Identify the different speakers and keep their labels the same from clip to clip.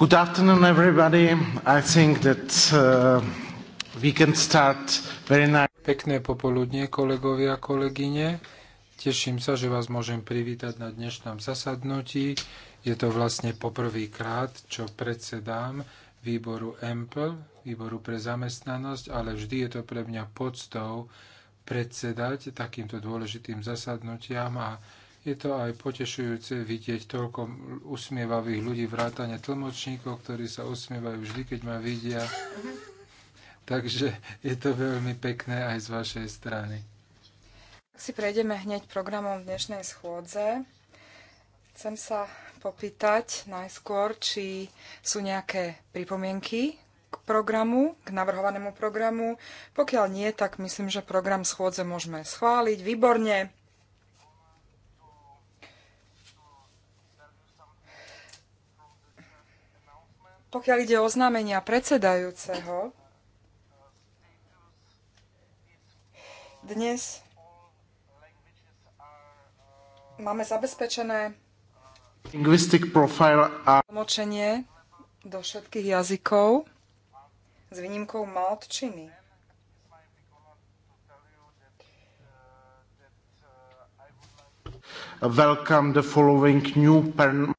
Speaker 1: Good afternoon, everybody. I think that uh, we can start very nice. Pekné popoludnie, kolegovia kolegyne. Teším sa, že vás môžem privítať na dnešnom zasadnutí. Je to vlastne poprvýkrát, čo predsedám výboru EMPL, výboru pre zamestnanosť, ale vždy je to pre mňa podstou predsedať takýmto dôležitým zasadnutiam a je to aj potešujúce vidieť toľko usmievavých ľudí vrátane tlmočníkov, ktorí sa usmievajú vždy, keď ma vidia. Takže je to veľmi pekné aj z vašej strany.
Speaker 2: Ak si prejdeme hneď programom dnešnej schôdze, chcem sa popýtať najskôr, či sú nejaké pripomienky k programu, k navrhovanému programu. Pokiaľ nie, tak myslím, že program schôdze môžeme schváliť. Výborne. Pokiaľ ide o oznámenia predsedajúceho, dnes máme zabezpečené
Speaker 1: tlmočenie
Speaker 2: do všetkých jazykov s výnimkou maltčiny.
Speaker 1: welcome the following new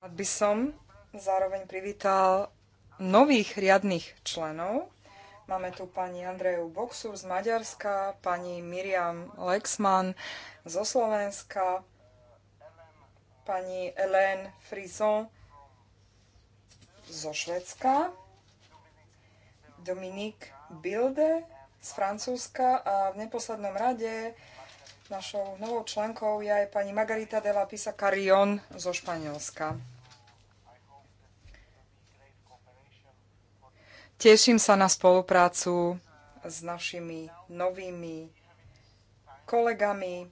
Speaker 2: by som zároveň privítal nových riadných členov. Máme tu pani Andreju Boxu z Maďarska, pani Miriam Lexman zo Slovenska, pani Hélène Frison zo Švedska, Dominique Bilde z Francúzska a v neposlednom rade našou novou členkou je aj pani Margarita de la Pisa Carrion zo Španielska. Teším sa na spoluprácu s našimi novými kolegami.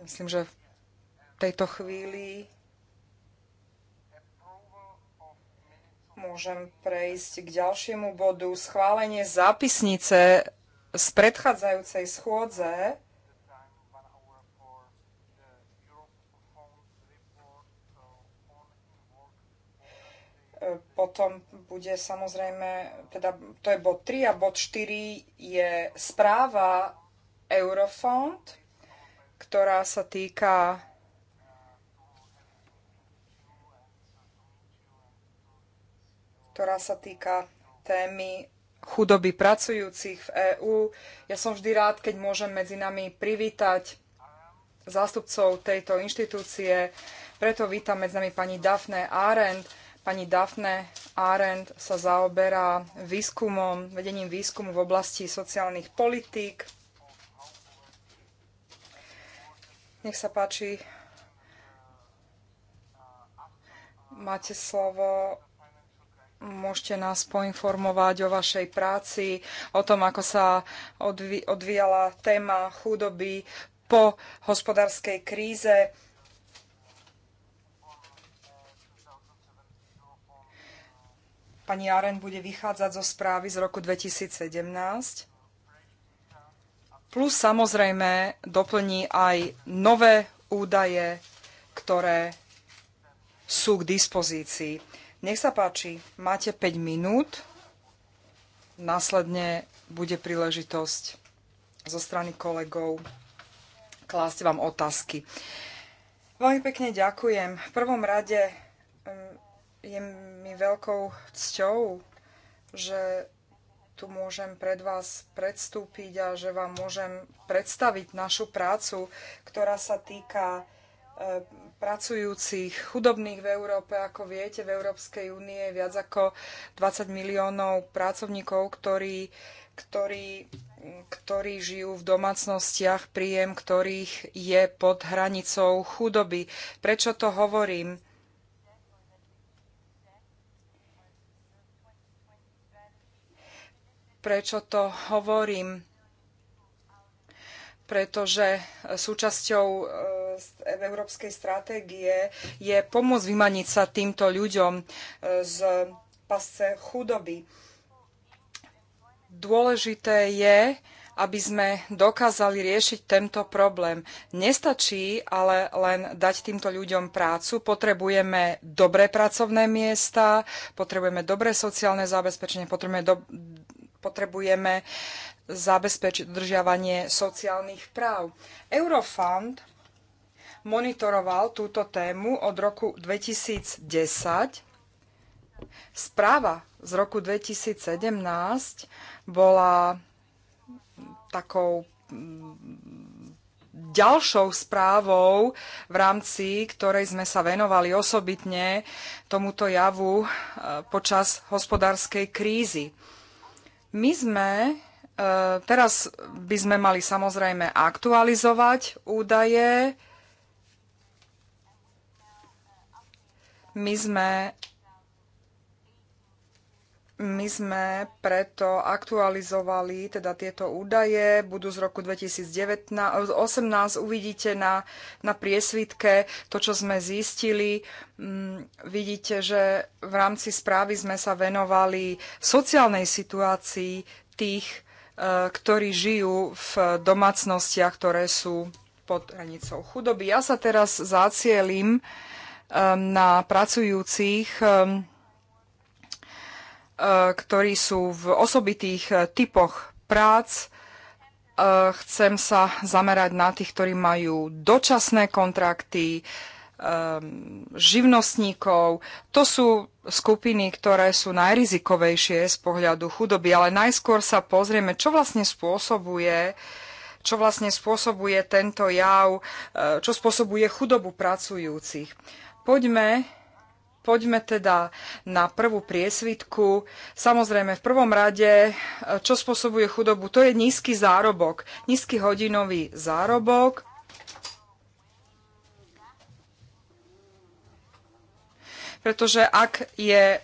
Speaker 2: Myslím, že v tejto chvíli môžem prejsť k ďalšiemu bodu. Schválenie zápisnice z predchádzajúcej schôdze. E, potom bude samozrejme, teda to je bod 3 a bod 4 je správa Eurofond, ktorá sa týka ktorá sa týka témy chudoby pracujúcich v EÚ. Ja som vždy rád, keď môžem medzi nami privítať zástupcov tejto inštitúcie. Preto vítam medzi nami pani Daphne Arendt, Pani Daphne Arendt sa zaoberá výskumom, vedením výskumu v oblasti sociálnych politík. Nech sa páči. Máte slovo môžete nás poinformovať o vašej práci, o tom, ako sa odvíjala téma chudoby po hospodárskej kríze. Pani Aren bude vychádzať zo správy z roku 2017. Plus samozrejme doplní aj nové údaje, ktoré sú k dispozícii. Nech sa páči, máte 5 minút. Následne bude príležitosť zo strany kolegov klásť vám otázky. Veľmi pekne ďakujem. V prvom rade hm, je mi veľkou cťou, že tu môžem pred vás predstúpiť a že vám môžem predstaviť našu prácu, ktorá sa týka e, pracujúcich, chudobných v Európe. Ako viete, v Európskej únie je viac ako 20 miliónov pracovníkov, ktorí, ktorí, ktorí žijú v domácnostiach, príjem ktorých je pod hranicou chudoby. Prečo to hovorím? prečo to hovorím. Pretože súčasťou e, e, európskej stratégie je pomôcť vymaniť sa týmto ľuďom e, z pasce chudoby. Dôležité je, aby sme dokázali riešiť tento problém. Nestačí ale len dať týmto ľuďom prácu. Potrebujeme dobré pracovné miesta, potrebujeme dobré sociálne zabezpečenie, potrebujeme do, potrebujeme zabezpečiť dodržiavanie sociálnych práv. Eurofund monitoroval túto tému od roku 2010. Správa z roku 2017 bola takou mm, ďalšou správou, v rámci ktorej sme sa venovali osobitne tomuto javu eh, počas hospodárskej krízy. My sme e, teraz by sme mali samozrejme aktualizovať údaje. My sme my sme preto aktualizovali teda tieto údaje, budú z roku 2018, uvidíte na, na priesvitke to, čo sme zistili. Mm, vidíte, že v rámci správy sme sa venovali sociálnej situácii tých, e, ktorí žijú v domácnostiach, ktoré sú pod hranicou chudoby. Ja sa teraz zacielim e, na pracujúcich e, Eh, ktorí sú v osobitých eh, typoch prác. Eh, chcem sa zamerať na tých, ktorí majú dočasné kontrakty, živnostníkov. To sú skupiny, ktoré sú najrizikovejšie z pohľadu chudoby, ale najskôr sa pozrieme, čo vlastne spôsobuje čo vlastne spôsobuje tento jav, čo spôsobuje chudobu pracujúcich. Poďme Poďme teda na prvú priesvitku. Samozrejme, v prvom rade, e, čo spôsobuje chudobu, to je nízky zárobok, nízky hodinový zárobok. Pretože ak je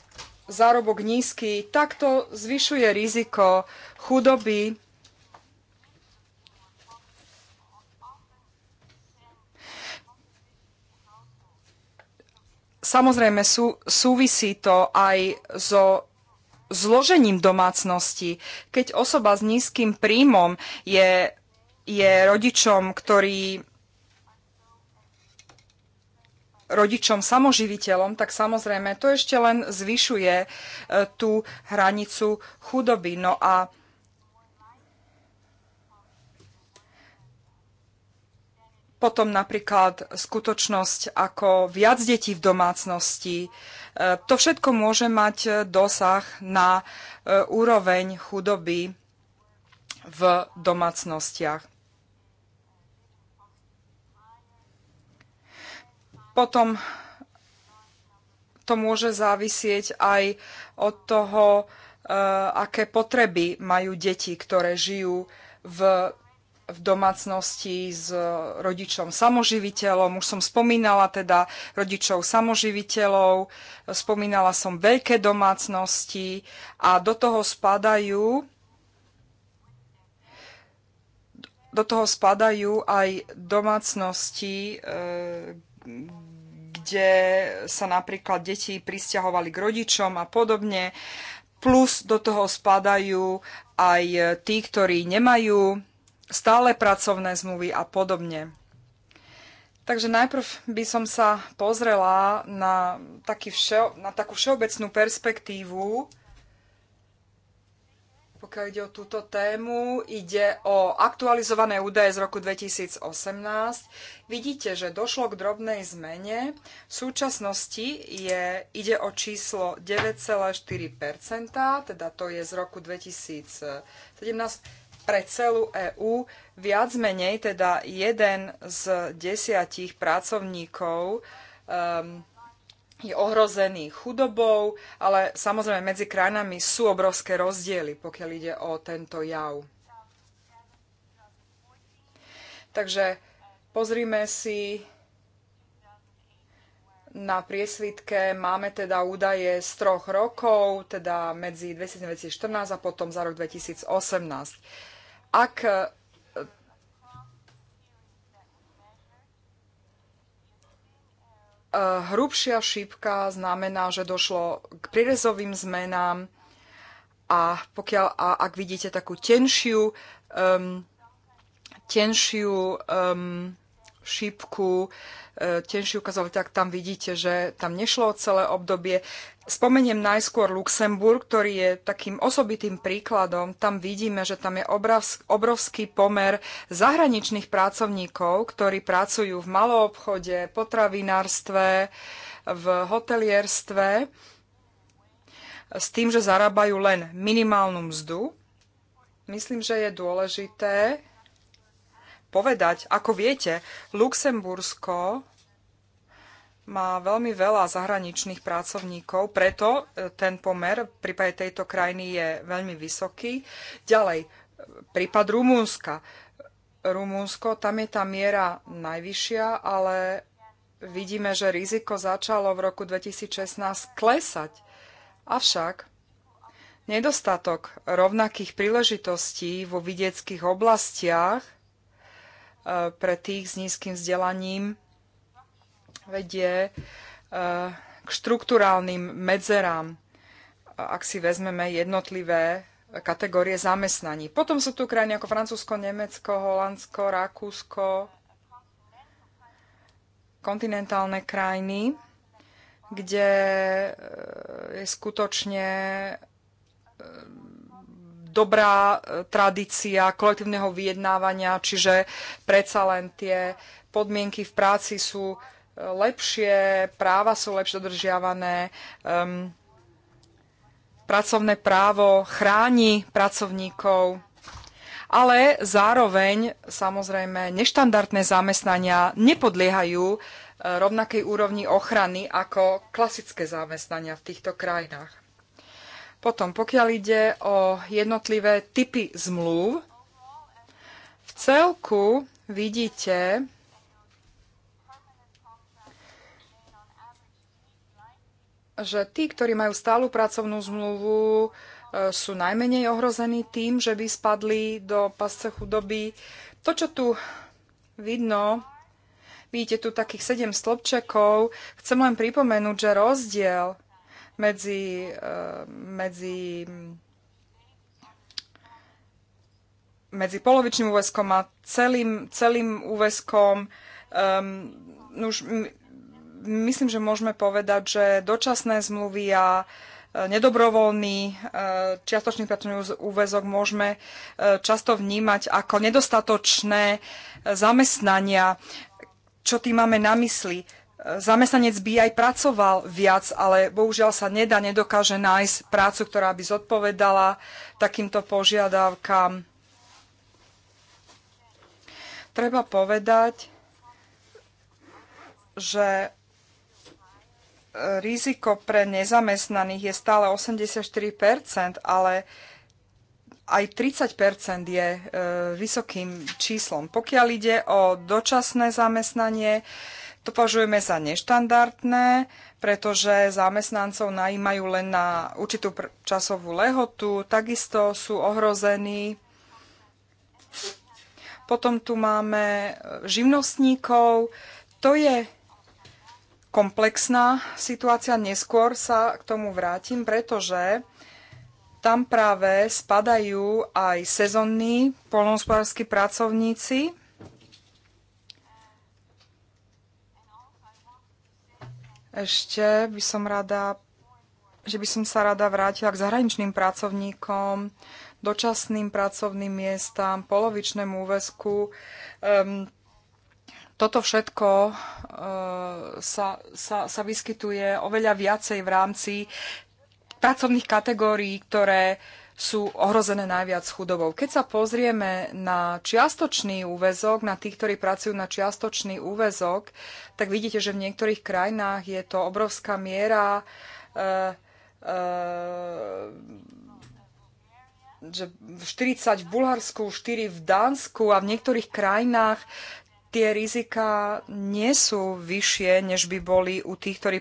Speaker 2: zárobok nízky, tak to zvyšuje riziko chudoby Samozrejme, sú, súvisí to aj so zložením domácnosti. Keď osoba s nízkym príjmom je, je rodičom, ktorý rodičom samoživiteľom, tak samozrejme to ešte len zvyšuje e, tú hranicu chudoby. No a Potom napríklad skutočnosť ako viac detí v domácnosti. E, to všetko môže mať dosah na e, úroveň chudoby v domácnostiach. Potom to môže závisieť aj od toho, e, aké potreby majú deti, ktoré žijú v v domácnosti s rodičom samoživiteľom. Už som spomínala teda rodičov samoživiteľov, spomínala som veľké domácnosti a do toho spadajú do toho spadajú aj domácnosti, e, kde sa napríklad deti pristahovali k rodičom a podobne. Plus do toho spadajú aj tí, ktorí nemajú stále pracovné zmluvy a podobne. Takže najprv by som sa pozrela na, taký všeo, na takú všeobecnú perspektívu, pokiaľ ide o túto tému, ide o aktualizované údaje z roku 2018. Vidíte, že došlo k drobnej zmene. V súčasnosti je, ide o číslo 9,4%, teda to je z roku 2017 pre celú EÚ viac menej teda jeden z desiatich pracovníkov um, je ohrozený chudobou, ale samozrejme medzi krajinami sú obrovské rozdiely, pokiaľ ide o tento jav. Takže pozrime si na priesvitke máme teda údaje z troch rokov, teda medzi 2014 a potom za rok 2018. Ak e, e, hrubšia šípka znamená, že došlo k prírezovým zmenám a, pokiaľ, a ak vidíte takú tenšiu, um, tenšiu um, šípku, e, tenší ukazovateľ, tak tam vidíte, že tam nešlo o celé obdobie. Spomeniem najskôr Luxemburg, ktorý je takým osobitým príkladom. Tam vidíme, že tam je obrovský pomer zahraničných pracovníkov, ktorí pracujú v maloobchode, potravinárstve, v hotelierstve s tým, že zarábajú len minimálnu mzdu. Myslím, že je dôležité povedať. Ako viete, Luxembursko má veľmi veľa zahraničných pracovníkov, preto e, ten pomer v prípade tejto krajiny je veľmi vysoký. Ďalej, prípad Rumúnska. Rumúnsko, tam je tá miera najvyššia, ale vidíme, že riziko začalo v roku 2016 klesať. Avšak nedostatok rovnakých príležitostí vo vidieckých oblastiach Eh, pre tých s nízkym vzdelaním vedie eh, k štruktúrálnym medzerám, ak si vezmeme jednotlivé kategórie zamestnaní. Potom sú tu krajiny ako Francúzsko, Nemecko, Holandsko, Rakúsko, kontinentálne krajiny, kde eh, je skutočne dobrá e, tradícia kolektívneho vyjednávania, čiže predsa len tie podmienky v práci sú e, lepšie, práva sú lepšie dodržiavané, um, pracovné právo chráni pracovníkov, ale zároveň samozrejme neštandardné zamestnania nepodliehajú e, rovnakej úrovni ochrany ako klasické zamestnania v týchto krajinách. Potom, pokiaľ ide o jednotlivé typy zmluv, v celku vidíte, že tí, ktorí majú stálu pracovnú zmluvu, e, sú najmenej ohrození tým, že by spadli do pasce chudoby. To, čo tu vidno, vidíte tu takých 7 stĺpčekov, chcem len pripomenúť, že rozdiel medzi, eh, medzi medzi polovičným úveskom a celým, celým úveskom. Um, ehm, no už myslím, že môžeme povedať, že dočasné zmluvy a eh, nedobrovoľný eh, čiastočný pracovný úvezok môžeme často vnímať ako nedostatočné zamestnania. Čo tým máme na mysli? zamestnanec by aj pracoval viac, ale bohužiaľ sa nedá, nedokáže nájsť prácu, ktorá by zodpovedala takýmto požiadavkám. Treba povedať, že e, riziko pre nezamestnaných je stále 84%, ale aj 30 je e, vysokým číslom. Pokiaľ ide o dočasné zamestnanie, to považujeme za neštandardné, pretože zamestnancov najímajú len na určitú časovú lehotu, takisto sú ohrození. Potom tu máme e, živnostníkov. To je komplexná situácia. Neskôr sa k tomu vrátim, pretože tam práve spadajú aj sezonní polnohospodárskí pracovníci, Ešte by som rada, že by som sa rada vrátila k zahraničným pracovníkom, dočasným pracovným miestam, polovičnému úvesku. Um, ehm, toto všetko uh, sa, sa, sa vyskytuje oveľa viacej v rámci pracovných kategórií, ktoré sú ohrozené najviac chudobou. Keď sa pozrieme na čiastočný úvezok, na tých, ktorí pracujú na čiastočný úvezok, tak vidíte, že v niektorých krajinách je to obrovská miera e, e, že 40 v Bulharsku, 4 v Dánsku a v niektorých krajinách tie rizika nie sú vyššie, než by boli u tých, ktorí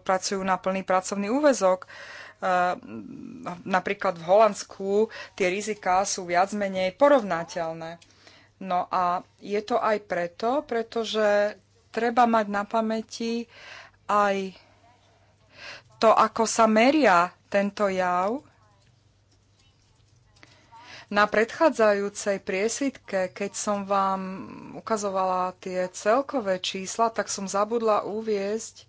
Speaker 2: pracujú na plný pracovný úvezok. Uh, Eh, napríklad v Holandsku tie riziká sú viac menej porovnateľné. No a je to aj preto, pretože treba mať na pamäti aj to, ako sa meria tento jav. Na predchádzajúcej priesvitke, keď som vám ukazovala tie celkové čísla, tak som zabudla uviezť,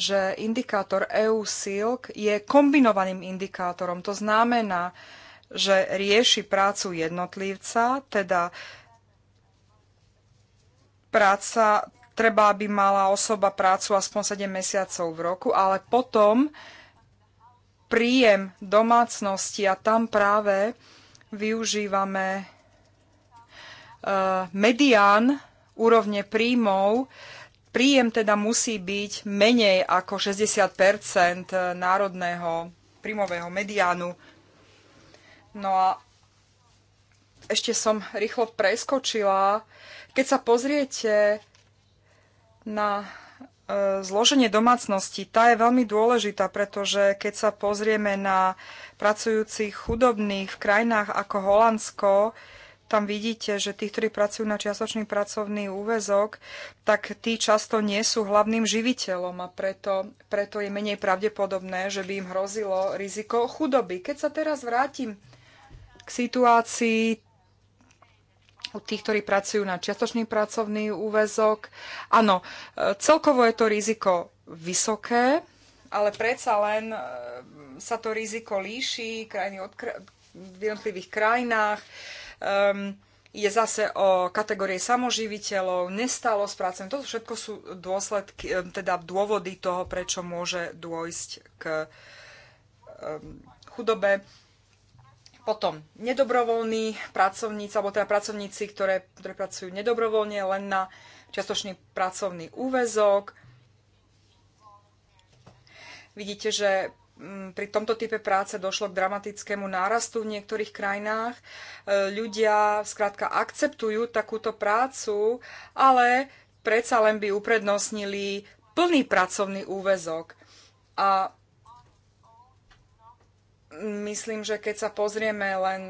Speaker 2: že indikátor EU Silk je kombinovaným indikátorom. To znamená, že rieši prácu jednotlivca, teda práca, treba, aby mala osoba prácu aspoň 7 mesiacov v roku, ale potom príjem domácnosti a tam práve využívame eh, medián úrovne príjmov, príjem teda musí byť menej ako 60 národného príjmového mediánu. No a ešte som rýchlo preskočila. Keď sa pozriete na e, zloženie domácnosti, tá je veľmi dôležitá, pretože keď sa pozrieme na pracujúcich chudobných v krajinách ako Holandsko, tam vidíte, že tí, ktorí pracujú na čiastočný pracovný úvezok, tak tí často nie sú hlavným živiteľom a preto, preto je menej pravdepodobné, že by im hrozilo riziko chudoby. Keď sa teraz vrátim k situácii u tých, ktorí pracujú na čiastočný pracovný úvezok, áno, celkovo je to riziko vysoké, ale predsa len e, sa to riziko líši krajiny od, v jednotlivých krajinách. Um, ehm, ide zase o kategórie samoživiteľov, s prácem. To všetko sú dôsledky, ehm, teda dôvody toho, prečo môže dôjsť k ehm, chudobe. Potom nedobrovoľní pracovníci, alebo teda pracovníci, ktoré, ktoré pracujú nedobrovoľne, len na čiastočný pracovný úvezok. Vidíte, že Mm, pri tomto type práce došlo k dramatickému nárastu v niektorých krajinách. E, ľudia zkrátka akceptujú takúto prácu, ale predsa len by uprednostnili plný pracovný úvezok. A myslím, že keď sa pozrieme len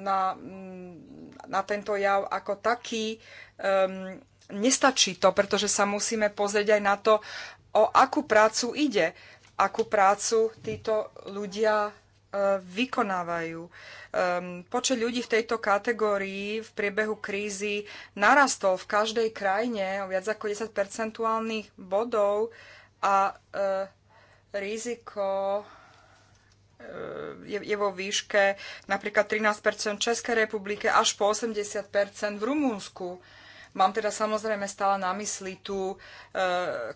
Speaker 2: na, mm, na tento jav ako taký, um, nestačí to, pretože sa musíme pozrieť aj na to, o akú prácu ide akú prácu títo ľudia e, vykonávajú. E, počet ľudí v tejto kategórii v priebehu krízy narastol v každej krajine o viac ako 10 percentuálnych bodov a e, riziko je, vo výške napríklad 13 v Českej republike až po 80 v Rumunsku. Mám teda samozrejme stále na mysli tú e,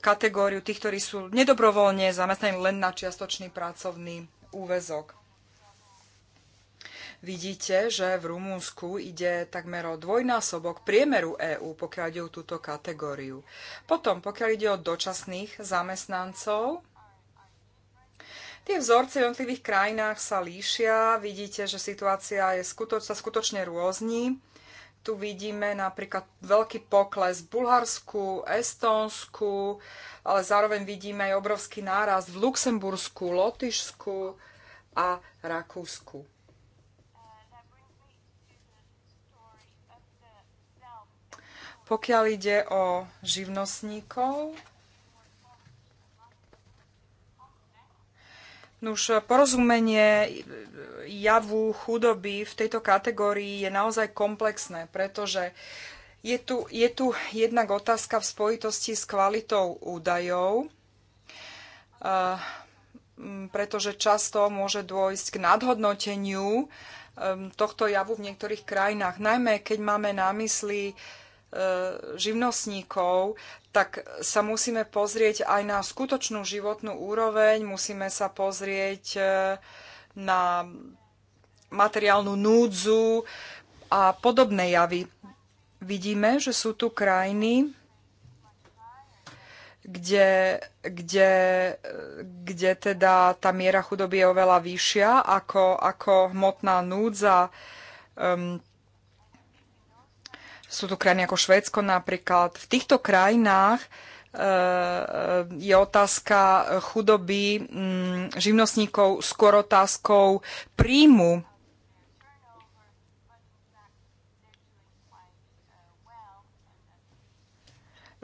Speaker 2: kategóriu tých, ktorí sú nedobrovoľne zamestnaní len na čiastočný pracovný úvezok. Vidíte, že v Rumúnsku ide takmer o dvojnásobok priemeru EÚ, pokiaľ ide o túto kategóriu. Potom, pokiaľ ide o dočasných zamestnancov, Tie vzorce v jednotlivých krajinách sa líšia, vidíte, že situácia je sa skutočne rôzni tu vidíme napríklad veľký pokles v Bulharsku, Estónsku, ale zároveň vidíme aj obrovský náraz v Luxembursku, Lotyšsku a Rakúsku. Pokiaľ ide o živnostníkov, Nuž, porozumenie javu chudoby v tejto kategórii je naozaj komplexné, pretože je tu, je tu jednak otázka v spojitosti s kvalitou údajov, pretože často môže dôjsť k nadhodnoteniu tohto javu v niektorých krajinách, najmä keď máme na mysli E, živnostníkov, tak sa musíme pozrieť aj na skutočnú životnú úroveň, musíme sa pozrieť e, na materiálnu núdzu a podobné javy. Vidíme, že sú tu krajiny, kde, kde, kde teda tá miera chudoby je oveľa vyššia ako, ako hmotná núdza. Um, sú tu krajiny ako Švédsko napríklad. V týchto krajinách eh, je otázka chudoby mm, živnostníkov skôr otázkou príjmu.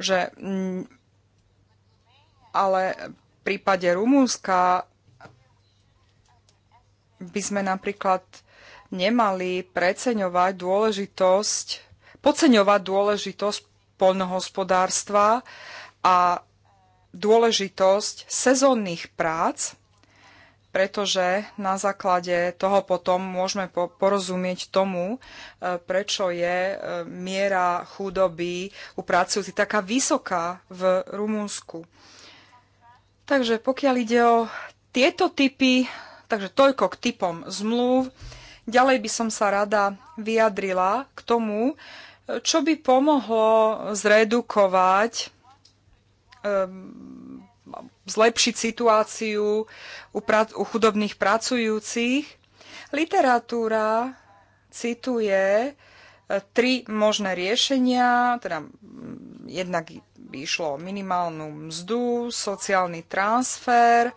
Speaker 2: Že, mm, ale v prípade Rumúnska by sme napríklad nemali preceňovať dôležitosť podceňovať dôležitosť poľnohospodárstva a dôležitosť sezónnych prác, pretože na základe toho potom môžeme porozumieť tomu, e, prečo je e, miera chudoby u pracujúcich taká vysoká v Rumunsku. Takže pokiaľ ide o tieto typy, takže toľko k typom zmluv, ďalej by som sa rada vyjadrila k tomu, čo by pomohlo zredukovať, zlepšiť situáciu u, chudobných pracujúcich. Literatúra cituje e, tri možné riešenia, teda jednak by išlo o minimálnu mzdu, sociálny transfer,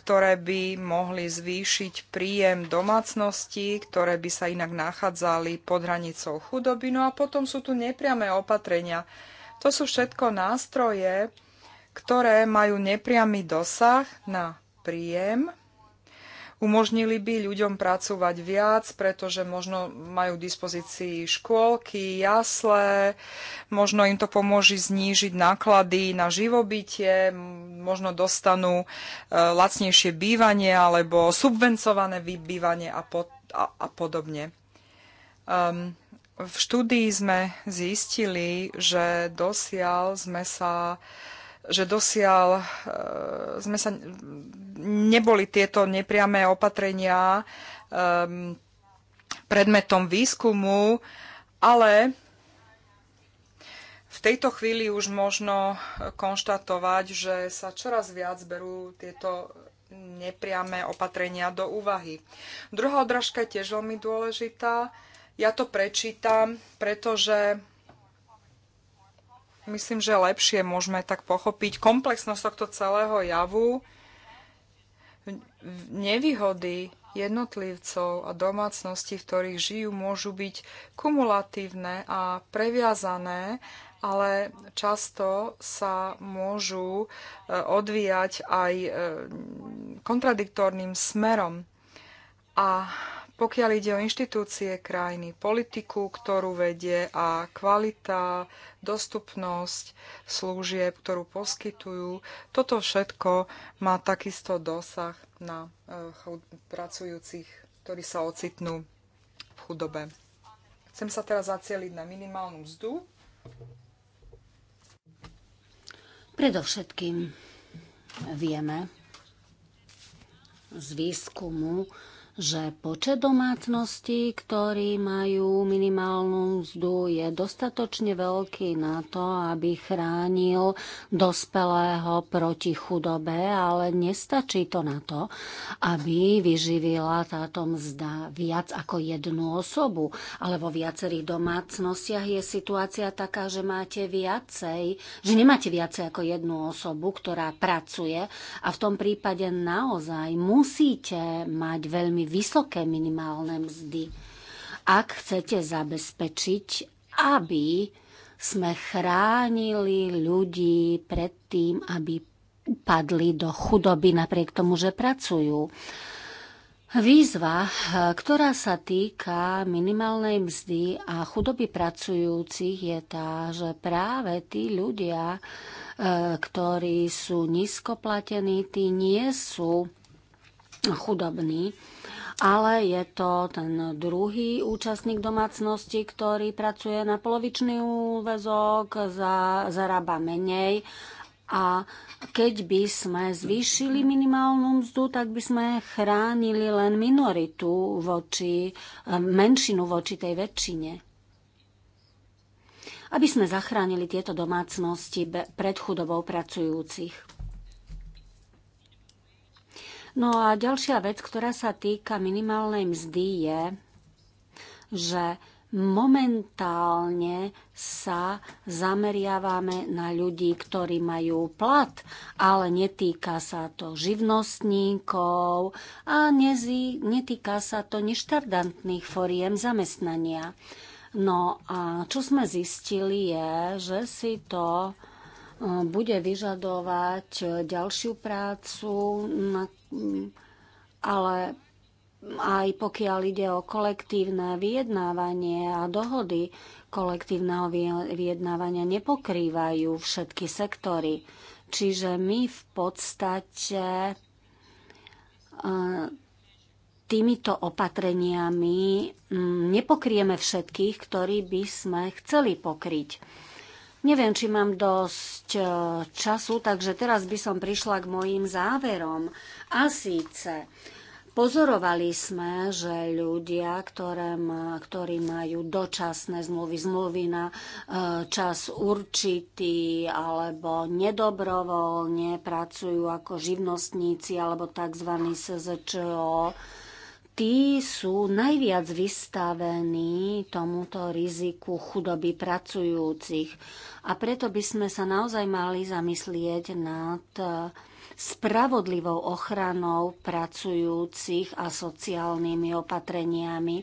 Speaker 2: ktoré by mohli zvýšiť príjem domácností, ktoré by sa inak nachádzali pod hranicou chudoby. No a potom sú tu nepriame opatrenia. To sú všetko nástroje, ktoré majú nepriamy dosah na príjem Umožnili by ľuďom pracovať viac, pretože možno majú k dispozícii škôlky, jasle, možno im to pomôže znížiť náklady na živobytie, možno dostanú e, lacnejšie bývanie alebo subvencované bývanie a, pod, a, a podobne. Um, v štúdii sme zistili, že dosiaľ sme sa uh, že dosiaľ e, sme sa, neboli tieto nepriamé opatrenia predmetom výskumu, ale v tejto chvíli už možno konštatovať, že sa čoraz viac berú tieto nepriame opatrenia do úvahy. Druhá odrážka je tiež veľmi dôležitá. Ja to prečítam, pretože myslím, že lepšie môžeme tak pochopiť komplexnosť tohto celého javu, nevýhody jednotlivcov a domácností, v ktorých žijú, môžu byť kumulatívne a previazané, ale často sa môžu e, odvíjať aj e, kontradiktórnym smerom. A pokiaľ ide o inštitúcie krajiny, politiku, ktorú vedie a kvalita, dostupnosť služieb, ktorú poskytujú, toto všetko má takisto dosah na e, pracujúcich, ktorí sa ocitnú v chudobe. Chcem sa teraz zacieliť na minimálnu mzdu.
Speaker 3: Predovšetkým vieme z výskumu, že počet domácností, ktorí majú minimálnu mzdu, je dostatočne veľký na to, aby chránil dospelého proti chudobe, ale nestačí to na to, aby vyživila táto mzda viac ako jednu osobu. Ale vo viacerých domácnostiach je situácia taká, že máte viacej, že nemáte viacej ako jednu osobu, ktorá pracuje a v tom prípade naozaj musíte mať veľmi vysoké minimálne mzdy, ak chcete zabezpečiť, aby sme chránili ľudí pred tým, aby padli do chudoby napriek tomu, že pracujú. Výzva, ktorá sa týka minimálnej mzdy a chudoby pracujúcich, je tá, že práve tí ľudia, e, ktorí sú nízko platení, tí nie sú chudobní ale je to ten druhý účastník domácnosti, ktorý pracuje na polovičný úvezok, za, zarába menej a keď by sme zvýšili minimálnu mzdu, tak by sme chránili len minoritu voči, eh, menšinu voči tej väčšine. Aby sme zachránili tieto domácnosti pred chudobou pracujúcich. No a ďalšia vec, ktorá sa týka minimálnej mzdy, je, že momentálne sa zameriavame na ľudí, ktorí majú plat, ale netýka sa to živnostníkov a nezí, netýka sa to neštardantných foriem zamestnania. No a čo sme zistili je, že si to bude vyžadovať eh, ďalšiu prácu, ale aj pokiaľ ide o kolektívne vyjednávanie a dohody kolektívneho vyjednávania nepokrývajú všetky sektory. Čiže my v podstate eh, týmito opatreniami mm, nepokrieme všetkých, ktorí by sme chceli pokryť. Neviem, či mám dosť e, času, takže teraz by som prišla k mojim záverom. A síce, Pozorovali sme, že ľudia, ktoré má, ktorí majú dočasné zmluvy, zmluvy na e, čas určitý alebo nedobrovoľne pracujú ako živnostníci alebo tzv. SZČO, tí sú najviac vystavení tomuto riziku chudoby pracujúcich. A preto by sme sa naozaj mali zamyslieť nad e, spravodlivou ochranou pracujúcich a sociálnymi opatreniami.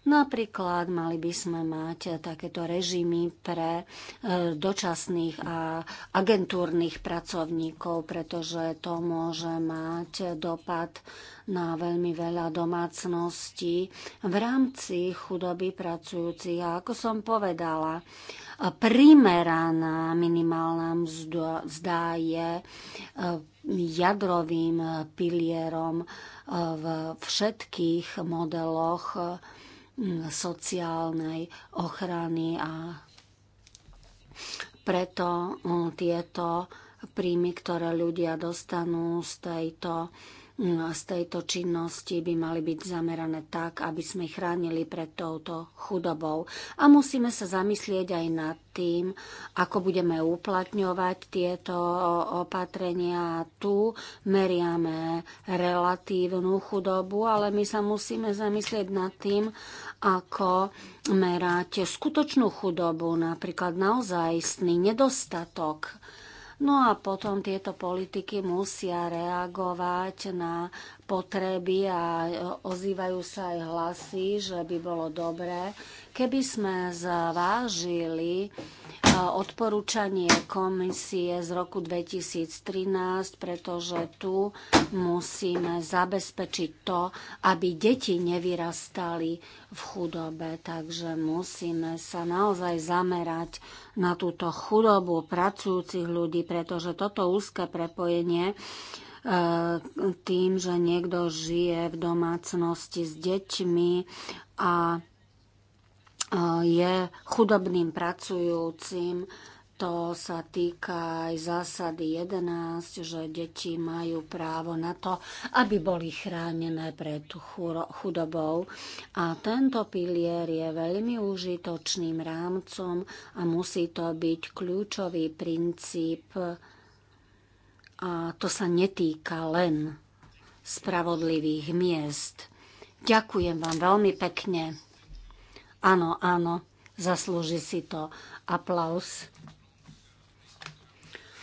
Speaker 3: Napríklad mali by sme mať takéto režimy pre e, dočasných a agentúrnych pracovníkov, pretože to môže mať dopad na veľmi veľa domácností v rámci chudoby pracujúcich. A ako som povedala, primeraná minimálna mzda je e, jadrovým pilierom e, v všetkých modeloch sociálnej ochrany a preto mm, tieto príjmy, ktoré ľudia dostanú z tejto mm, z tejto činnosti by mali byť zamerané tak, aby sme ich chránili pred touto chudobou. A musíme sa zamyslieť aj nad tým, ako budeme uplatňovať tieto opatrenia. Tu meriame relatívnu chudobu, ale my sa musíme zamyslieť nad tým, ako merať skutočnú chudobu, napríklad naozajstný nedostatok. No a potom tieto politiky musia reagovať na potreby a e, ozývajú sa aj hlasy, že by bolo dobré, keby sme zvážili e, odporúčanie komisie z roku 2013, pretože tu musíme zabezpečiť to, aby deti nevyrastali v chudobe. Takže musíme sa naozaj zamerať na túto chudobu pracujúcich ľudí, pretože toto úzke prepojenie E, tým, že niekto žije v domácnosti s deťmi a e, je chudobným pracujúcim. To sa týka aj zásady 11, že deti majú právo na to, aby boli chránené pred chudobou. A tento pilier je veľmi užitočným rámcom a musí to byť kľúčový princíp a to sa netýka len spravodlivých miest. Ďakujem vám veľmi pekne. Áno, áno, zaslúži si to aplaus.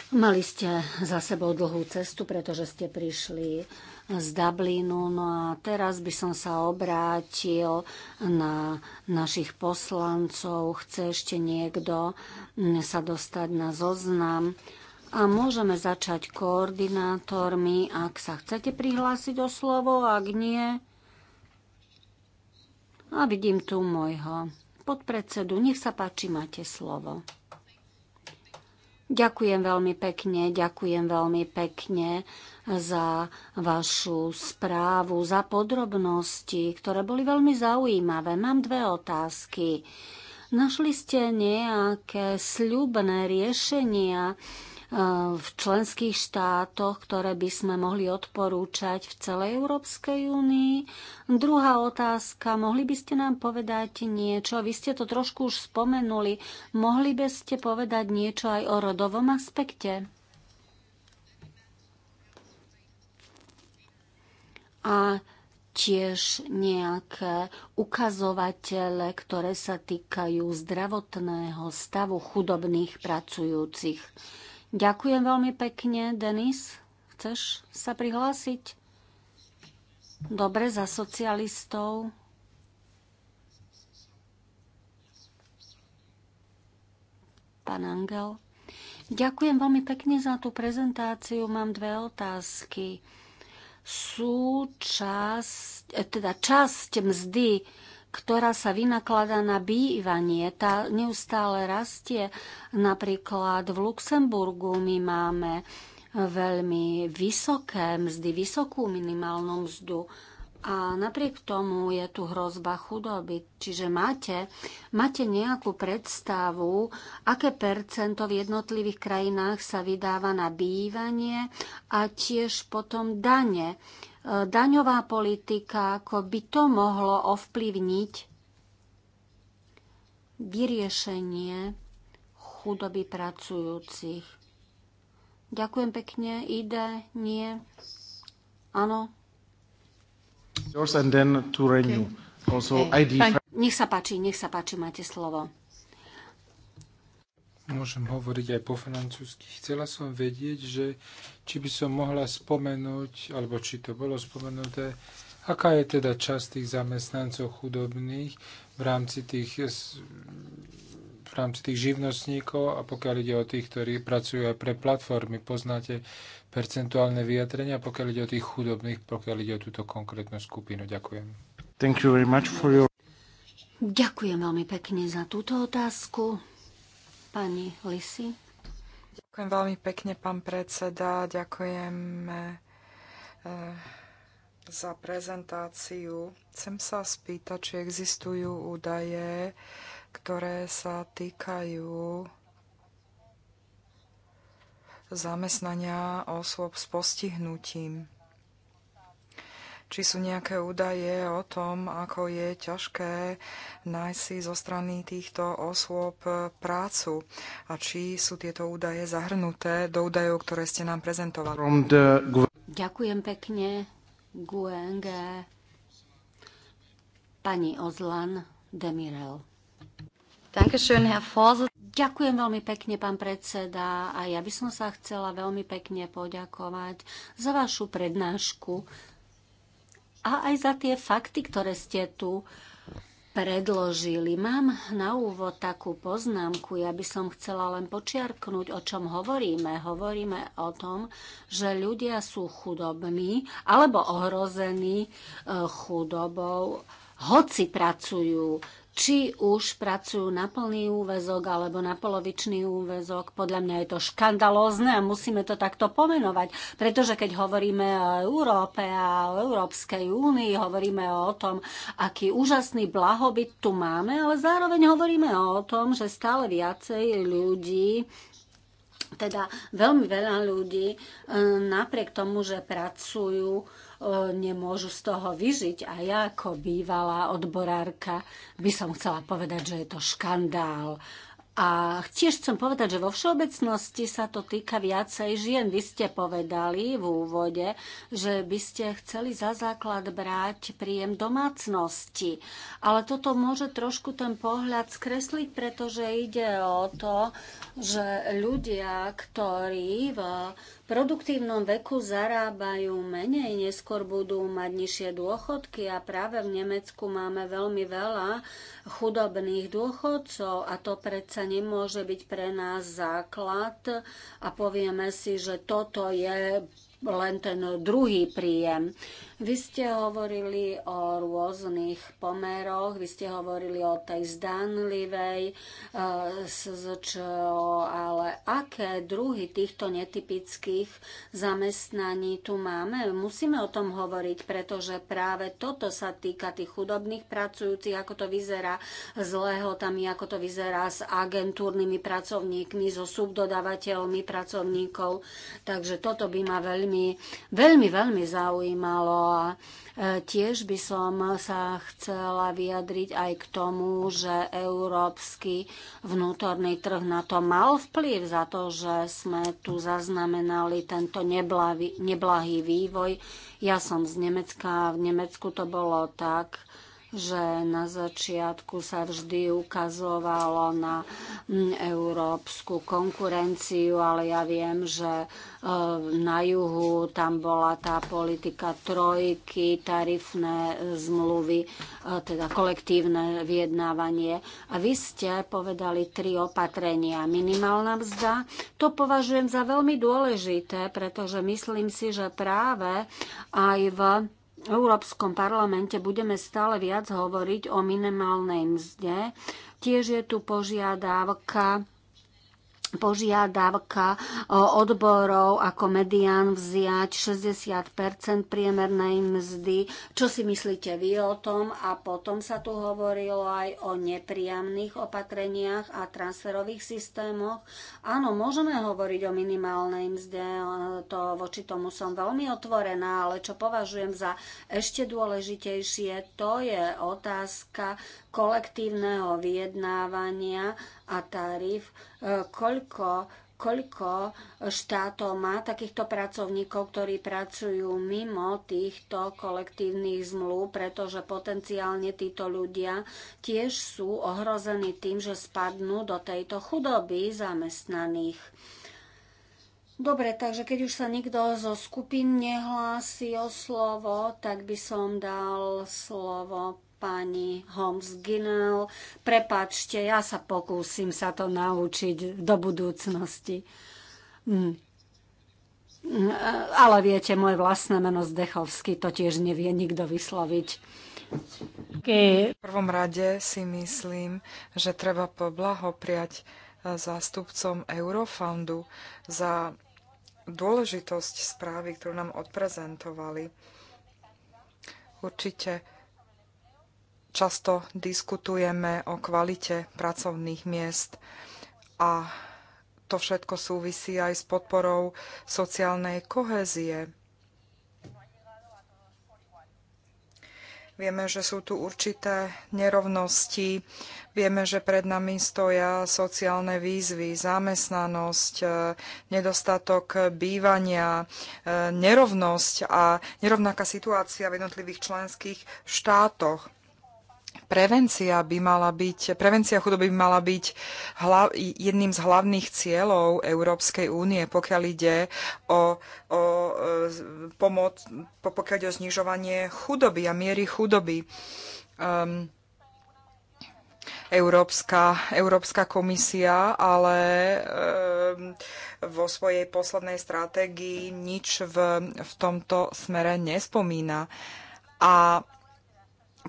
Speaker 3: Mali ste za sebou dlhú cestu, pretože ste prišli z Dublinu. No a teraz by som sa obrátil na našich poslancov. Chce ešte niekto sa dostať na zoznam? a môžeme začať koordinátormi, ak sa chcete prihlásiť o slovo, ak nie. A vidím tu môjho podpredsedu. Nech sa páči, máte slovo. Ďakujem veľmi pekne, ďakujem veľmi pekne za vašu správu, za podrobnosti, ktoré boli veľmi zaujímavé. Mám dve otázky. Našli ste nejaké sľubné riešenia, E, v členských štátoch, ktoré by sme mohli odporúčať v celej Európskej únii? Druhá otázka, mohli by ste nám povedať niečo, vy ste to trošku už spomenuli, mohli by ste povedať niečo aj o rodovom aspekte? A tiež nejaké ukazovatele, ktoré sa týkajú zdravotného stavu chudobných pracujúcich. Ďakujem veľmi pekne. Denis, chceš sa prihlásiť? Dobre, za socialistov. Pán Angel. Ďakujem veľmi pekne za tú prezentáciu. Mám dve otázky. Sú časť, eh, teda časť mzdy ktorá sa vynakladá na bývanie, tá neustále rastie. Napríklad v Luxemburgu my máme veľmi vysoké mzdy, vysokú minimálnu mzdu. A napriek tomu je tu hrozba chudoby. Čiže máte, máte nejakú predstavu, aké percento v jednotlivých krajinách sa vydáva na bývanie a tiež potom dane. E, daňová politika, ako by to mohlo ovplyvniť vyriešenie chudoby pracujúcich. Ďakujem pekne. Ide? Nie? Áno?
Speaker 1: Yours and then to renew. Okay. Also ID.
Speaker 3: Nech sa páči, nech sa páči, máte slovo
Speaker 1: môžem hovoriť aj po francúzsky. Chcela som vedieť, že či by som mohla spomenúť, alebo či to bolo spomenuté, aká je teda časť tých zamestnancov chudobných v rámci tých, v rámci tých živnostníkov a pokiaľ ide o tých, ktorí pracujú aj pre platformy. Poznáte percentuálne vyjadrenia, pokiaľ ide o tých chudobných, pokiaľ ide o túto konkrétnu skupinu. Ďakujem. Thank you very much for your...
Speaker 3: Ďakujem veľmi pekne za túto otázku.
Speaker 2: Pani Lisi. Ďakujem veľmi pekne, pán predseda. Ďakujem eh, za prezentáciu. Chcem sa spýtať, či existujú údaje, ktoré sa týkajú zamestnania osôb s postihnutím či sú nejaké údaje o tom, ako je ťažké nájsť si zo strany týchto osôb prácu a či sú tieto údaje zahrnuté do údajov, ktoré ste nám prezentovali. Ďakujem pekne, Guenge.
Speaker 3: Pani Ozlan Demirel. Ďakujem veľmi pekne, pán predseda, a ja by som sa chcela veľmi pekne poďakovať za vašu prednášku, a aj za tie fakty, ktoré ste tu predložili. Mám na úvod takú poznámku, ja by som chcela len počiarknúť, o čom hovoríme. Hovoríme o tom, že ľudia sú chudobní alebo ohrození eh, chudobou, hoci pracujú či už pracujú na plný úvezok alebo na polovičný úvezok. Podľa mňa je to škandalózne a musíme to takto pomenovať, pretože keď hovoríme o Európe a o Európskej únii, hovoríme o tom, aký úžasný blahobyt tu máme, ale zároveň hovoríme o tom, že stále viacej ľudí teda veľmi veľa ľudí e, napriek tomu, že pracujú, nemôžu z toho vyžiť. A ja ako bývalá odborárka by som chcela povedať, že je to škandál. A tiež chcem povedať, že vo všeobecnosti sa to týka viacej žien. Vy ste povedali v úvode, že by ste chceli za základ brať príjem domácnosti. Ale toto môže trošku ten pohľad skresliť, pretože ide o to, že ľudia, ktorí v produktívnom veku zarábajú menej, neskôr budú mať nižšie dôchodky a práve v Nemecku máme veľmi veľa chudobných dôchodcov a to predsa nemôže byť pre nás základ a povieme si, že toto je len ten druhý príjem. Vy ste hovorili o rôznych pomeroch, vy ste hovorili o tej zdanlivej e, SZČO, ale aké druhy týchto netypických zamestnaní tu máme? Musíme o tom hovoriť, pretože práve toto sa týka tých chudobných pracujúcich, ako to vyzerá s lehotami, ako to vyzerá s agentúrnymi pracovníkmi, so subdodávateľmi pracovníkov. Takže toto by ma veľmi, veľmi, veľmi zaujímalo, a e, tiež by som sa chcela vyjadriť aj k tomu, že európsky vnútorný trh na to mal vplyv za to, že sme tu zaznamenali tento neblahý, neblahý vývoj. Ja som z Nemecka a v Nemecku to bolo tak, že na začiatku sa vždy ukazovalo na mm, európsku konkurenciu, ale ja viem, že e, na juhu tam bola tá politika trojky, tarifné e, zmluvy, e, teda kolektívne vyjednávanie. A vy ste povedali tri opatrenia. Minimálna mzda, to považujem za veľmi dôležité, pretože myslím si, že práve aj v Európskom parlamente budeme stále viac hovoriť o minimálnej mzde. Tiež je tu požiadavka požiadavka e, odborov ako medián vziať 60 priemernej mzdy. Čo si myslíte vy o tom? A potom sa tu hovorilo aj o nepriamných opatreniach a transferových systémoch. Áno, môžeme hovoriť o minimálnej mzde, to voči tomu som veľmi otvorená, ale čo považujem za ešte dôležitejšie, to je otázka kolektívneho vyjednávania a tarif, e, koľko koľko štátov má takýchto pracovníkov, ktorí pracujú mimo týchto kolektívnych zmluv, pretože potenciálne títo ľudia tiež sú ohrození tým, že spadnú do tejto chudoby zamestnaných. Dobre, takže keď už sa nikto zo skupín nehlási o slovo, tak by som dal slovo pani Holmes Ginnell. Prepačte, ja sa pokúsim sa to naučiť do budúcnosti. Mm. Ale viete, moje vlastné meno Zdechovský to tiež nevie nikto vysloviť.
Speaker 2: Okay. V prvom rade si myslím, že treba poblahopriať e, zástupcom Eurofondu za dôležitosť správy, ktorú nám odprezentovali. Určite Často diskutujeme o kvalite pracovných miest a to všetko súvisí aj s podporou sociálnej kohézie. Vieme, že sú tu určité nerovnosti, vieme, že pred nami stoja sociálne výzvy, zamestnanosť, e, nedostatok bývania, e, nerovnosť a nerovnaká situácia v jednotlivých členských štátoch. Prevencia by mala byť, prevencia chudoby by mala byť hla, jedným z hlavných cieľov Európskej únie, pokiaľ ide o, o e, pomoc, pokiaľ ide o znižovanie chudoby a miery chudoby. Um, Európska, Európska komisia, ale e, vo svojej poslednej stratégii nič v, v tomto smere nespomína. A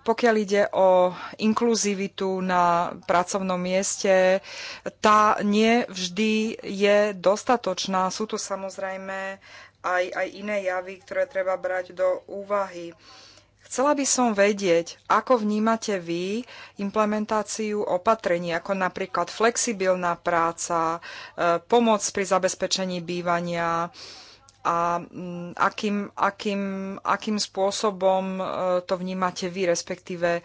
Speaker 2: pokiaľ ide o inkluzivitu na pracovnom mieste, tá nie vždy je dostatočná. Sú tu samozrejme aj, aj iné javy, ktoré treba brať do úvahy. Chcela by som vedieť, ako vnímate vy implementáciu opatrení, ako napríklad flexibilná práca, e, pomoc pri zabezpečení bývania, a mm, akým, akým, akým spôsobom e, to vnímate vy, respektíve e,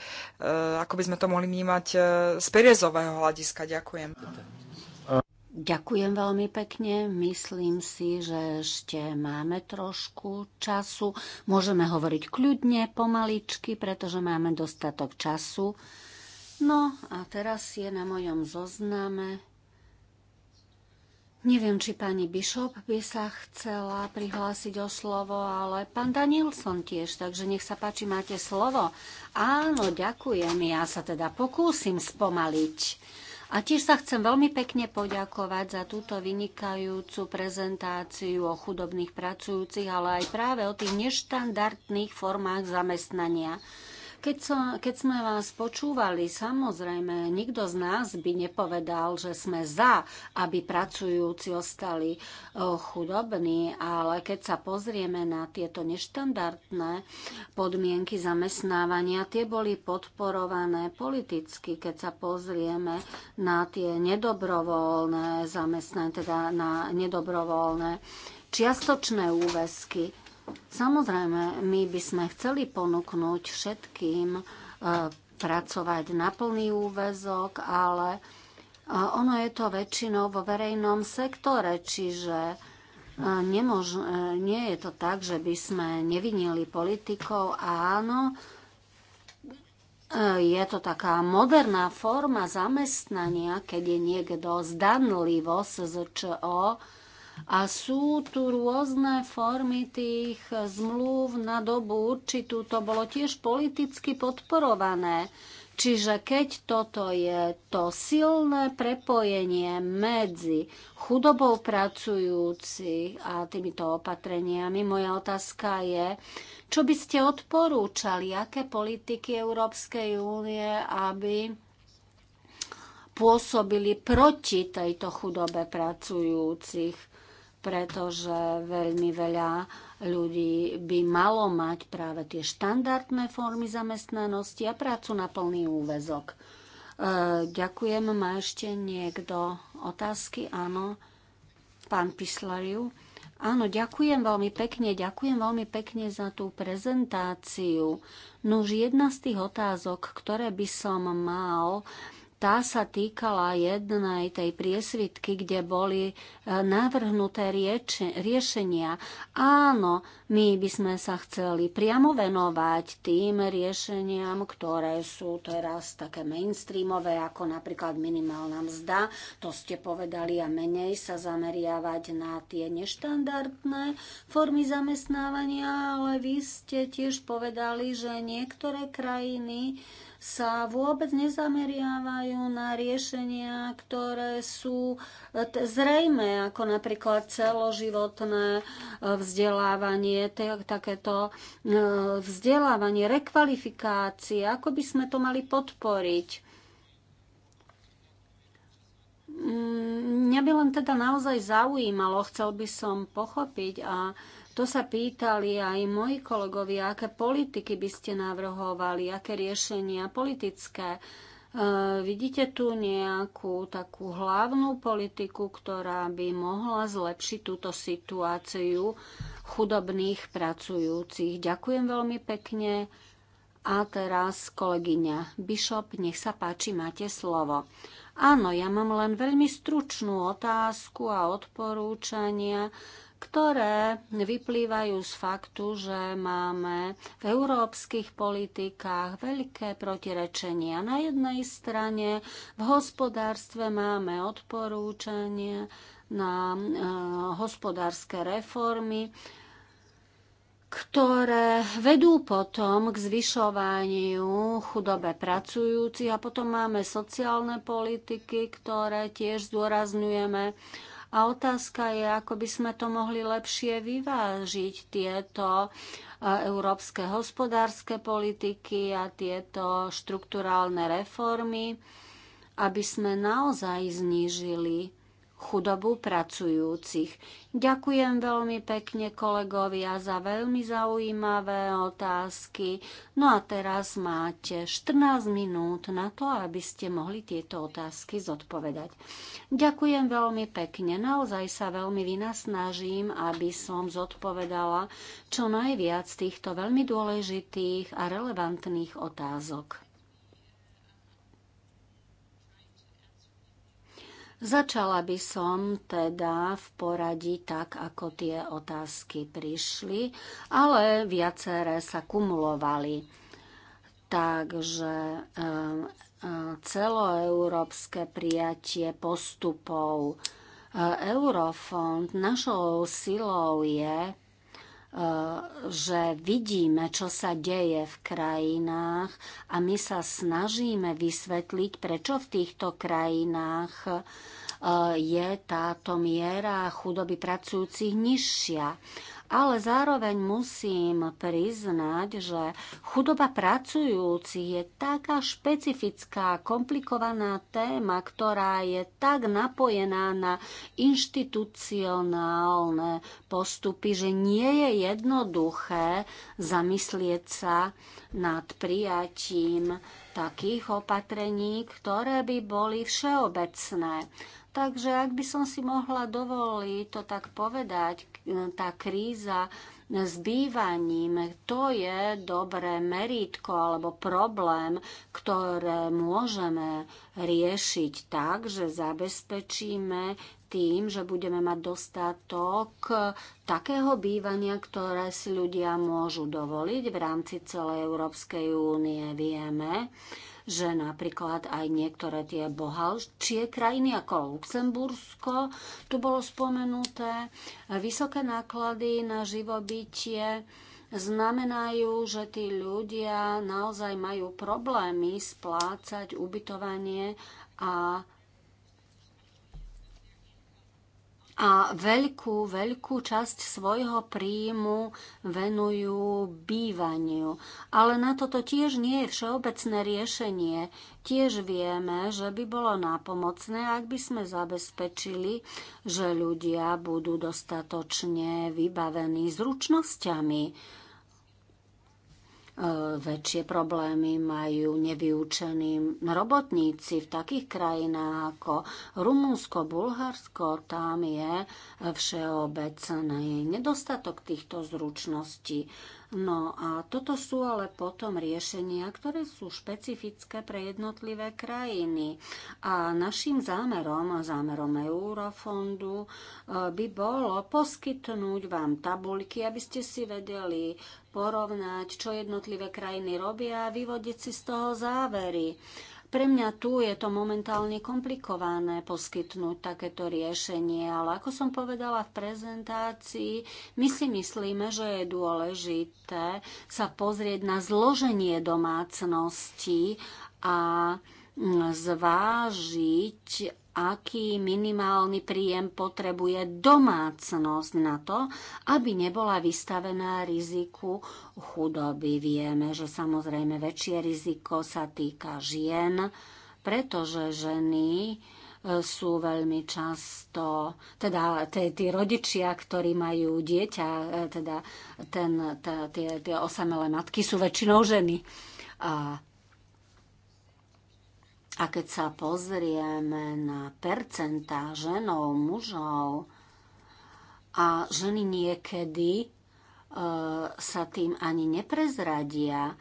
Speaker 2: ako by sme to mohli vnímať e, z periezového hľadiska. Ďakujem.
Speaker 3: Ďakujem veľmi pekne. Myslím si, že ešte máme trošku času. Môžeme hovoriť kľudne, pomaličky, pretože máme dostatok času. No a teraz je na mojom zozname Neviem, či pani Bishop by sa chcela prihlásiť o slovo, ale pán Danielson tiež, takže nech sa páči, máte slovo. Áno, ďakujem, ja sa teda pokúsim spomaliť. A tiež sa chcem veľmi pekne poďakovať za túto vynikajúcu prezentáciu o chudobných pracujúcich, ale aj práve o tých neštandardných formách zamestnania. Keď, so, keď sme vás počúvali, samozrejme, nikto z nás by nepovedal, že sme za, aby pracujúci ostali eh, chudobní, ale keď sa pozrieme na tieto neštandardné podmienky zamestnávania, tie boli podporované politicky. Keď sa pozrieme na tie nedobrovoľné zamestnanie, teda na nedobrovoľné čiastočné úväzky, Samozrejme, my by sme chceli ponúknuť všetkým e, pracovať na plný úvezok, ale e, ono je to väčšinou vo verejnom sektore, čiže e, nemož, nie je to tak, že by sme nevinili politikov. Áno, je to taká moderná forma zamestnania, keď je niekto zdanlivo SZČO, a sú tu rôzne formy tých zmluv na dobu určitú. To bolo tiež politicky podporované. Čiže keď toto je to silné prepojenie medzi chudobou pracujúcich a týmito opatreniami, moja otázka je, čo by ste odporúčali, aké politiky Európskej únie, aby pôsobili proti tejto chudobe pracujúcich? pretože veľmi veľa ľudí by malo mať práve tie štandardné formy zamestnanosti a prácu na plný úvezok. E, ďakujem. Má ešte niekto otázky? Áno. Pán Pislariu. Áno, ďakujem veľmi pekne, ďakujem veľmi pekne za tú prezentáciu. už jedna z tých otázok, ktoré by som mal, tá sa týkala jednej tej priesvitky, kde boli e, navrhnuté rieči, riešenia. Áno, my by sme sa chceli priamo venovať tým riešeniam, ktoré sú teraz také mainstreamové, ako napríklad minimálna mzda, to ste povedali, a menej sa zameriavať na tie neštandardné formy zamestnávania, ale vy ste tiež povedali, že niektoré krajiny sa vôbec nezameriavajú na riešenia, ktoré sú e, zrejme, ako napríklad celoživotné e, vzdelávanie, takéto e, vzdelávanie, rekvalifikácie, ako by sme to mali podporiť. Mňa by len teda naozaj zaujímalo, chcel by som pochopiť a to sa pýtali aj moji kolegovia, aké politiky by ste navrhovali, aké riešenia politické. E, vidíte tu nejakú takú hlavnú politiku, ktorá by mohla zlepšiť túto situáciu chudobných pracujúcich. Ďakujem veľmi pekne. A teraz kolegyňa Bishop, nech sa páči, máte slovo. Áno, ja mám len veľmi stručnú otázku a odporúčania, ktoré vyplývajú z faktu, že máme v európskych politikách veľké protirečenia. Na jednej strane v hospodárstve máme odporúčania na e, hospodárske reformy, ktoré vedú potom k zvyšovaniu chudobe pracujúcich a potom máme sociálne politiky, ktoré tiež zdôrazňujeme. A otázka je, ako by sme to mohli lepšie vyvážiť, tieto e, európske hospodárske politiky a tieto štruktúrálne reformy, aby sme naozaj znížili chudobu pracujúcich. Ďakujem veľmi pekne kolegovia za veľmi zaujímavé otázky. No a teraz máte 14 minút na to, aby ste mohli tieto otázky zodpovedať. Ďakujem veľmi pekne. Naozaj sa veľmi vynasnažím, aby som zodpovedala čo najviac týchto veľmi dôležitých a relevantných otázok. Začala by som teda v poradí tak, ako tie otázky prišli, ale viaceré sa kumulovali. Takže eh, eh, celoeurópske prijatie postupov eh, Eurofond našou silou je že vidíme, čo sa deje v krajinách a my sa snažíme vysvetliť, prečo v týchto krajinách e, je táto miera chudoby pracujúcich nižšia ale zároveň musím priznať, že chudoba pracujúci je taká špecifická, komplikovaná téma, ktorá je tak napojená na inštitucionálne postupy, že nie je jednoduché zamyslieť sa nad prijatím takých opatrení, ktoré by boli všeobecné. Takže ak by som si mohla dovoliť to tak povedať, E, tá kríza s bývaním, to je dobré meritko alebo problém, ktoré môžeme riešiť tak, že zabezpečíme tým, že budeme mať dostatok takého bývania, ktoré si ľudia môžu dovoliť v rámci celej Európskej únie. Vieme, že napríklad aj niektoré tie bohalšie krajiny ako Luxembursko, tu bolo spomenuté, vysoké náklady na živobytie, znamenajú, že tí ľudia naozaj majú problémy splácať ubytovanie a a veľkú, veľkú časť svojho príjmu venujú bývaniu. Ale na toto tiež nie je všeobecné riešenie. Tiež vieme, že by bolo nápomocné, ak by sme zabezpečili, že ľudia budú dostatočne vybavení zručnosťami väčšie problémy majú nevyučení robotníci v takých krajinách ako Rumunsko, Bulharsko. Tam je všeobecný nedostatok týchto zručností. No a toto sú ale potom riešenia, ktoré sú špecifické pre jednotlivé krajiny. A našim zámerom, zámerom Eurofondu, e, by bolo poskytnúť vám tabuľky, aby ste si vedeli porovnať, čo jednotlivé krajiny robia a vyvodiť si z toho závery. Pre mňa tu je to momentálne komplikované poskytnúť takéto riešenie, ale ako som povedala v prezentácii, my si myslíme, že je dôležité sa pozrieť na zloženie domácnosti a mm, zvážiť, aký minimálny príjem potrebuje domácnosť na to, aby nebola vystavená riziku chudoby. Vieme, že samozrejme väčšie riziko sa týka žien, pretože ženy e, sú veľmi často, teda tí rodičia, ktorí majú dieťa, e, teda tie, tie osamelé matky sú väčšinou ženy. A a keď sa pozrieme na percentá ženov, mužov a ženy niekedy e, sa tým ani neprezradia,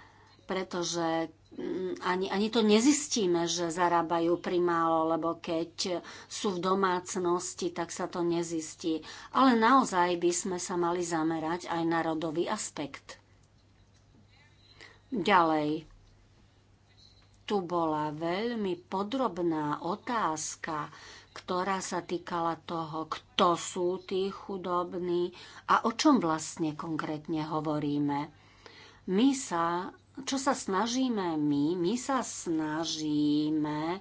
Speaker 3: pretože mm, ani, ani to nezistíme, že zarábajú primálo, lebo keď sú v domácnosti, tak sa to nezistí. Ale naozaj by sme sa mali zamerať aj na rodový aspekt. Ďalej, tu bola veľmi podrobná otázka, ktorá sa týkala toho, kto sú tí chudobní a o čom vlastne konkrétne hovoríme. My sa, čo sa snažíme my, my sa snažíme e,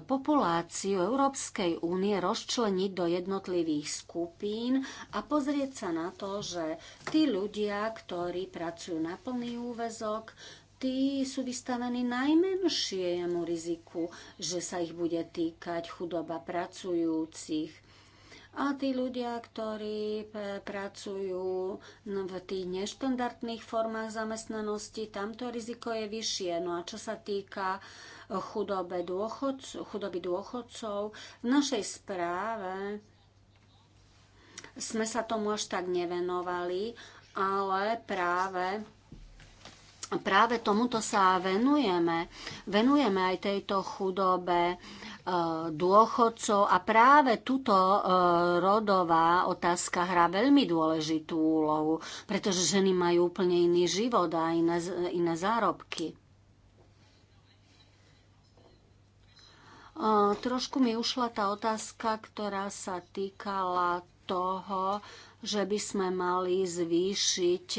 Speaker 3: populáciu Európskej únie rozčleniť do jednotlivých skupín a pozrieť sa na to, že tí ľudia, ktorí pracujú na plný úvezok, tí sú vystavení najmenšiemu riziku, že sa ich bude týkať chudoba pracujúcich. A tí ľudia, ktorí pracujú v tých neštandardných formách zamestnanosti, tamto riziko je vyššie. No a čo sa týka eh, chudobe dôchodcov, chudoby dôchodcov, v našej správe sme sa tomu až tak nevenovali, ale práve práve tomuto sa venujeme. Venujeme aj tejto chudobe e, dôchodcov a práve túto e, rodová otázka hrá veľmi dôležitú úlohu, pretože ženy majú úplne iný život a iné, iné zárobky. E, trošku mi ušla tá otázka, ktorá sa týkala toho, že by sme mali zvýšiť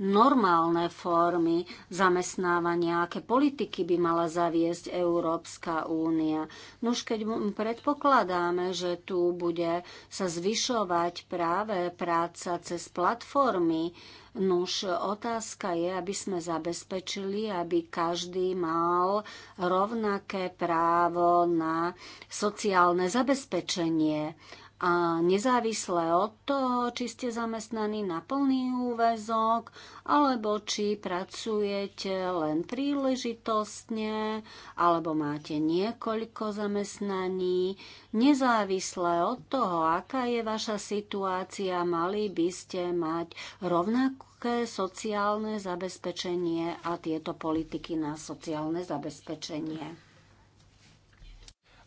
Speaker 3: normálne formy zamestnávania, aké politiky by mala zaviesť Európska únia. No už keď predpokladáme, že tu bude sa zvyšovať práve práca cez platformy, Nuž otázka je, aby sme zabezpečili, aby každý mal rovnaké právo na sociálne zabezpečenie a nezávisle od toho, či ste zamestnaní na plný úvezok, alebo či pracujete len príležitostne, alebo máte niekoľko zamestnaní, nezávisle od toho, aká je vaša situácia, mali by ste mať rovnaké sociálne zabezpečenie a tieto politiky na sociálne zabezpečenie.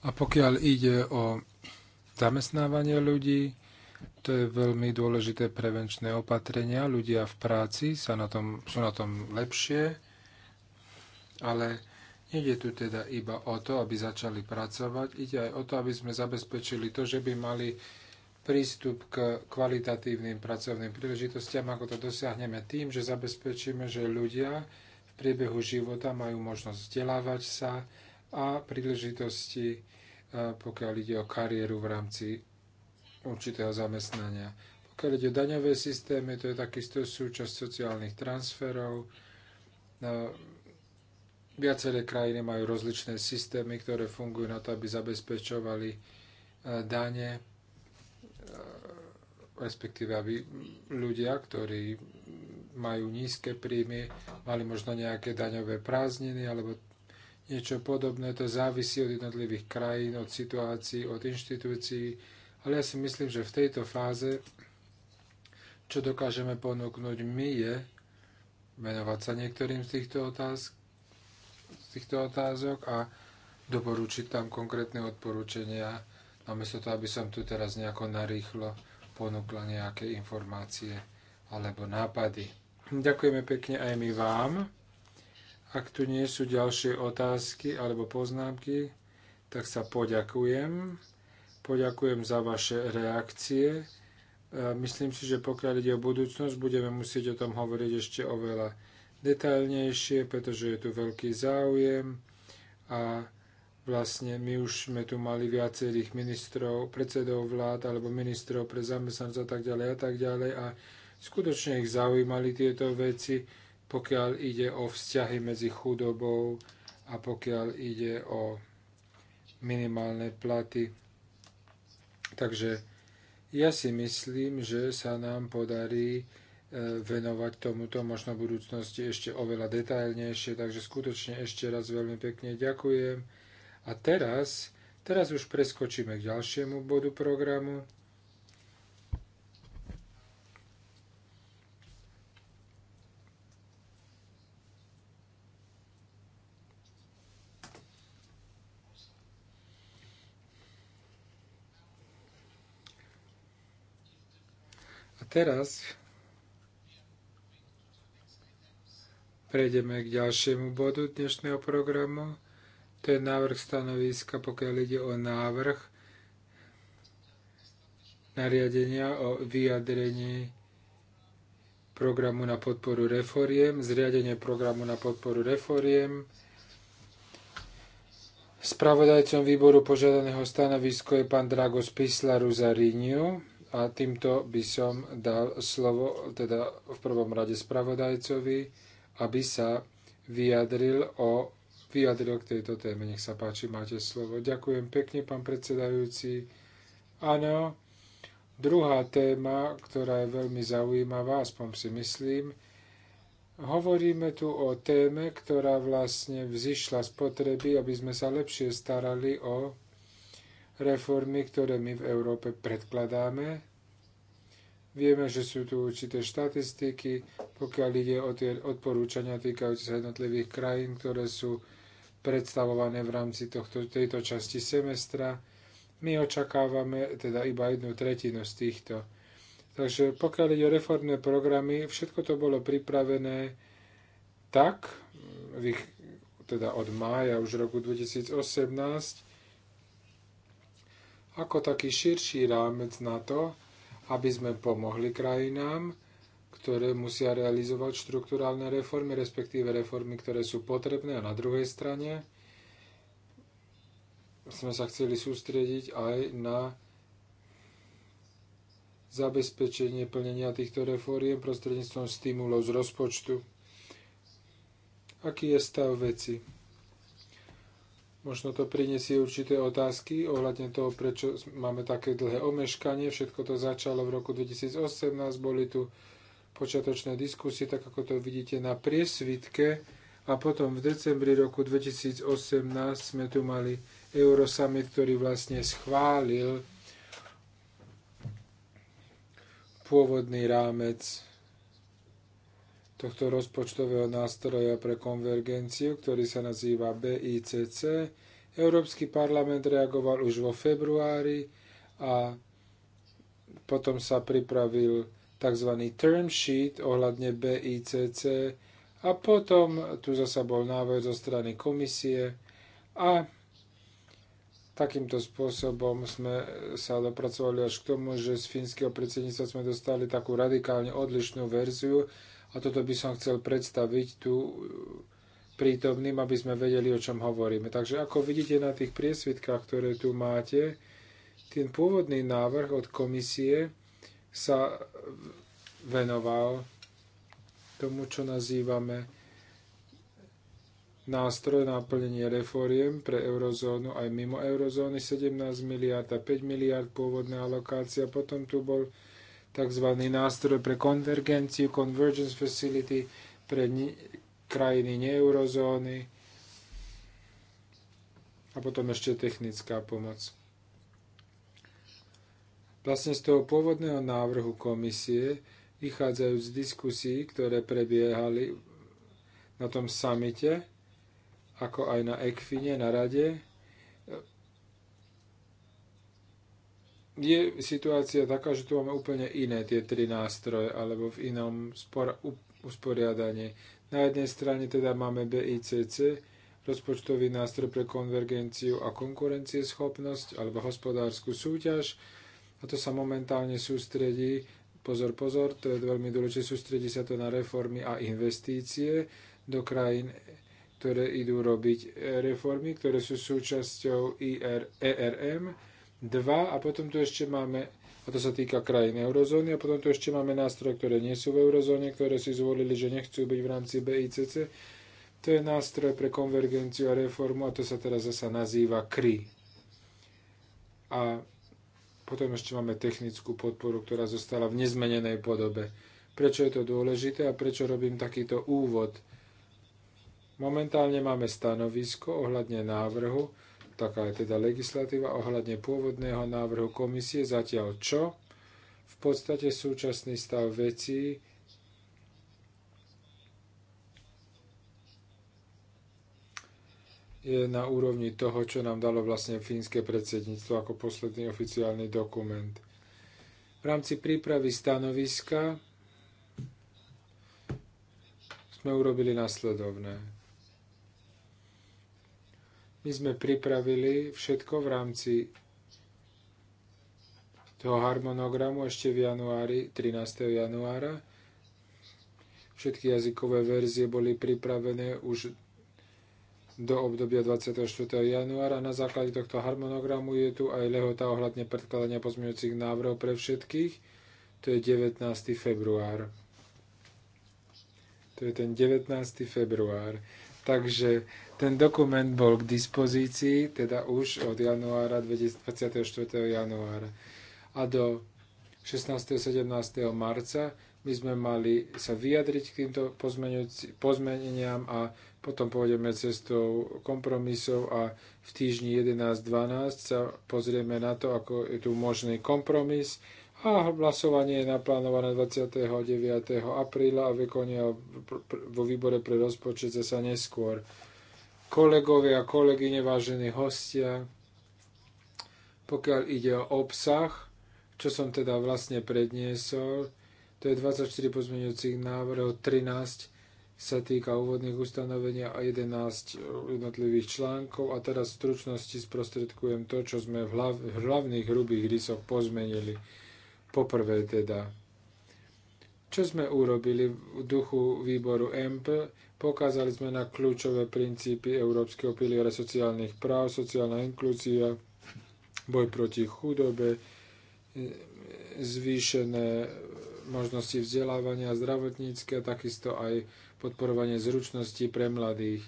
Speaker 1: A pokiaľ ide o zamestnávanie ľudí, to je veľmi dôležité prevenčné opatrenia. Ľudia v práci sa na tom, sú na tom lepšie, ale nejde tu teda iba o to, aby začali pracovať, ide aj o to, aby sme zabezpečili to, že by mali prístup k kvalitatívnym pracovným príležitostiam, ako to dosiahneme tým, že zabezpečíme, že ľudia v priebehu života majú možnosť vzdelávať sa a príležitosti pokiaľ ide o kariéru v rámci určitého zamestnania. Pokiaľ ide o daňové systémy, to je takisto súčasť sociálnych transferov. No, viaceré krajiny majú rozličné systémy, ktoré fungujú na to, aby zabezpečovali e, dane, e, respektíve aby ľudia, ktorí majú nízke príjmy, mali možno nejaké daňové prázdniny alebo niečo podobné. To závisí od jednotlivých krajín, od situácií, od inštitúcií. Ale ja si myslím, že v tejto fáze, čo dokážeme ponúknuť my, je venovať sa niektorým z týchto, otázk, z týchto otázok a doporučiť tam konkrétne odporúčania, namiesto toho, aby som tu teraz nejako narýchlo ponúkla nejaké informácie alebo nápady. Ďakujeme pekne aj my vám. Ak tu nie sú ďalšie otázky alebo poznámky, tak sa poďakujem. Poďakujem za vaše reakcie. E, myslím si, že pokiaľ ide o budúcnosť, budeme musieť o tom hovoriť ešte oveľa detailnejšie, pretože je tu veľký záujem a vlastne my už sme tu mali viacerých ministrov, predsedov vlád alebo ministrov pre zamestnancov a tak ďalej a tak ďalej a skutočne ich zaujímali tieto veci pokiaľ ide o vzťahy medzi chudobou a pokiaľ ide o minimálne platy. Takže ja si myslím, že sa nám podarí e, venovať tomuto možno v budúcnosti ešte oveľa detailnejšie, takže skutočne ešte raz veľmi pekne ďakujem. A teraz, teraz už preskočíme k ďalšiemu bodu programu. Teraz prejdeme k ďalšiemu bodu dnešného programu. To je návrh stanoviska, pokiaľ ide o návrh nariadenia o vyjadrení programu na podporu reforiem, zriadenie programu na podporu reforiem. Spravodajcom výboru požiadaného stanovisko je pán Dragos Pislaru za a týmto by som dal slovo teda v prvom rade spravodajcovi, aby sa vyjadril, o, vyjadril k tejto téme. Nech sa páči, máte slovo. Ďakujem pekne, pán predsedajúci. Áno, druhá téma, ktorá je veľmi zaujímavá, aspoň si myslím, hovoríme tu o téme, ktorá vlastne vzýšla z potreby, aby sme sa lepšie starali o reformy, ktoré my v Európe predkladáme. Vieme, že sú tu určité štatistiky, pokiaľ ide o tie odporúčania týkajúce sa jednotlivých krajín, ktoré sú predstavované v rámci tohto, tejto časti semestra. My očakávame teda iba jednu tretinu z týchto. Takže pokiaľ ide o reformné programy, všetko to bolo pripravené tak, teda od mája už roku 2018, ako taký širší rámec na to, aby sme pomohli krajinám, ktoré musia realizovať štruktúrálne reformy, respektíve reformy, ktoré sú potrebné. A na druhej strane sme sa chceli sústrediť aj na zabezpečenie plnenia týchto reforiem prostredníctvom stimulov z rozpočtu. Aký je stav veci? Možno to prinesie určité otázky ohľadne toho, prečo máme také dlhé omeškanie. Všetko to začalo v roku 2018, boli tu počiatočné diskusie, tak ako to vidíte na priesvitke. A potom v decembri roku 2018 sme tu mali Eurosummit, ktorý vlastne schválil pôvodný rámec tohto rozpočtového nástroja pre konvergenciu, ktorý sa nazýva BICC. Európsky parlament reagoval už vo februári a potom sa pripravil tzv. term sheet ohľadne BICC a potom tu zasa bol návrh zo strany komisie a takýmto spôsobom sme sa dopracovali až k tomu, že z fínskeho predsedníctva sme dostali takú radikálne odlišnú verziu, a toto by som chcel predstaviť tu e, prítomným, aby sme vedeli, o čom hovoríme. Takže ako vidíte na tých priesvitkách, ktoré tu máte, ten pôvodný návrh od komisie sa venoval tomu, čo nazývame nástroj na plnenie reforiem pre eurozónu aj mimo eurozóny 17 miliard a 5 miliard pôvodná alokácia. Potom tu bol tzv. nástroj pre konvergenciu, Convergence Facility pre krajiny neurozóny a potom ešte technická pomoc. Vlastne z toho pôvodného návrhu komisie vychádzajú z diskusí, ktoré prebiehali na tom samite, ako aj na ECFINE, na rade, je situácia taká, že tu máme úplne iné tie tri nástroje alebo v inom spor, usporiadaní. Na jednej strane teda máme BICC, rozpočtový nástroj pre konvergenciu a konkurencieschopnosť alebo hospodárskú súťaž. A to sa momentálne sústredí, pozor, pozor, to je veľmi dôležité, sústredí sa to na reformy a investície do krajín, ktoré idú robiť eh, reformy, ktoré sú súčasťou IR, ERM 2 a potom tu ešte máme, a to sa týka krajín eurozóny, a potom tu ešte máme nástroje, ktoré nie sú v eurozóne, ktoré si zvolili, že nechcú byť v rámci BICC. To je nástroj pre konvergenciu a reformu a to sa teraz zasa nazýva KRI. A potom ešte máme technickú podporu, ktorá zostala v nezmenenej podobe. Prečo je to dôležité a prečo robím takýto úvod? Momentálne máme stanovisko ohľadne návrhu, taká je teda legislatíva ohľadne pôvodného návrhu komisie, zatiaľ čo v podstate súčasný stav vecí je na úrovni toho, čo nám dalo vlastne fínske predsedníctvo ako posledný oficiálny dokument. V rámci prípravy stanoviska sme urobili nasledovné. My sme pripravili všetko v rámci toho harmonogramu ešte v januári, 13. januára. Všetky jazykové verzie boli pripravené už do obdobia 24. januára. Na základe tohto harmonogramu je tu aj lehota ohľadne predkladania pozmeňujúcich návrhov pre všetkých. To je 19. február. To je ten 19. február. Takže ten dokument bol k dispozícii, teda už od januára, 24. januára. A do 16. 17. marca my sme mali sa vyjadriť k týmto pozmeneniam a potom pôjdeme cestou kompromisov a v týždni 11.12 sa pozrieme na to, ako je tu možný kompromis a hlasovanie je naplánované 29. apríla a vykonia vo výbore pre rozpočet zasa neskôr kolegovia, kolegyne, vážení hostia, pokiaľ ide o obsah, čo som teda vlastne predniesol, to je 24 pozmeňujúcich návrhov, 13 sa týka úvodných ustanovenia a 11 jednotlivých článkov a teraz v stručnosti sprostredkujem to, čo sme v hlavných hrubých rysoch pozmenili. Poprvé teda čo sme urobili v duchu výboru EMP? Pokázali sme na kľúčové princípy Európskeho piliera sociálnych práv, sociálna inklúzia, boj proti chudobe, zvýšené možnosti vzdelávania zdravotnícke, takisto aj podporovanie zručností pre mladých.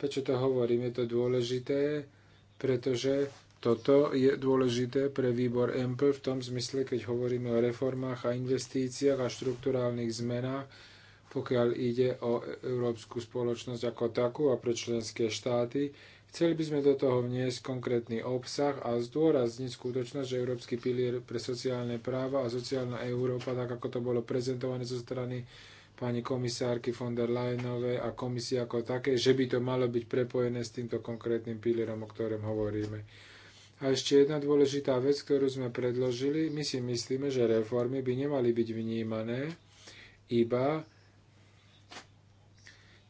Speaker 1: Prečo to hovorím? Je to dôležité, pretože toto je dôležité pre výbor EMPL v tom zmysle, keď hovoríme o reformách a investíciách a štruktúrálnych zmenách, pokiaľ ide o európsku spoločnosť ako takú a pre členské štáty. Chceli by sme do toho vniesť konkrétny obsah a zdôrazniť skutočnosť, že Európsky pilier pre sociálne práva a sociálna Európa, tak ako to bolo prezentované zo strany pani komisárky von der Leyenovej a komisie ako také, že by to malo byť prepojené s týmto konkrétnym pilierom, o ktorom hovoríme. A ešte jedna dôležitá vec, ktorú sme predložili, my si myslíme, že reformy by nemali byť vnímané iba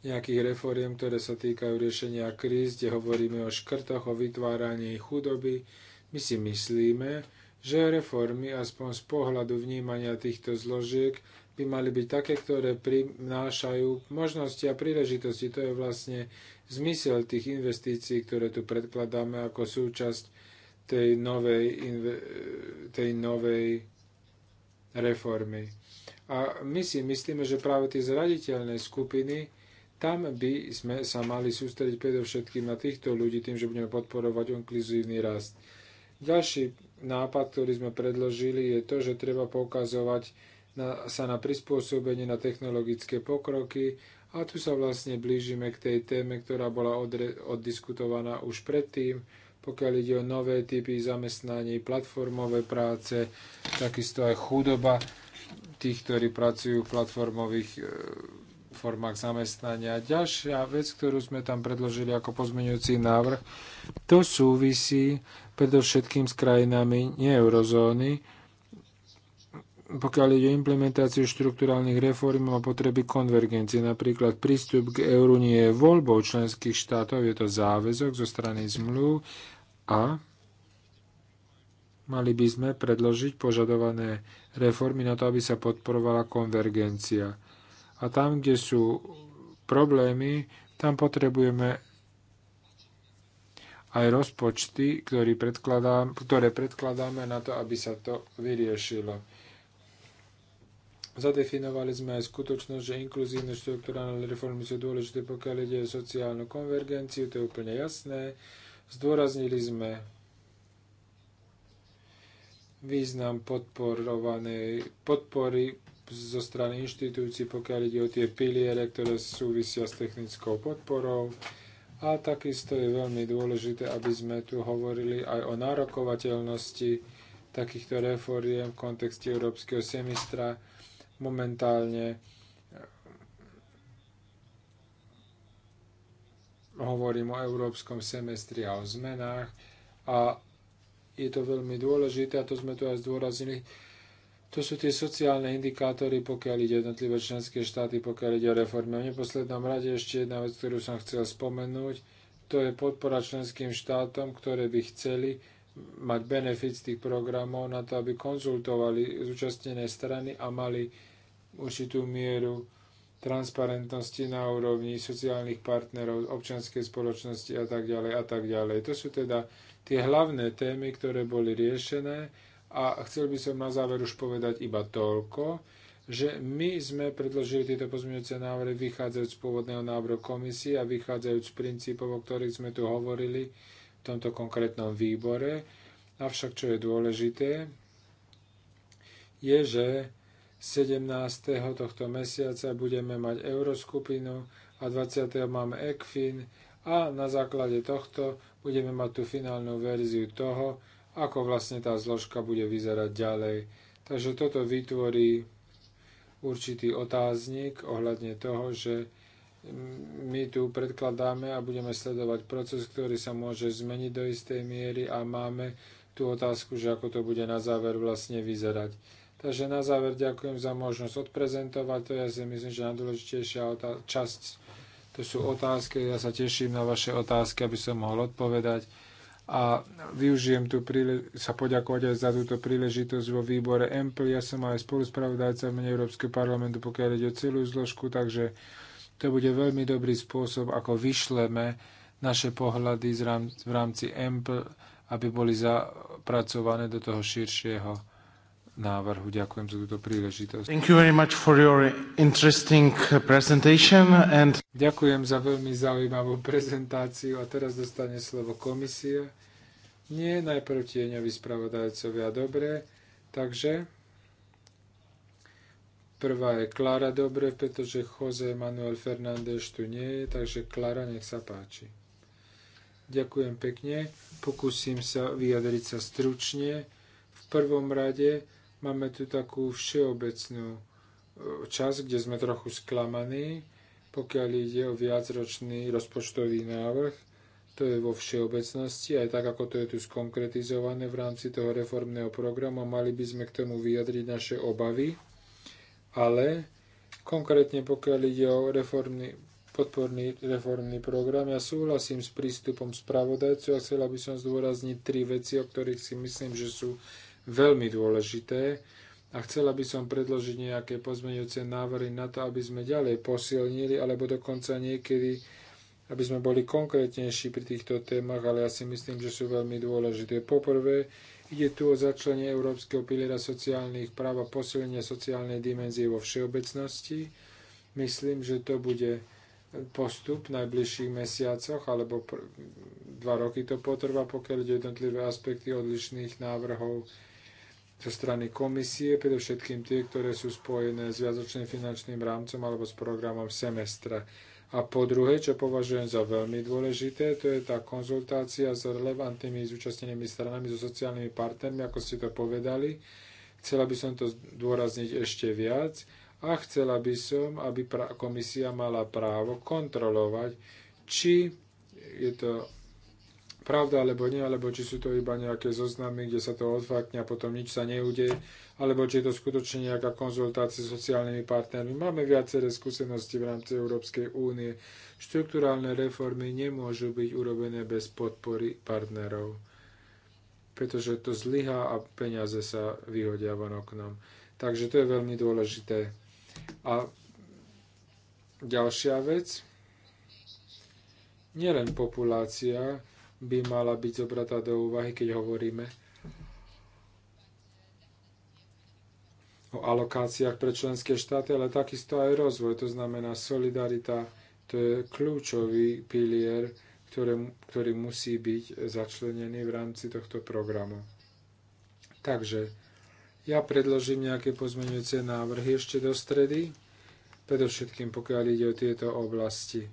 Speaker 1: nejakých reforiem, ktoré sa týkajú riešenia kríz, kde hovoríme o škrtoch, o vytváraní chudoby. My si myslíme, že reformy, aspoň z pohľadu vnímania týchto zložiek, by mali byť také, ktoré prinášajú možnosti a príležitosti. To je vlastne zmysel tých investícií, ktoré tu predkladáme ako súčasť tej novej, tej novej reformy. A my si myslíme, že práve tie zraditeľné skupiny, tam by sme sa mali sústrediť predovšetkým na týchto ľudí, tým, že budeme podporovať inkluzívny rast. Ďalší nápad, ktorý sme predložili, je to, že treba poukazovať na, sa na prispôsobenie na technologické pokroky a tu sa vlastne blížime k tej téme, ktorá bola odre, oddiskutovaná už predtým, pokiaľ ide o nové typy zamestnaní, platformové práce, takisto aj chudoba tých, ktorí pracujú v platformových e, formách zamestnania. Ďalšia vec, ktorú sme tam predložili ako pozmeňujúci návrh, to súvisí predovšetkým s krajinami nie eurozóny, pokiaľ ide o implementáciu štruktúrálnych reform a potreby konvergencie. Napríklad prístup k euru nie je voľbou členských štátov, je to záväzok zo strany zmluv a mali by sme predložiť požadované reformy na to, aby sa podporovala konvergencia. A tam, kde sú problémy, tam potrebujeme aj rozpočty, ktoré predkladáme, ktoré predkladáme na to, aby sa to vyriešilo. Zadefinovali sme aj skutočnosť, že inkluzívne štruktúrálne reformy sú dôležité, pokiaľ ide o sociálnu konvergenciu, to je úplne jasné Zdôraznili sme význam podporovanej podpory zo strany inštitúcií, pokiaľ ide o tie piliere, ktoré súvisia s technickou podporou. A takisto je veľmi dôležité, aby sme tu hovorili aj o nárokovateľnosti takýchto refóriem v kontexte európskeho semestra. Momentálne Hovorím o európskom semestri a o zmenách a je to veľmi dôležité, a to sme tu aj zdôraznili, to sú tie sociálne indikátory, pokiaľ ide jednotlivé členské štáty, pokiaľ ide o reformy. A v neposlednom rade ešte jedna vec, ktorú som chcel spomenúť, to je podpora členským štátom, ktoré by chceli mať benefit z tých programov na to, aby konzultovali zúčastnené strany a mali určitú mieru transparentnosti na úrovni sociálnych partnerov, občianskej spoločnosti a tak ďalej a tak ďalej. To sú teda tie hlavné témy, ktoré boli riešené a chcel by som na záver už povedať iba toľko, že my sme predložili tieto pozmeňujúce návrhy vychádzajúc z pôvodného návrhu komisie a vychádzajúc z princípov, o ktorých sme tu hovorili v tomto konkrétnom výbore. Avšak čo je dôležité, je, že 17. tohto mesiaca budeme mať Euroskupinu a 20. máme ECFIN a na základe tohto budeme mať tú finálnu verziu toho, ako vlastne tá zložka bude vyzerať ďalej. Takže toto vytvorí určitý otáznik ohľadne toho, že my tu predkladáme a budeme sledovať proces, ktorý sa môže zmeniť do istej miery a máme tú otázku, že ako to bude na záver vlastne vyzerať. Takže na záver ďakujem za možnosť odprezentovať. To ja si myslím, že najdôležitejšia časť to sú otázky. Ja sa teším na vaše otázky, aby som mohol odpovedať. A využijem tu sa poďakovať aj za túto príležitosť vo výbore EMPL. Ja som aj spoluspravodajca mene Európskeho parlamentu, pokiaľ ide o celú zložku, takže to bude veľmi dobrý spôsob, ako vyšleme naše pohľady v rámci EMPL, aby boli zapracované do toho širšieho návrhu. Ďakujem za túto príležitosť. Thank you very much for your interesting uh, presentation and... Ďakujem za veľmi zaujímavú prezentáciu a teraz dostane slovo komisia. Nie, najprv tieňoví spravodajcovia, dobre. Takže prvá je Klara, dobre, pretože Jose Manuel Fernández tu nie je, takže Klara, nech sa páči. Ďakujem pekne, pokúsim sa vyjadriť sa stručne. V prvom rade Máme tu takú všeobecnú e, časť, kde sme trochu sklamaní, pokiaľ ide o viacročný rozpočtový návrh. To je vo všeobecnosti, aj tak, ako to je tu skonkretizované v rámci toho reformného programu. Mali by sme k tomu vyjadriť naše obavy, ale konkrétne pokiaľ ide o reformný, podporný reformný program, ja súhlasím s prístupom spravodajcu a chcela by som zdôrazniť tri veci, o ktorých si myslím, že sú veľmi dôležité a chcela by som predložiť nejaké pozmeňujúce návrhy na to, aby sme ďalej posilnili, alebo dokonca niekedy, aby sme boli konkrétnejší pri týchto témach, ale ja si myslím, že sú veľmi dôležité. Poprvé, ide tu o začlenie Európskeho piliera sociálnych práv a posilnenie sociálnej dimenzie vo všeobecnosti. Myslím, že to bude postup v najbližších mesiacoch, alebo dva roky to potrvá, pokiaľ ide jednotlivé aspekty odlišných návrhov zo strany komisie, predovšetkým tie, ktoré sú spojené s viazočným finančným rámcom alebo s programom semestra. A po druhé, čo považujem za veľmi dôležité, to je tá konzultácia s relevantnými zúčastnenými stranami, so sociálnymi partnermi, ako ste to povedali. Chcela by som to dôrazniť ešte viac a chcela by som, aby komisia mala právo kontrolovať, či je to pravda alebo nie, alebo či sú to iba nejaké zoznamy, kde sa to odfakne a potom nič sa neudeje, alebo či je to skutočne nejaká konzultácia s sociálnymi partnermi. Máme viaceré skúsenosti v rámci Európskej únie. Štruktúrálne reformy nemôžu byť urobené bez podpory partnerov, pretože to zlyhá a peniaze sa vyhodia von oknom. Takže to je veľmi dôležité. A ďalšia vec, nielen populácia, by mala byť zobratá do úvahy, keď hovoríme o alokáciách pre členské štáty, ale takisto aj rozvoj. To znamená, solidarita to je kľúčový pilier, ktoré, ktorý musí byť začlenený v rámci tohto programu. Takže ja predložím nejaké pozmeňujúce návrhy ešte do stredy, predovšetkým pokiaľ ide o tieto oblasti.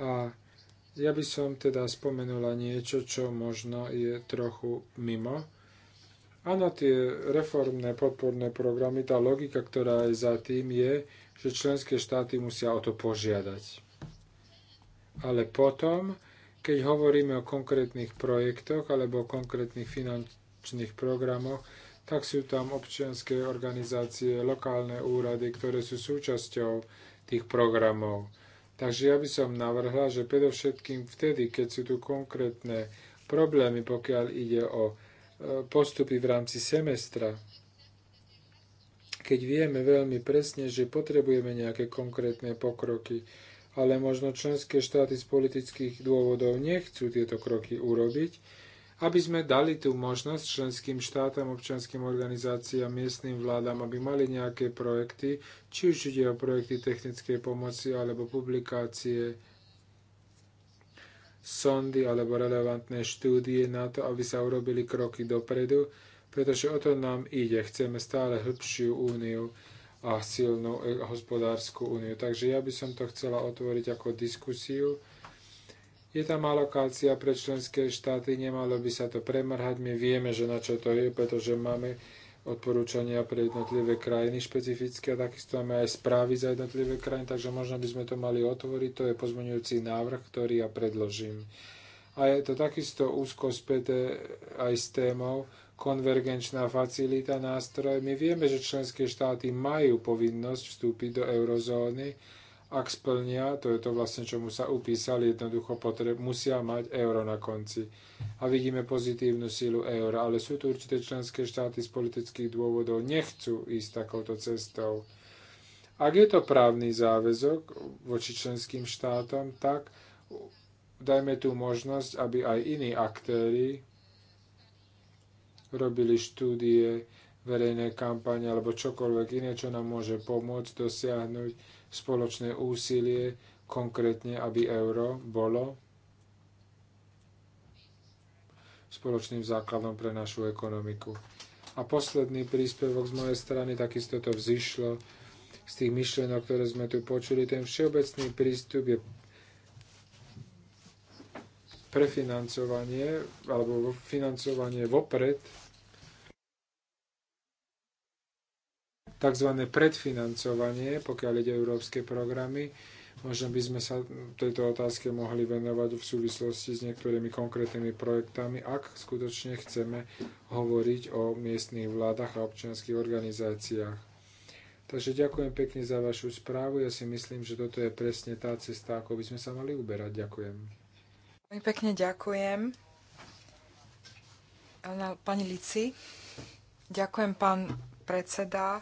Speaker 1: A ja by som teda spomenula niečo, čo možno je trochu mimo. Áno, tie reformné podporné programy, tá logika, ktorá je za tým, je, že členské štáty musia o to požiadať. Ale potom, keď hovoríme o konkrétnych projektoch alebo o konkrétnych finančných programoch, tak sú tam občianské organizácie, lokálne úrady, ktoré sú súčasťou tých programov. Takže ja by som navrhla, že predovšetkým vtedy, keď sú tu konkrétne problémy, pokiaľ ide o e, postupy v rámci semestra, keď vieme veľmi presne, že potrebujeme nejaké konkrétne pokroky, ale možno členské štáty z politických dôvodov nechcú tieto kroky urobiť, aby sme dali tú možnosť členským štátom, občanským organizáciám, miestnym vládam, aby mali nejaké projekty, či už ide o projekty technickej pomoci alebo publikácie sondy alebo relevantné štúdie na to, aby sa urobili kroky dopredu, pretože o to nám ide. Chceme stále hĺbšiu úniu a silnú e- hospodárskú úniu. Takže ja by som to chcela otvoriť ako diskusiu je tam alokácia pre členské štáty, nemalo by sa to premrhať. My vieme, že na čo to je, pretože máme odporúčania pre jednotlivé krajiny špecifické a takisto máme aj správy za jednotlivé krajiny, takže možno by sme to mali otvoriť. To je pozmeňujúci návrh, ktorý ja predložím. A je to takisto úzko späté aj s témou konvergenčná facilita nástroj. My vieme, že členské štáty majú povinnosť vstúpiť do eurozóny, ak splnia, to je to vlastne, čomu sa upísali, jednoducho potreb, musia mať euro na konci. A vidíme pozitívnu sílu euro, ale sú tu určité členské štáty z politických dôvodov, nechcú ísť takouto cestou. Ak je to právny záväzok voči členským štátom, tak dajme tu možnosť, aby aj iní aktéry robili štúdie, verejné kampane alebo čokoľvek iné, čo nám môže pomôcť dosiahnuť spoločné úsilie, konkrétne aby euro bolo spoločným základom pre našu ekonomiku. A posledný príspevok z mojej strany, takisto to vzýšlo z tých myšlienok, ktoré sme tu počuli. Ten všeobecný prístup je prefinancovanie alebo financovanie vopred tzv. predfinancovanie, pokiaľ ide európske programy. Možno by sme sa tejto otázke mohli venovať v súvislosti s niektorými konkrétnymi projektami, ak skutočne chceme hovoriť o miestnych vládach a občianských organizáciách. Takže ďakujem pekne za vašu správu. Ja si myslím, že toto je presne tá cesta, ako by sme sa mali uberať. Ďakujem. Veľmi
Speaker 2: pekne ďakujem. Pani Lici, ďakujem pán predseda.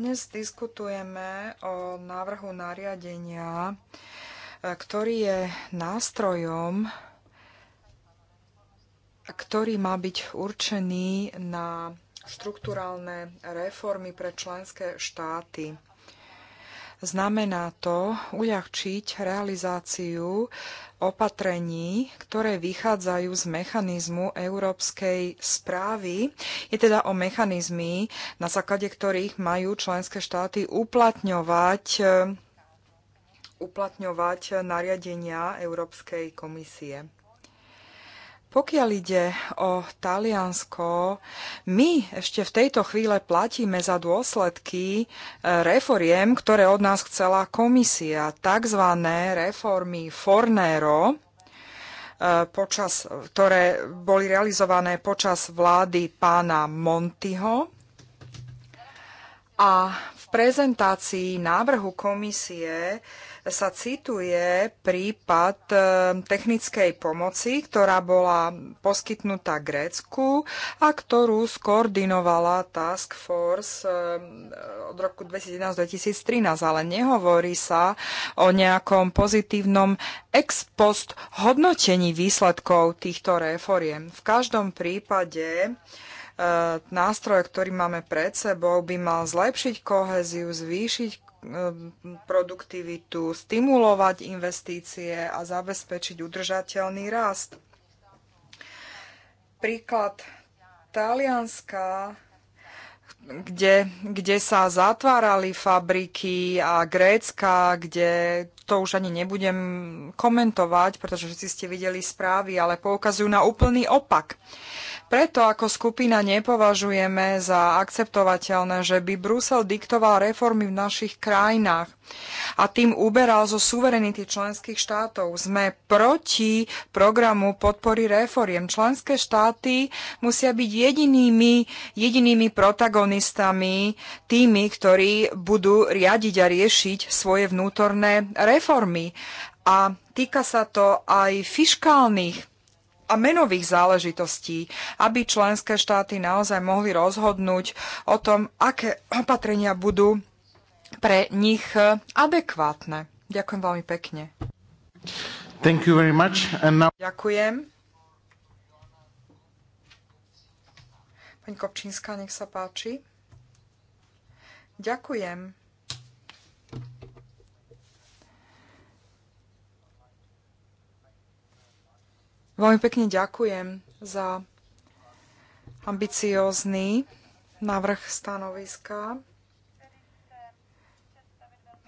Speaker 2: Dnes diskutujeme o návrhu nariadenia, e, ktorý je nástrojom, ktorý má byť určený na štruktúrálne reformy pre členské štáty. Znamená to uľahčiť realizáciu opatrení, ktoré vychádzajú z mechanizmu európskej správy. Je teda o mechanizmy, na základe ktorých majú členské štáty uplatňovať uplatňovať nariadenia Európskej komisie. Pokiaľ ide o Taliansko, my ešte v tejto chvíle platíme za dôsledky e, reforiem, ktoré od nás chcela komisia, tzv. reformy Fornero, e, počas, ktoré boli realizované počas vlády pána Montiho. A v prezentácii návrhu komisie sa cituje prípad e, technickej pomoci, ktorá bola poskytnutá Grécku a ktorú skoordinovala Task Force e, od roku 2011-2013, ale nehovorí sa o nejakom pozitívnom ex post hodnotení výsledkov týchto reforiem. V každom prípade e, nástroj, ktorý máme pred sebou, by mal zlepšiť koheziu, zvýšiť E, produktivitu, stimulovať investície a zabezpečiť udržateľný rast. Príklad Talianska, kde, kde sa zatvárali fabriky a Grécka, kde to už ani nebudem komentovať, pretože všetci ste videli správy, ale poukazujú na úplný opak. Uh, preto ako skupina nepovažujeme za akceptovateľné, že by Brusel diktoval reformy v našich krajinách a tým uberal zo suverenity členských štátov. Sme proti programu podpory reforiem. Členské štáty musia byť jedinými, jedinými protagonistami, tými, ktorí budú riadiť a riešiť svoje vnútorné reformy. A týka sa to aj fiškálnych a menových záležitostí, aby členské štáty naozaj mohli rozhodnúť o tom, aké opatrenia budú pre nich e, adekvátne. Ďakujem veľmi pekne.
Speaker 1: Thank you very much. And now...
Speaker 2: Ďakujem. Pani Kopčínska, nech sa páči. Ďakujem. Veľmi pekne ďakujem za ambiciózny návrh stanoviska.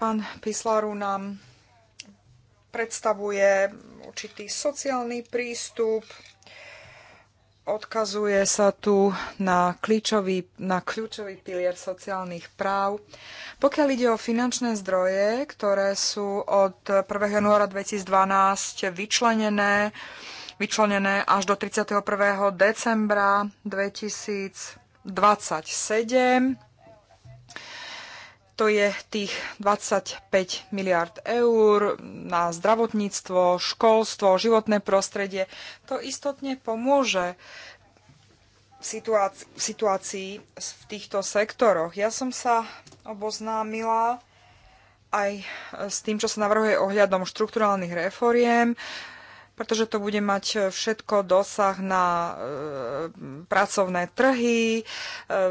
Speaker 2: Pán Pislaru nám predstavuje určitý sociálny prístup, odkazuje sa tu na kľúčový, na kľúčový pilier sociálnych práv. Pokiaľ ide o finančné zdroje, ktoré sú od 1. januára 2012 vyčlenené, vyčlenené až do 31. decembra 2027. To je tých 25 miliard eur na zdravotníctvo, školstvo, životné prostredie. To istotne pomôže situácii, situácii v týchto sektoroch. Ja som sa oboznámila aj s tým, čo sa navrhuje ohľadom štrukturálnych refóriem pretože to bude mať e, všetko dosah na e, pracovné trhy, e,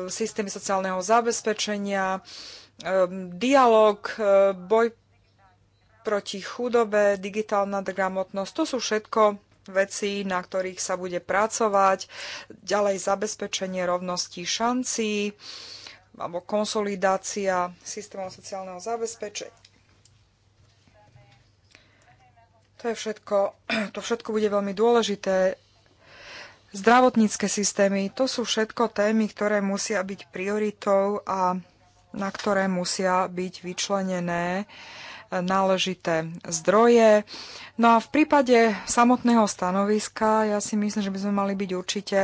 Speaker 2: systémy sociálneho zabezpečenia, e, dialog, e, boj proti chudobe, digitálna gramotnosť. To sú všetko veci, na ktorých sa bude pracovať. Ďalej zabezpečenie rovnosti šancí alebo konsolidácia systémov sociálneho zabezpečenia To je všetko, to všetko bude veľmi dôležité. Zdravotnícke systémy, to sú všetko témy, ktoré musia byť prioritou a na ktoré musia byť vyčlenené e, náležité zdroje. No a v prípade samotného stanoviska ja si myslím, že by sme mali byť určite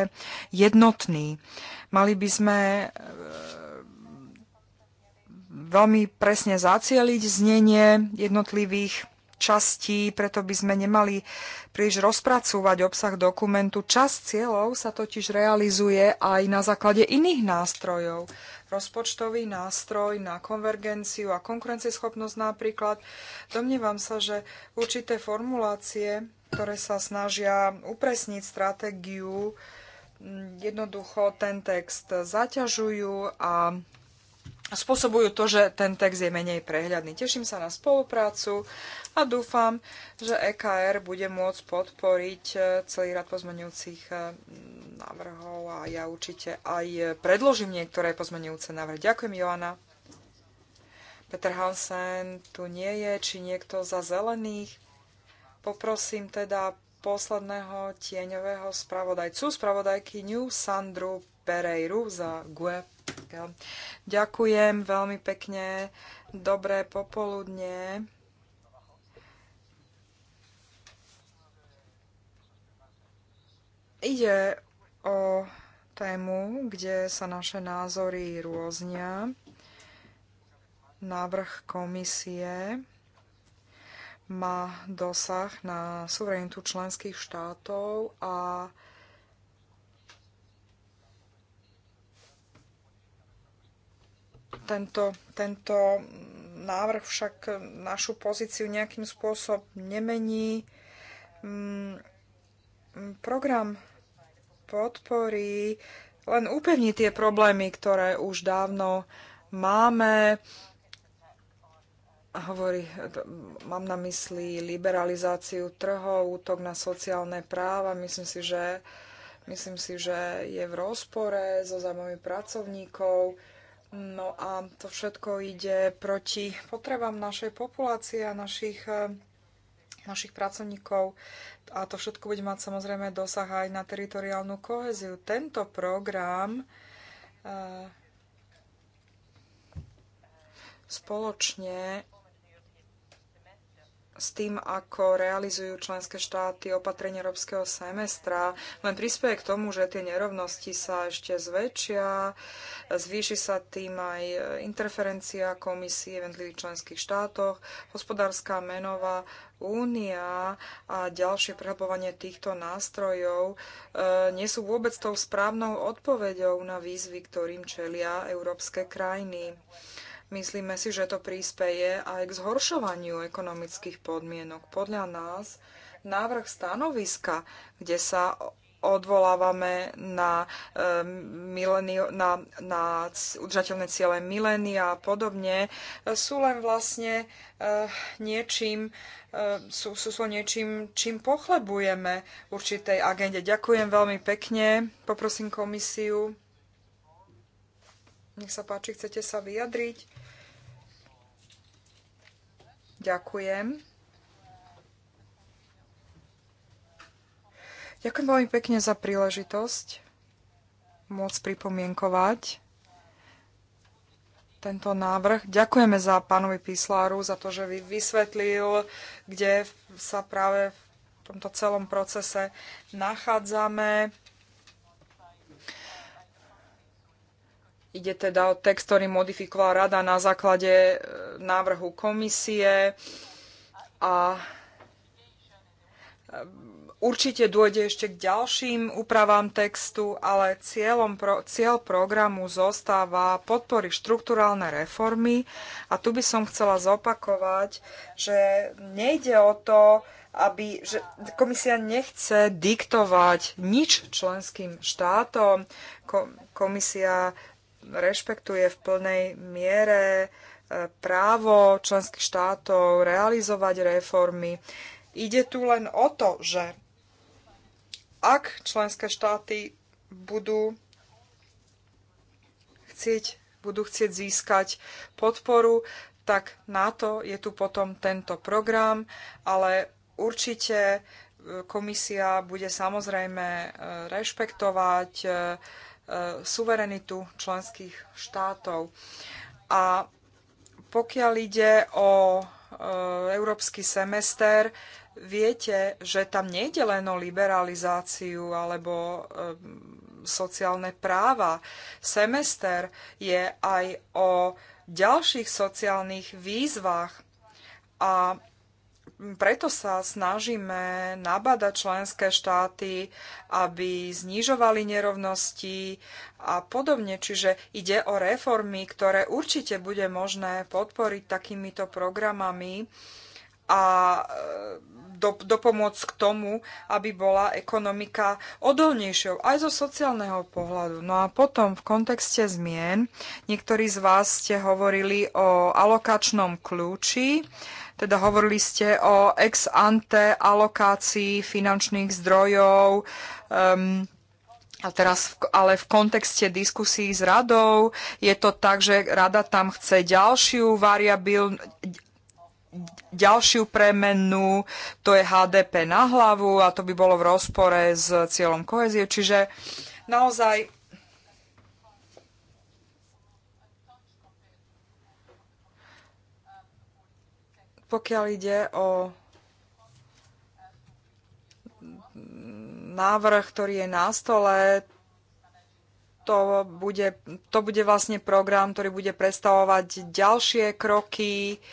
Speaker 2: jednotní. Mali by sme e, veľmi presne zacieliť znenie jednotlivých častí, preto by sme nemali príliš rozpracúvať obsah dokumentu. Čas cieľov sa totiž realizuje aj na základe iných nástrojov. Rozpočtový nástroj na konvergenciu a konkurencieschopnosť napríklad. Domnievam sa, že určité formulácie, ktoré sa snažia upresniť stratégiu, jednoducho ten text zaťažujú a spôsobujú to, že ten text je menej prehľadný. Teším sa na spoluprácu a dúfam, že EKR bude môcť podporiť e, celý rad pozmenujúcich e, návrhov a ja určite aj e, predložím niektoré pozmenujúce návrhy. Ďakujem, Joana. Peter Hansen tu nie je, či niekto za zelených. Poprosím teda posledného tieňového spravodajcu, Spravodajky New Sandru Pereiru za GUE. Ďakujem veľmi pekne. Dobré popoludne. Ide o tému, kde sa naše názory rôznia. Návrh komisie má dosah na suverenitu členských štátov a Tento, tento návrh však našu pozíciu nejakým spôsobom nemení. Mm, program podporí len upevní tie problémy, ktoré už dávno máme. Hovorí, mám na mysli liberalizáciu trhov, útok na sociálne práva. Myslím si, že, myslím si, že je v rozpore so zájmami pracovníkov No a to všetko ide proti potrebám našej populácie a našich, e, našich pracovníkov. A to všetko bude mať samozrejme dosah aj na teritoriálnu koheziu. Tento program e, spoločne s tým, ako realizujú členské štáty opatrenie európskeho semestra, len prispieje k tomu, že tie nerovnosti sa ešte zväčšia, zvýši sa tým aj interferencia komisie v jednotlivých členských štátoch, hospodárska menová únia a ďalšie prehlbovanie týchto nástrojov e, nie sú vôbec tou správnou odpoveďou na výzvy, ktorým čelia európske krajiny. Myslíme si, že to príspeje aj k zhoršovaniu ekonomických podmienok. Podľa nás návrh stanoviska, kde sa odvolávame na, e, milenio, na, na udržateľné ciele milénia a podobne, sú len vlastne e, niečím, e, sú, sú, sú niečím, čím pochlebujeme určitej agende. Ďakujem veľmi pekne, poprosím komisiu. Nech sa páči, chcete sa vyjadriť? Ďakujem. Ďakujem veľmi pekne za príležitosť môcť pripomienkovať tento návrh. Ďakujeme za pánovi Písláru za to, že vy vysvetlil, kde sa práve v tomto celom procese nachádzame. Ide teda o text, ktorý modifikovala rada na základe e, návrhu komisie a e, určite dôjde ešte k ďalším úpravám textu, ale cieľom pro, cieľ programu zostáva podpory štruktúrálne reformy a tu by som chcela zopakovať, že nejde o to, aby že komisia nechce diktovať nič členským štátom. komisia rešpektuje v plnej miere e, právo členských štátov realizovať reformy. Ide tu len o to, že ak členské štáty budú chcieť, budú chcieť získať podporu, tak na to je tu potom tento program, ale určite e, komisia bude samozrejme e, rešpektovať suverenitu členských štátov. A pokiaľ ide o e, európsky semester, viete, že tam nejde len o liberalizáciu alebo e, sociálne práva. Semester je aj o ďalších sociálnych výzvach a preto sa snažíme nabadať členské štáty, aby znižovali nerovnosti a podobne. Čiže ide o reformy, ktoré určite bude možné podporiť takýmito programami a e, dopomôcť k tomu, aby bola ekonomika odolnejšou aj zo sociálneho pohľadu. No a potom v kontexte zmien, niektorí z vás ste hovorili o alokačnom kľúči teda hovorili ste o ex ante alokácii finančných zdrojov, um, a teraz, ale v kontexte diskusí s radou je to tak, že rada tam chce ďalšiu variabil, ďalšiu premenu, to je HDP na hlavu a to by bolo v rozpore s cieľom kohezie. Čiže naozaj Pokiaľ ide o návrh, ktorý je na stole, to bude, to bude vlastne program, ktorý bude predstavovať ďalšie kroky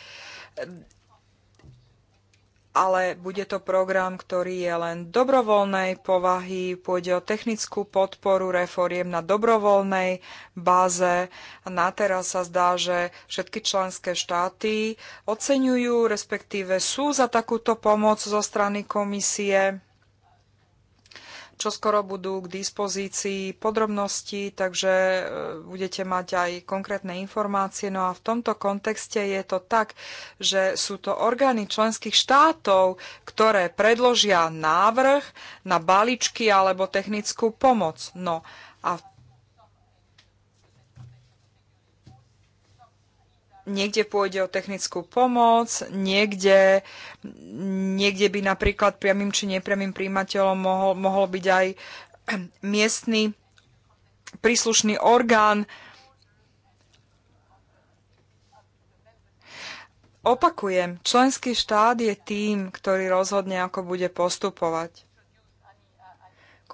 Speaker 2: ale bude to program, ktorý je len dobrovoľnej povahy, pôjde o technickú podporu reforiem na dobrovoľnej báze. A na teraz sa zdá, že všetky členské štáty oceňujú, respektíve sú za takúto pomoc zo strany komisie. Čo skoro budú k dispozícii podrobnosti, takže e, budete mať aj konkrétne informácie. No a v tomto kontexte je to tak, že sú to orgány členských štátov, ktoré predložia návrh na balíčky alebo technickú pomoc. No a v niekde pôjde o technickú pomoc, niekde, niekde by napríklad priamým či nepriamým príjimateľom mohol, mohol byť aj miestny príslušný orgán. Opakujem, členský štát je tým, ktorý rozhodne, ako bude postupovať.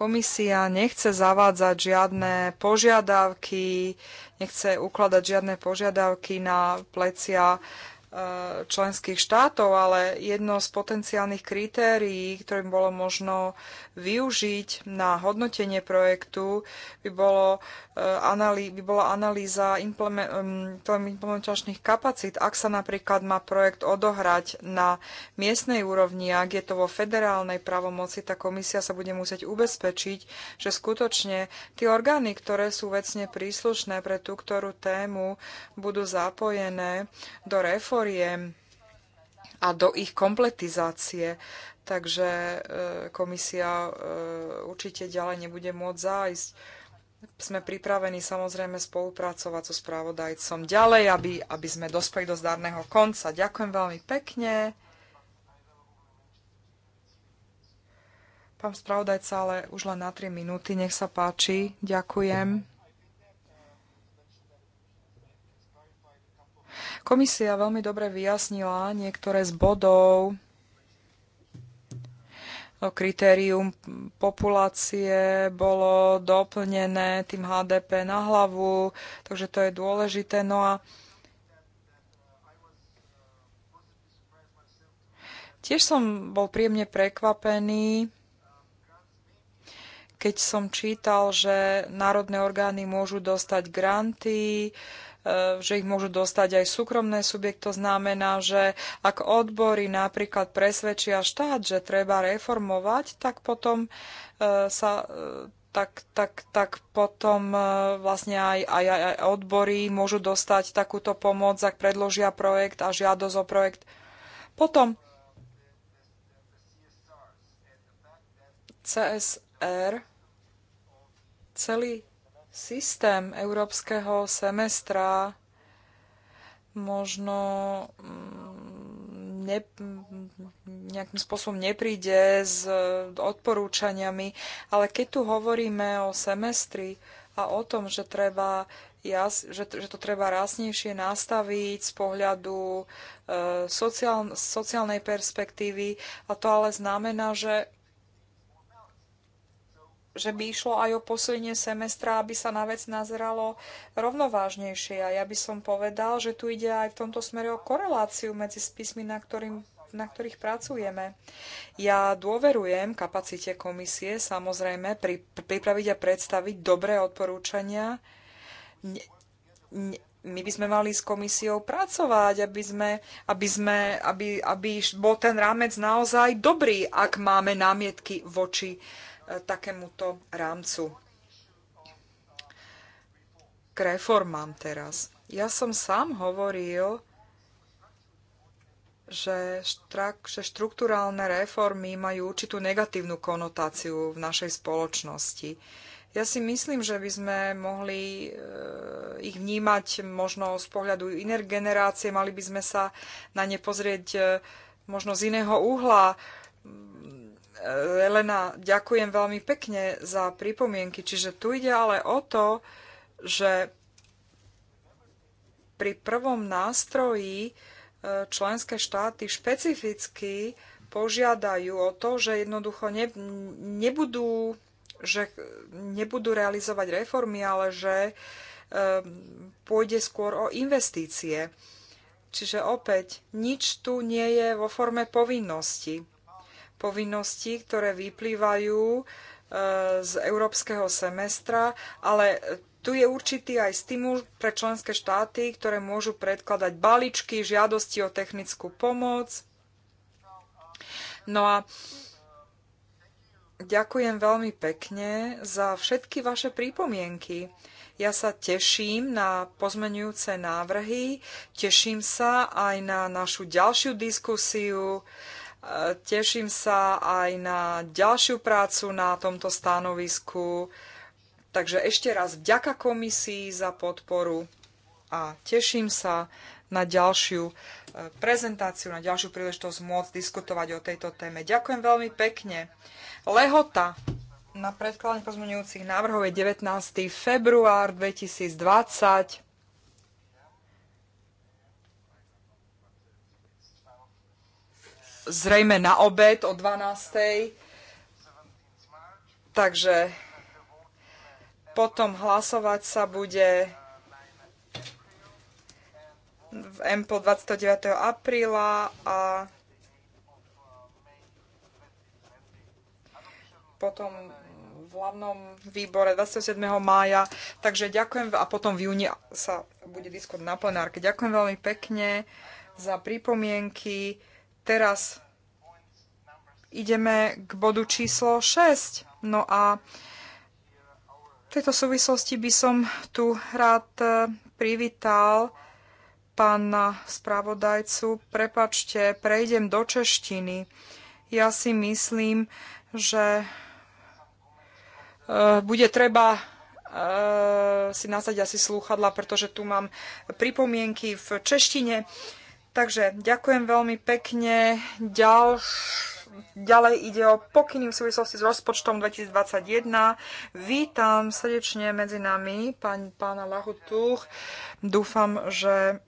Speaker 2: Komisia nechce zavádzať žiadne požiadavky, nechce ukladať žiadne požiadavky na plecia členských štátov, ale jedno z potenciálnych kritérií, ktorým bolo možno využiť na hodnotenie projektu, by, bolo, eh, by bola analýza implementačných kapacít. Ak sa napríklad má projekt odohrať na miestnej úrovni, ak je to vo federálnej pravomoci, tá komisia sa bude musieť ubezpečiť, že skutočne tie orgány, ktoré sú vecne príslušné pre tú ktorú tému, budú zapojené do reformy reforiem a do ich kompletizácie. Takže e, komisia e, určite ďalej nebude môcť zájsť. Sme pripravení samozrejme spolupracovať so správodajcom ďalej, aby, aby sme dospeli do zdárneho konca. Ďakujem veľmi pekne. Pán spravodajca, ale už len na 3 minúty, nech sa páči. Ďakujem. Komisia veľmi dobre vyjasnila niektoré z bodov, kritérium populácie bolo doplnené tým HDP na hlavu, takže to je dôležité. No a tiež som bol príjemne prekvapený, keď som čítal, že národné orgány môžu dostať granty, E, že ich môžu dostať aj súkromné subjekty. To znamená, že ak odbory napríklad presvedčia štát, že treba reformovať, tak potom e, sa e, tak, tak, tak potom vlastne aj, aj, aj odbory môžu dostať takúto pomoc, ak predložia projekt a žiadosť o projekt. Potom CSR celý systém európskeho semestra možno mm, ne, nejakým spôsobom nepríde s odporúčaniami, ale keď tu hovoríme o semestri a o tom, že treba jas, že, že to treba rásnejšie nastaviť z pohľadu e, sociál, sociálnej perspektívy. A to ale znamená, že že by išlo aj o posilnenie semestra, aby sa na vec nazeralo rovnovážnejšie. A ja by som povedal, že tu ide aj v tomto smere o koreláciu medzi spismi, na, ktorým, na ktorých pracujeme. Ja dôverujem kapacite komisie, samozrejme, pri, pripraviť a predstaviť dobré odporúčania. Ne, ne, my by sme mali s komisiou pracovať, aby, sme, aby, sme, aby, aby bol ten rámec naozaj dobrý, ak máme námietky voči uh, E, takémuto rámcu. K reformám teraz. Ja som sám hovoril, že, štrak, že štruktúrálne reformy majú určitú negatívnu konotáciu v našej spoločnosti. Ja si myslím, že by sme mohli e, ich vnímať možno z pohľadu iné generácie, mali by sme sa na ne pozrieť e, možno z iného uhla Elena, ďakujem veľmi pekne za pripomienky. Čiže tu ide ale o to, že pri prvom nástroji e, členské štáty špecificky požiadajú o to, že jednoducho ne, nebudú, že nebudú realizovať reformy, ale že e, pôjde skôr o investície. Čiže opäť, nič tu nie je vo forme povinnosti povinností, ktoré vyplývajú e, z európskeho semestra, ale tu je určitý aj stimul pre členské štáty, ktoré môžu predkladať balíčky, žiadosti o technickú pomoc. No a ďakujem veľmi pekne za všetky vaše prípomienky. Ja sa teším na pozmenujúce návrhy, teším sa aj na našu ďalšiu diskusiu. Teším sa aj na ďalšiu prácu na tomto stanovisku. Takže ešte raz vďaka komisii za podporu a teším sa na ďalšiu e, prezentáciu, na ďalšiu príležitosť môcť diskutovať o tejto téme. Ďakujem veľmi pekne. Lehota na predkladanie pozmeňujúcich návrhov je 19. február 2020. zrejme na obed o 12. Takže potom hlasovať sa bude v MPO 29. apríla a potom v hlavnom výbore 27. mája. Takže ďakujem a potom v júni sa bude diskut na plenárke. Ďakujem veľmi pekne za pripomienky. Teraz ideme k bodu číslo 6. No a v tejto súvislosti by som tu rád e, privítal pána spravodajcu. Prepačte, prejdem do češtiny. Ja si myslím, že e, bude treba e, si nasadiť asi slúchadla, pretože tu mám pripomienky v češtine. Takže ďakujem veľmi pekne. Ďal... Ďalej ide o pokyny v súvislosti s rozpočtom 2021. Vítam srdečne medzi nami pán, pána Lahutuch. Dúfam, že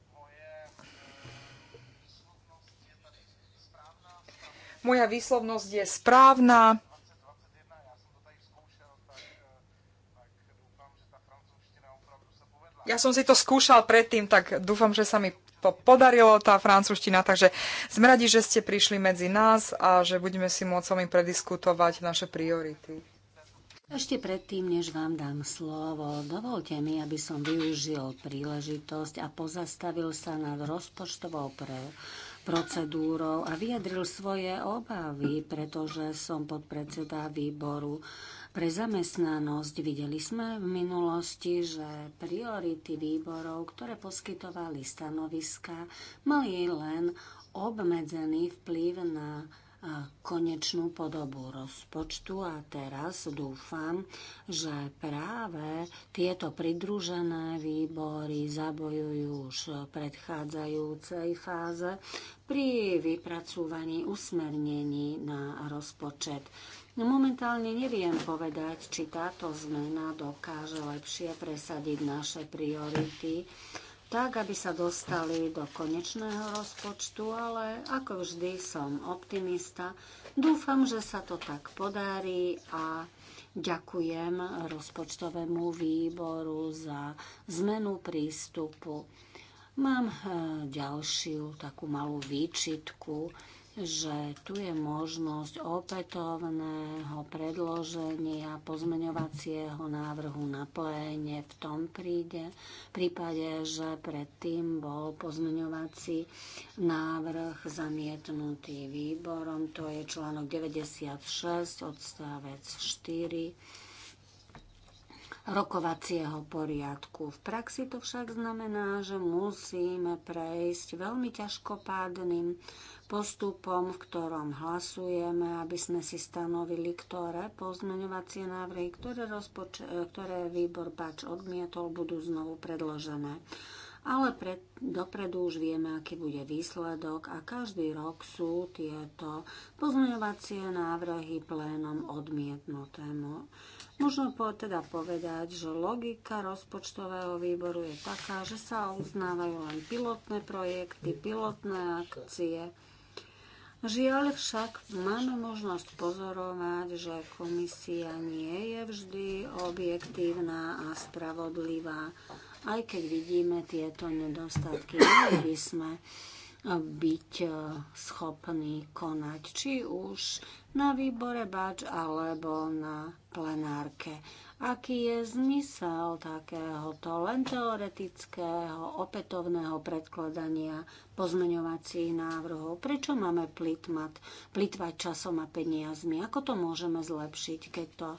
Speaker 2: moja výslovnosť je správna. Ja som si to skúšal predtým, tak dúfam, že sa mi to podarilo, tá francúzština. Takže sme radi, že ste prišli medzi nás a že budeme si môcť s vami prediskutovať naše priority.
Speaker 3: Ešte predtým, než vám dám slovo, dovolte mi, aby som využil príležitosť a pozastavil sa nad rozpočtovou pre procedúrou a vyjadril svoje obavy, pretože som podpredseda výboru pre zamestnanosť. Videli sme v minulosti, že priority výborov, ktoré poskytovali stanoviska, mali len obmedzený vplyv na konečnú podobu rozpočtu a teraz dúfam, že práve tieto pridružené výbory zabojujú už v predchádzajúcej fáze pri vypracúvaní usmernení na rozpočet. No momentálne neviem povedať, či táto zmena dokáže lepšie presadiť naše priority, tak, aby sa dostali do konečného rozpočtu, ale ako vždy som optimista. Dúfam, že sa to tak podarí a ďakujem rozpočtovému výboru za zmenu prístupu. Mám eh, ďalšiu takú malú výčitku že tu je možnosť opätovného predloženia pozmeňovacieho návrhu na pléne v tom príde, prípade, že predtým bol pozmeňovací návrh zamietnutý výborom. To je článok 96 odstavec 4 rokovacieho poriadku. V praxi to však znamená, že musíme prejsť veľmi ťažkopádnym postupom, v ktorom hlasujeme, aby sme si stanovili, ktoré pozmeňovacie návrhy, ktoré, rozpoč- ktoré výbor pač odmietol, budú znovu predložené. Ale pred, dopredu už vieme, aký bude výsledok a každý rok sú tieto pozmeňovacie návrhy plénom odmietnuté. Možno po, teda povedať, že logika rozpočtového výboru je taká, že sa uznávajú len pilotné projekty, pilotné akcie Žiaľ však máme možnosť pozorovať, že komisia nie je vždy objektívna a spravodlivá, aj keď vidíme tieto nedostatky. Mali by sme byť e, schopní konať, či už na výbore bač alebo na plenárke. Aký je zmysel takéhoto len teoretického opätovného predkladania pozmeňovacích návrhov? Prečo máme plitmať, plitvať časom a peniazmi? Ako to môžeme zlepšiť, keď to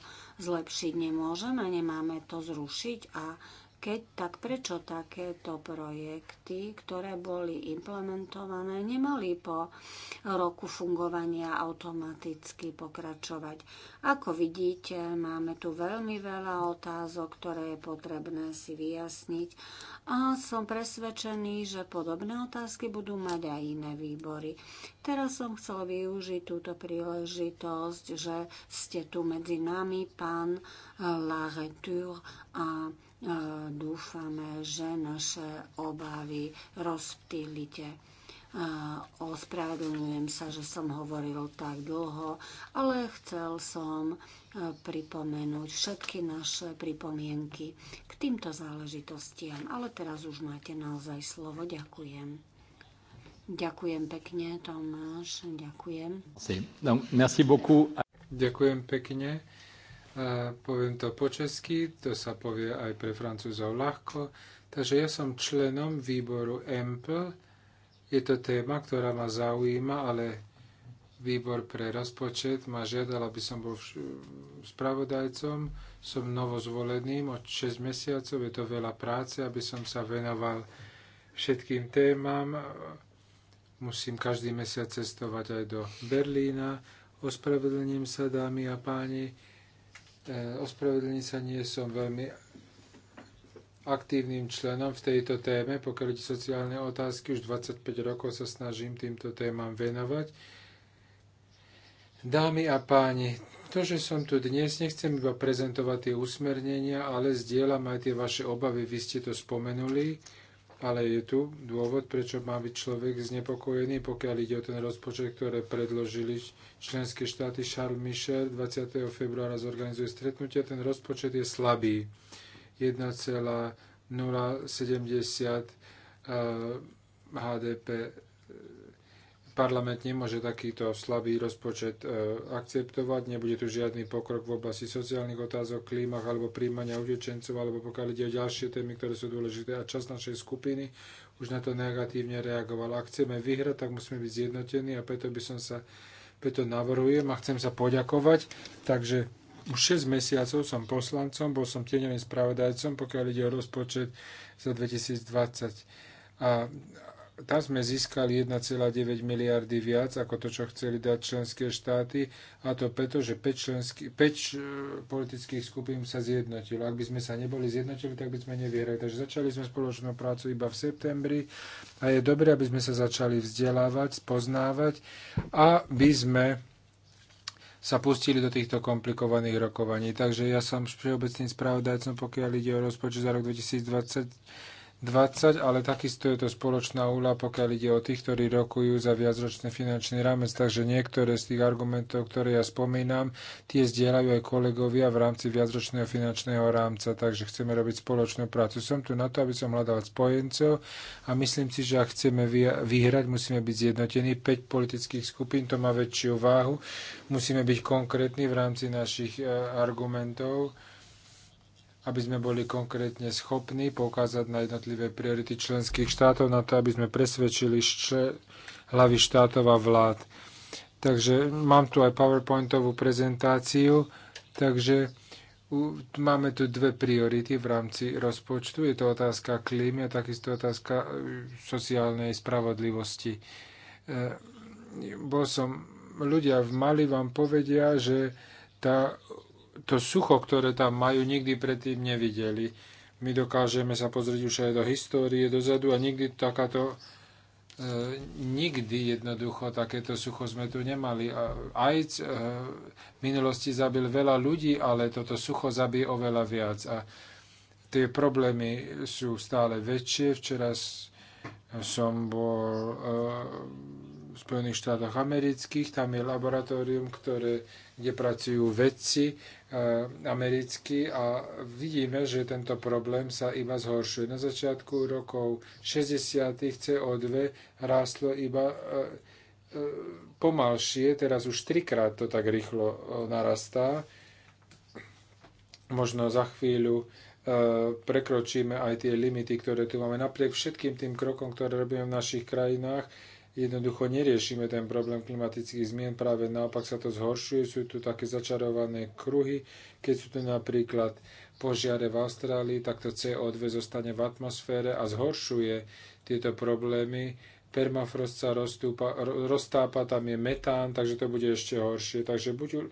Speaker 3: zlepšiť nemôžeme? Nemáme to zrušiť a keď tak prečo takéto projekty, ktoré boli implementované, nemali po roku fungovania automaticky pokračovať? Ako vidíte, máme tu veľmi veľa otázok, ktoré je potrebné si vyjasniť a som presvedčený, že podobné otázky budú mať aj iné výbory. Teraz som chcel využiť túto príležitosť, že ste tu medzi nami, pán Laretur a Dúfame, že naše obavy rozptýlite. Ospravedlňujem sa, že som hovoril tak dlho, ale chcel som e, pripomenúť všetky naše pripomienky k týmto záležitostiam. Ale teraz už máte naozaj slovo. Ďakujem. Ďakujem pekne, Tomáš. Ďakujem.
Speaker 1: No, Ďakujem pekne poviem to po česky, to sa povie aj pre francúzov ľahko. Takže ja som členom výboru EMPL. Je to téma, ktorá ma zaujíma, ale výbor pre rozpočet ma žiadal, aby som bol spravodajcom. Som novozvoleným od 6 mesiacov, je to veľa práce, aby som sa venoval všetkým témam. Musím každý mesiac cestovať aj do Berlína. Ospravedlním sa, dámy a páni Eh, ospravedlní sa nie som veľmi aktívnym členom v tejto téme, pokiaľ ide sociálne otázky, už 25 rokov sa snažím týmto témam venovať. Dámy a páni, to, že som tu dnes, nechcem iba prezentovať tie usmernenia, ale zdieľam aj tie vaše obavy, vy ste to spomenuli ale je tu dôvod, prečo má byť človek znepokojený, pokiaľ ide o ten rozpočet, ktoré predložili členské štáty. Charles Michel 20. februára zorganizuje stretnutie. Ten rozpočet je slabý. 1,070 eh, HDP Parlament nemôže takýto slabý rozpočet e, akceptovať, nebude tu žiadny pokrok v oblasti sociálnych otázok, klímach alebo príjmania utečencov, alebo pokiaľ ide o ďalšie témy, ktoré sú dôležité. A čas našej skupiny už na to negatívne reagoval. Ak chceme vyhrať, tak musíme byť zjednotení a preto by som sa preto navrhujem a chcem sa poďakovať. Takže už 6 mesiacov som poslancom, bol som tieňovým spravodajcom, pokiaľ ide o rozpočet za 2020. A tam sme získali 1,9 miliardy viac ako to, čo chceli dať členské štáty a to preto, že 5, členský, 5 e, politických skupín sa zjednotilo. Ak by sme sa neboli zjednotili, tak by sme nevyhrali. Takže začali sme spoločnú prácu iba v septembri a je dobré, aby sme sa začali vzdelávať, spoznávať a by sme sa pustili do týchto komplikovaných rokovaní. Takže ja som všeobecným spravodajcom, pokiaľ ide o rozpočet za rok 2020 20, ale takisto je to spoločná úla, pokiaľ ide o tých, ktorí rokujú za viacročný finančný rámec. Takže niektoré z tých argumentov, ktoré ja spomínam, tie zdieľajú aj kolegovia v rámci viacročného finančného rámca. Takže chceme robiť spoločnú prácu. Som tu na to, aby som hľadal spojencov a myslím si, že ak chceme vyhrať, musíme byť zjednotení. 5 politických skupín, to má väčšiu váhu. Musíme byť konkrétni v rámci našich eh, argumentov aby sme boli konkrétne schopní poukázať na jednotlivé priority členských štátov, na to, aby sme presvedčili šče, hlavy štátov a vlád. Takže mám tu aj PowerPointovú prezentáciu, takže máme tu dve priority v rámci rozpočtu. Je to otázka klímy a takisto otázka e, sociálnej spravodlivosti. E, bol som, ľudia v Mali vám povedia, že tá to sucho, ktoré tam majú, nikdy predtým nevideli. My dokážeme sa pozrieť už aj do histórie dozadu a nikdy takáto e, nikdy jednoducho takéto sucho sme tu nemali. Aj e, v minulosti zabil veľa ľudí, ale toto sucho zabije oveľa viac. A tie problémy sú stále väčšie. Včera som bol e, v Spojených štátoch amerických, tam je laboratórium, ktoré, kde pracujú vedci, Eh, americký a vidíme, že tento problém sa iba zhoršuje. Na začiatku rokov 60. CO2 rástlo iba eh, eh, pomalšie, teraz už trikrát to tak rýchlo narastá. Možno za chvíľu prekročíme aj tie limity, ktoré tu máme. Napriek všetkým tým krokom, ktoré robíme v našich krajinách, jednoducho neriešime ten problém klimatických zmien, práve naopak sa to zhoršuje, sú tu také začarované kruhy, keď sú tu napríklad požiare v Austrálii, tak to CO2 zostane v atmosfére a zhoršuje tieto problémy. Permafrost sa roztúpa, roztápa, tam je metán, takže to bude ešte horšie. Takže buď uh,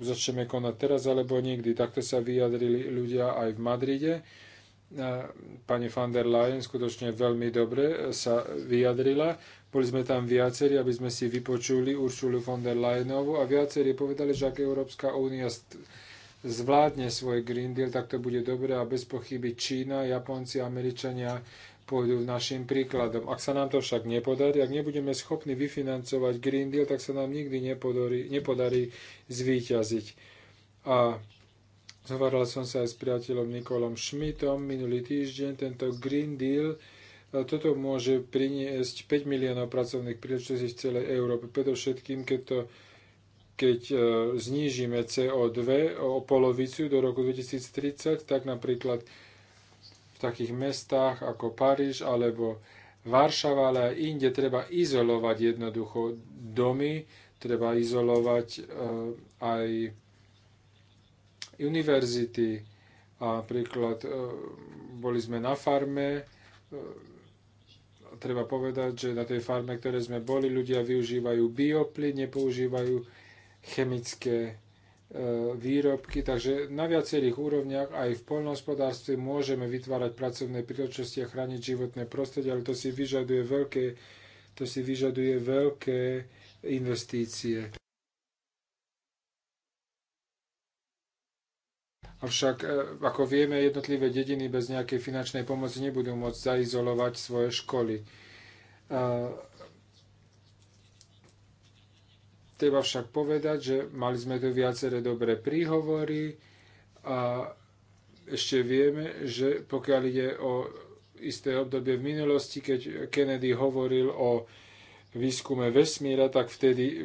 Speaker 1: začneme konať teraz, alebo nikdy. Takto sa vyjadrili ľudia aj v Madride pani van der Leyen skutočne veľmi dobre sa vyjadrila. Boli sme tam viacerí, aby sme si vypočuli Uršulu von der Leyenovu a viacerí povedali, že ak Európska únia zvládne svoj Green Deal, tak to bude dobré a bez pochyby Čína, Japonci, Američania pôjdu našim príkladom. Ak sa nám to však nepodarí, ak nebudeme schopní vyfinancovať Green Deal, tak sa nám nikdy nepodarí, nepodarí zvíťaziť. A Zhováral som sa aj s priateľom Nikolom Schmidtom minulý týždeň. Tento Green Deal, e, toto môže priniesť 5 miliónov pracovných príležitostí v celej Európe. Predovšetkým, keď, to, keď e, znížime CO2 o polovicu do roku 2030, tak napríklad v takých mestách ako Paríž alebo Varšava, ale aj inde treba izolovať jednoducho domy, treba izolovať e, aj univerzity. A príklad, e, boli sme na farme, e, treba povedať, že na tej farme, ktoré sme boli, ľudia využívajú bioplyn, nepoužívajú chemické e, výrobky, takže na viacerých úrovniach aj v poľnohospodárstve môžeme vytvárať pracovné príležitosti a chrániť životné prostredie, ale to si vyžaduje veľké, to si vyžaduje veľké investície. Avšak, e, ako vieme, jednotlivé dediny bez nejakej finančnej pomoci nebudú môcť zaizolovať svoje školy. E, treba však povedať, že mali sme tu viaceré dobré príhovory a ešte vieme, že pokiaľ ide o isté obdobie v minulosti, keď Kennedy hovoril o výskume vesmíra, tak vtedy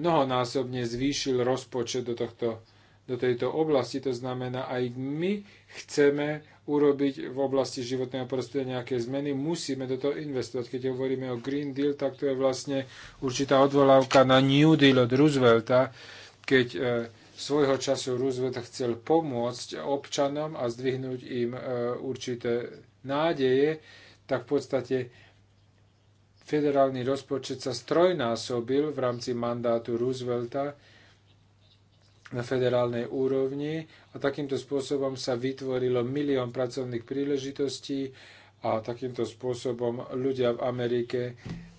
Speaker 1: mnohonásobne zvýšil rozpočet do tohto do tejto oblasti. To znamená, aj my chceme urobiť v oblasti životného prostredia nejaké zmeny, musíme do toho investovať. Keď hovoríme o Green Deal, tak to je vlastne určitá odvolávka na New Deal od Roosevelta, keď e, svojho času Roosevelt chcel pomôcť občanom a zdvihnúť im e, určité nádeje, tak v podstate federálny rozpočet sa strojnásobil v rámci mandátu Roosevelta na federálnej úrovni a takýmto spôsobom sa vytvorilo milión pracovných príležitostí a takýmto spôsobom ľudia v Amerike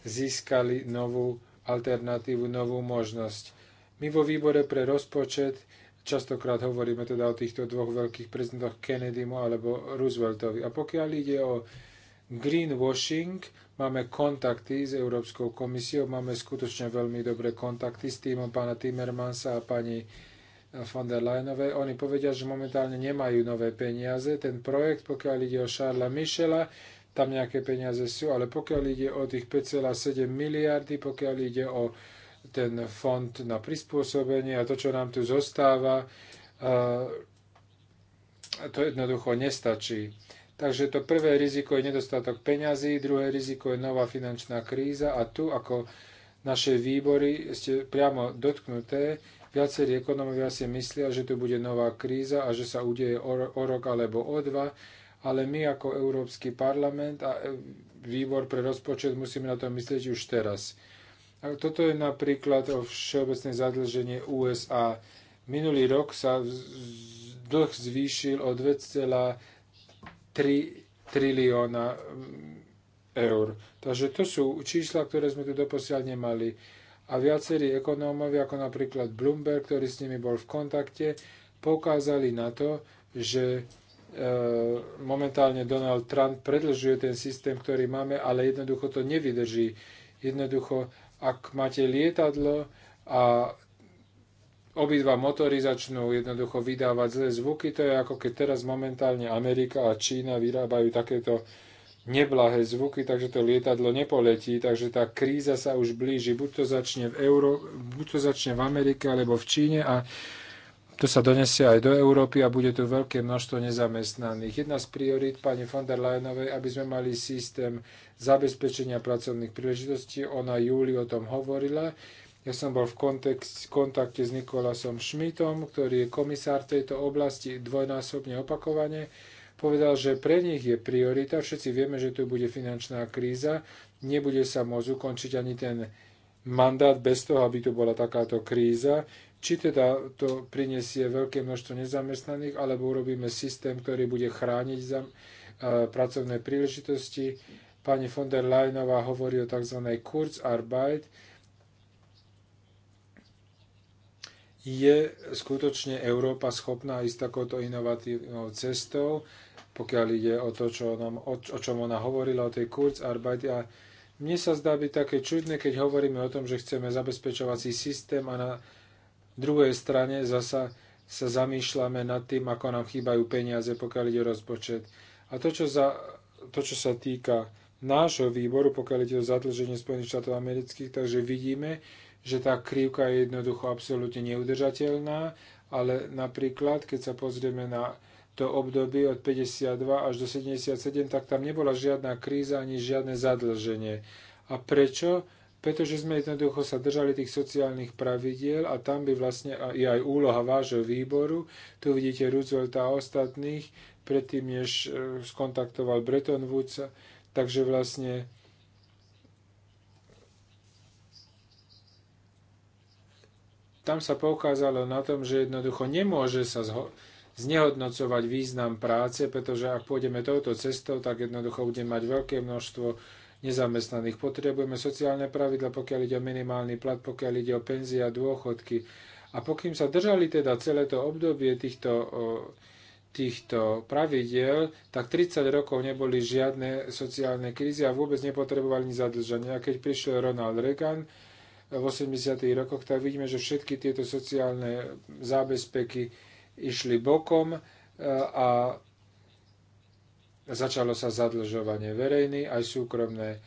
Speaker 1: získali novú alternatívu, novú možnosť. My vo výbore pre rozpočet častokrát hovoríme teda o týchto dvoch veľkých prezidentoch Kennedymu alebo Rooseveltovi. A pokiaľ ide o greenwashing, máme kontakty s Európskou komisiou, máme skutočne veľmi dobré kontakty s týmom pána Timmermansa a pani von der Leyenovej, oni povedia, že momentálne nemajú nové peniaze. Ten projekt, pokiaľ ide o Šarla Michela, tam nejaké peniaze sú, ale pokiaľ ide o tých 5,7 miliardy, pokiaľ ide o ten fond na prispôsobenie a to, čo nám tu zostáva, eh, to jednoducho nestačí. Takže to prvé riziko je nedostatok peňazí, druhé riziko je nová finančná kríza a tu ako naše výbory ste priamo dotknuté, Viacerí ekonomovia si myslia, že tu bude nová kríza a že sa udeje o rok alebo o dva, ale my ako Európsky parlament a e, výbor pre rozpočet musíme na to myslieť už teraz. A toto je napríklad o všeobecné zadlženie USA. Minulý rok sa dlh zvýšil o 2,3 trilióna mm, eur. Takže to sú čísla, ktoré sme tu doposiaľ nemali. A viacerí ekonómovia, ako napríklad Bloomberg, ktorý s nimi bol v kontakte, poukázali na to, že e, momentálne Donald Trump predlžuje ten systém, ktorý máme, ale jednoducho to nevydrží. Jednoducho, ak máte lietadlo a obidva motory začnú jednoducho vydávať zlé zvuky, to je ako keď teraz momentálne Amerika a Čína vyrábajú takéto neblahé zvuky, takže to lietadlo nepoletí, takže tá kríza sa už blíži. Buď to začne v, Euró- buď to začne v Amerike alebo v Číne a to sa donesie aj do Európy a bude tu veľké množstvo nezamestnaných. Jedna z priorít pani von der Leyenovej, aby sme mali systém zabezpečenia pracovných príležitostí, ona júli o tom hovorila. Ja som bol v kontext, kontakte s Nikolasom Schmidtom, ktorý je komisár tejto oblasti dvojnásobne opakovane povedal, že pre nich je priorita, všetci vieme, že tu bude finančná kríza, nebude sa môcť ukončiť ani ten mandát bez toho, aby tu bola takáto kríza, či teda to prinesie veľké množstvo nezamestnaných, alebo urobíme systém, ktorý bude chrániť za, uh, pracovné príležitosti. Pani von der Leyenová hovorí o tzv. Kurzarbeit, je skutočne Európa schopná ísť takouto inovatívnou cestou pokiaľ ide o to, čo nám, o, o čom ona hovorila, o tej Kurzarbeit. A mne sa zdá byť také čudné, keď hovoríme o tom, že chceme zabezpečovací systém a na druhej strane zasa sa zamýšľame nad tým, ako nám chýbajú peniaze, pokiaľ ide o rozpočet. A to, čo, za, to, čo sa týka nášho výboru, pokiaľ ide o zadlženie Spojených štátov amerických, takže vidíme, že tá krivka je jednoducho absolútne neudržateľná, ale napríklad, keď sa pozrieme na to obdobie od 52 až do 77, tak tam nebola žiadna kríza ani žiadne zadlženie. A prečo? Pretože sme jednoducho sa držali tých sociálnych pravidiel a tam by vlastne je aj úloha vášho výboru. Tu vidíte Roosevelta a ostatných, predtým než e, skontaktoval Bretton Woods, Takže vlastne tam sa poukázalo na tom, že jednoducho nemôže sa zhodnúť znehodnocovať význam práce, pretože ak pôjdeme touto cestou, tak jednoducho budeme mať veľké množstvo nezamestnaných. Potrebujeme sociálne pravidla, pokiaľ ide o minimálny plat, pokiaľ ide o penzie a dôchodky. A pokým sa držali teda celé to obdobie týchto, týchto pravidiel, tak 30 rokov neboli žiadne sociálne krízy a vôbec nepotrebovali ni zadlženia. A keď prišiel Ronald Reagan, v 80. rokoch, tak vidíme, že všetky tieto sociálne zábezpeky išli bokom e, a začalo sa zadlžovanie verejný aj súkromné.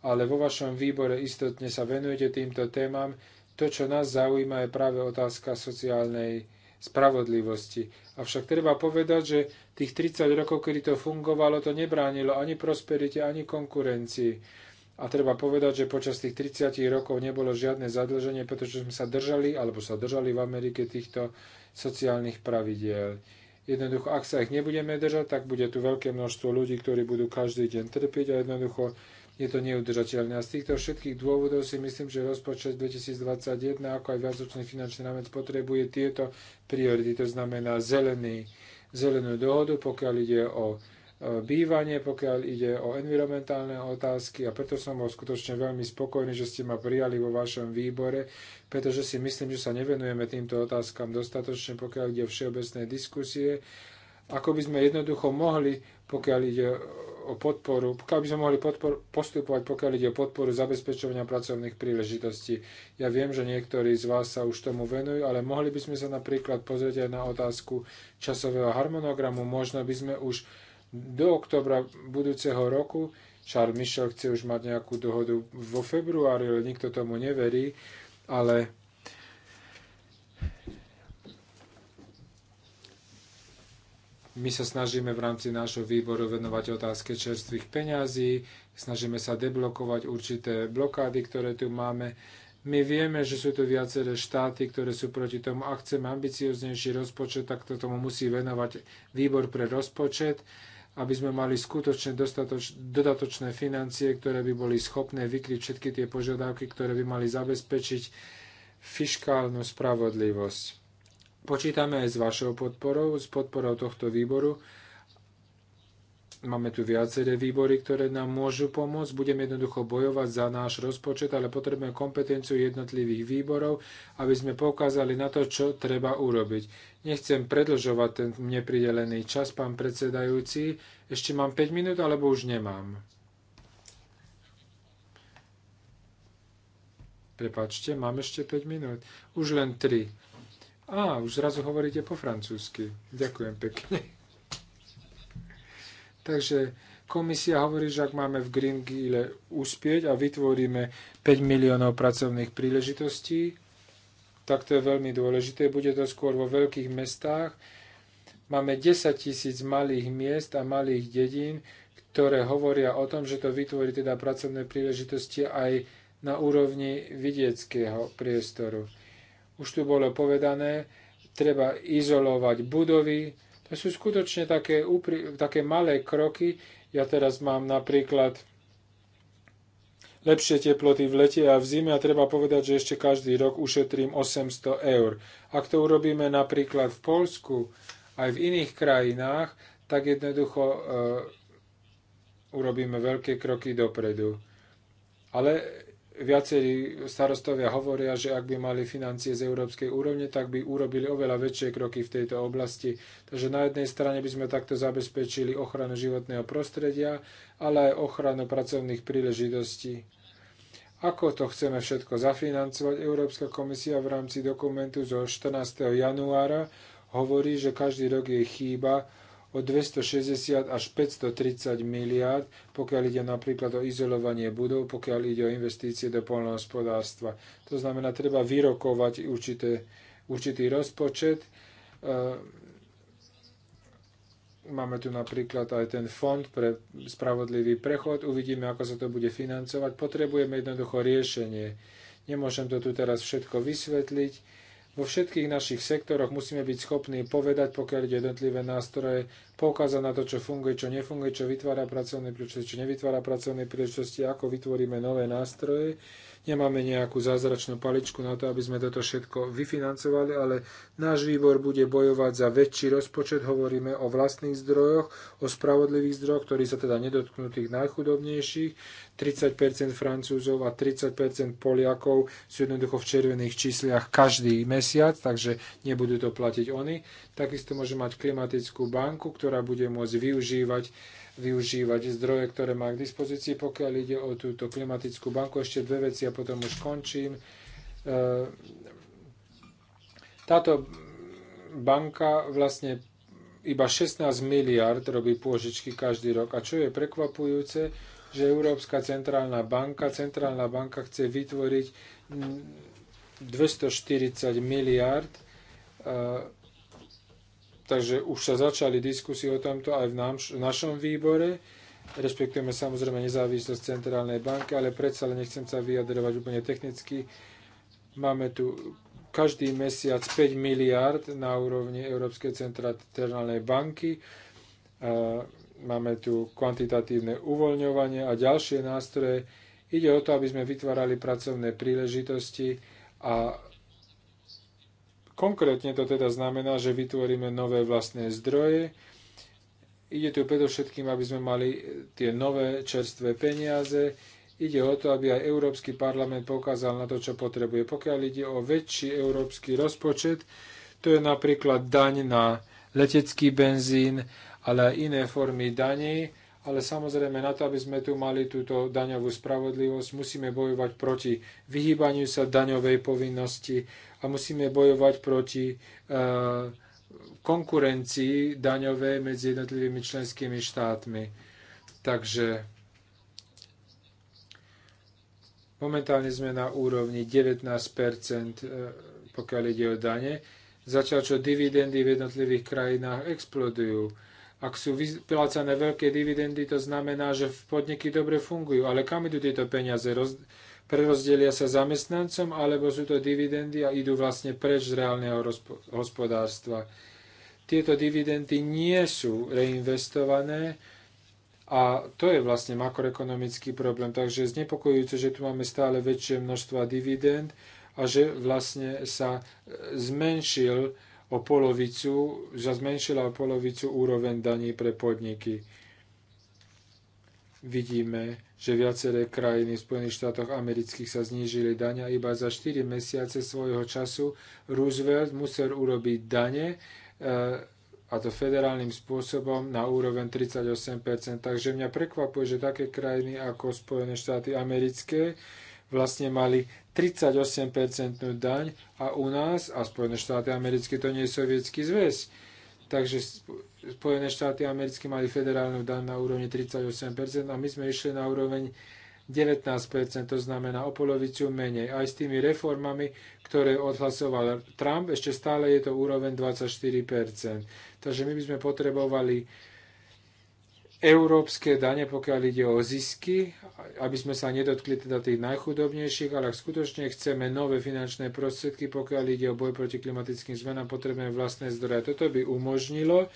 Speaker 1: Ale vo vašom výbore istotne sa venujete týmto témam. To, čo nás zaujíma, je práve otázka sociálnej spravodlivosti. Avšak treba povedať, že tých 30 rokov, kedy to fungovalo, to nebránilo ani prosperite, ani konkurencii. A treba povedať, že počas tých 30 rokov nebolo žiadne zadlženie, pretože sme sa držali, alebo sa držali v Amerike týchto sociálnych pravidiel. Jednoducho, ak sa ich nebudeme držať, tak bude tu veľké množstvo ľudí, ktorí budú každý deň trpieť a jednoducho je to neudržateľné. A z týchto všetkých dôvodov si myslím, že rozpočet 2021, ako aj viacročný finančný rámec, potrebuje tieto priority, to znamená zelený, zelenú dohodu, pokiaľ ide o bývanie, pokiaľ ide o environmentálne otázky a preto som bol skutočne veľmi spokojný, že ste ma prijali vo vašom výbore, pretože si myslím, že sa nevenujeme týmto otázkam dostatočne, pokiaľ ide o všeobecné diskusie. Ako by sme jednoducho mohli, pokiaľ ide o podporu, pokiaľ by sme mohli podpor, postupovať, pokiaľ ide o podporu zabezpečovania pracovných príležitostí. Ja viem, že niektorí z vás sa už tomu venujú, ale mohli by sme sa napríklad pozrieť aj na otázku časového harmonogramu. Možno by sme už do oktobra budúceho roku. Charles Michel chce už mať nejakú dohodu vo februári, ale nikto tomu neverí, ale My sa snažíme v rámci nášho výboru venovať otázke čerstvých peňazí, snažíme sa deblokovať určité blokády, ktoré tu máme. My vieme, že sú tu viaceré štáty, ktoré sú proti tomu. Ak chceme ambicioznejší rozpočet, tak to tomu musí venovať výbor pre rozpočet aby sme mali skutočne dostatoč, dodatočné financie, ktoré by boli schopné vykryť všetky tie požiadavky, ktoré by mali zabezpečiť fiškálnu spravodlivosť. Počítame aj s vašou podporou, s podporou tohto výboru, Máme tu viaceré výbory, ktoré nám môžu pomôcť. Budeme jednoducho bojovať za náš rozpočet, ale potrebujeme kompetenciu jednotlivých výborov, aby sme poukázali na to, čo treba urobiť. Nechcem predlžovať ten nepridelený čas, pán predsedajúci. Ešte mám 5 minút, alebo už nemám? Prepačte, mám ešte 5 minút. Už len 3. Á, už zrazu hovoríte po francúzsky. Ďakujem pekne. Takže komisia hovorí, že ak máme v Green Deal uspieť a vytvoríme 5 miliónov pracovných príležitostí, tak to je veľmi dôležité. Bude to skôr vo veľkých mestách. Máme 10 tisíc malých miest a malých dedín, ktoré hovoria o tom, že to vytvorí teda pracovné príležitosti aj na úrovni vidieckého priestoru. Už tu bolo povedané, treba izolovať budovy, to sú skutočne také, upri- také malé kroky. Ja teraz mám napríklad lepšie teploty v lete a v zime a treba povedať, že ešte každý rok ušetrím 800 eur. Ak to urobíme napríklad v Polsku aj v iných krajinách, tak jednoducho e, urobíme veľké kroky dopredu. Ale viacerí starostovia hovoria, že ak by mali financie z európskej úrovne, tak by urobili oveľa väčšie kroky v tejto oblasti. Takže na jednej strane by sme takto zabezpečili ochranu životného prostredia, ale aj ochranu pracovných príležitostí. Ako to chceme všetko zafinancovať? Európska komisia v rámci dokumentu zo 14. januára hovorí, že každý rok jej chýba od 260 až 530 miliárd, pokiaľ ide napríklad o izolovanie budov, pokiaľ ide o investície do polnohospodárstva. To znamená, treba vyrokovať určité, určitý rozpočet. E, máme tu napríklad aj ten fond pre spravodlivý prechod. Uvidíme, ako sa to bude financovať. Potrebujeme jednoducho riešenie. Nemôžem to tu teraz všetko vysvetliť vo všetkých našich sektoroch musíme byť schopní povedať, pokiaľ ide jednotlivé nástroje, poukázať na to, čo funguje, čo nefunguje, čo vytvára pracovné príležitosti, čo nevytvára pracovné príležitosti, ako vytvoríme nové nástroje. Nemáme nejakú zázračnú paličku na to, aby sme toto všetko vyfinancovali, ale náš výbor bude bojovať za väčší rozpočet. Hovoríme o vlastných zdrojoch, o spravodlivých zdrojoch, ktorí sa teda nedotknú tých najchudobnejších. 30% Francúzov a 30% Poliakov sú jednoducho v červených čísliach každý mesiac, takže nebudú to platiť oni. Takisto môže mať klimatickú banku, ktorá ktorá bude môcť využívať využívať zdroje, ktoré má k dispozícii, pokiaľ ide o túto klimatickú banku. Ešte dve veci a potom už končím. E, táto banka vlastne iba 16 miliard robí pôžičky každý rok. A čo je prekvapujúce, že Európska centrálna banka, centrálna banka chce vytvoriť 240 miliard e, Takže už sa začali diskusie o tomto aj v, v našom výbore. Rešpektujeme samozrejme nezávislosť Centrálnej banky, ale predsa len nechcem sa vyjadrovať úplne technicky. Máme tu každý mesiac 5 miliard na úrovni Európskej centrálnej banky. Máme tu kvantitatívne uvoľňovanie a ďalšie nástroje. Ide o to, aby sme vytvárali pracovné príležitosti a Konkrétne to teda znamená, že vytvoríme nové vlastné zdroje. Ide tu predovšetkým, aby sme mali tie nové čerstvé peniaze. Ide o to, aby aj Európsky parlament pokázal na to, čo potrebuje. Pokiaľ ide o väčší európsky rozpočet, to je napríklad daň na letecký benzín, ale aj iné formy daní, ale samozrejme na to, aby sme tu mali túto daňovú spravodlivosť, musíme bojovať proti vyhýbaniu sa daňovej povinnosti a musíme bojovať proti eh, konkurencii daňovej medzi jednotlivými členskými štátmi. Takže momentálne sme na úrovni 19 eh, pokiaľ ide o dane, zatiaľ čo dividendy v jednotlivých krajinách explodujú. Ak sú vyplácané veľké dividendy, to znamená, že podniky dobre fungujú. Ale kam idú tieto peniaze? Roz, prerozdelia sa zamestnancom, alebo sú to dividendy a idú vlastne preč z reálneho hospodárstva. Tieto dividendy nie sú reinvestované a to je vlastne makroekonomický problém. Takže je znepokojujúce, že tu máme stále väčšie množstva dividend a že vlastne sa e, zmenšil o polovicu, že zmenšila o polovicu úroveň daní pre podniky. Vidíme, že viaceré krajiny v Spojených štátoch amerických sa znížili dania iba za 4 mesiace svojho času. Roosevelt musel urobiť dane, eh, a to federálnym spôsobom na úroveň 38%. Takže mňa prekvapuje, že také krajiny ako Spojené štáty americké, vlastne mali 38-percentnú daň a u nás, a Spojené štáty americké, to nie je sovietský zväz. Takže Spojené štáty americké mali federálnu daň na úrovni 38% a my sme išli na úroveň 19%, to znamená o polovicu menej. Aj s tými reformami, ktoré odhlasoval Trump, ešte stále je to úroveň 24%. Takže my by sme potrebovali európske dane, pokiaľ ide o zisky, aby sme sa nedotkli teda tých najchudobnejších, ale ak skutočne chceme nové finančné prostriedky, pokiaľ ide o boj proti klimatickým zmenám, potrebujeme vlastné zdroje. Toto by umožnilo eh,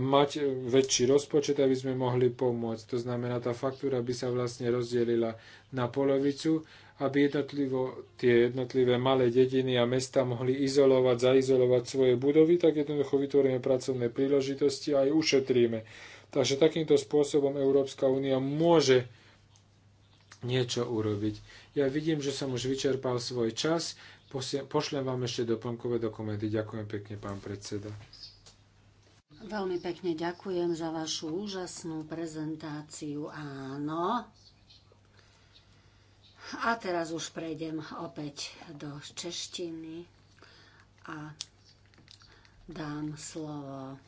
Speaker 1: mať väčší rozpočet, aby sme mohli pomôcť. To znamená, tá faktúra by sa vlastne rozdelila na polovicu, aby jednotlivo, tie jednotlivé malé dediny a mesta mohli izolovať, zaizolovať svoje budovy, tak jednoducho vytvoríme pracovné príležitosti a aj ušetríme Takže takýmto spôsobom Európska únia môže niečo urobiť. Ja vidím, že som už vyčerpal svoj čas. Pošlem vám ešte doplnkové dokumenty. Ďakujem pekne, pán predseda.
Speaker 3: Veľmi pekne ďakujem za vašu úžasnú prezentáciu. Áno. A teraz už prejdem opäť do češtiny a dám slovo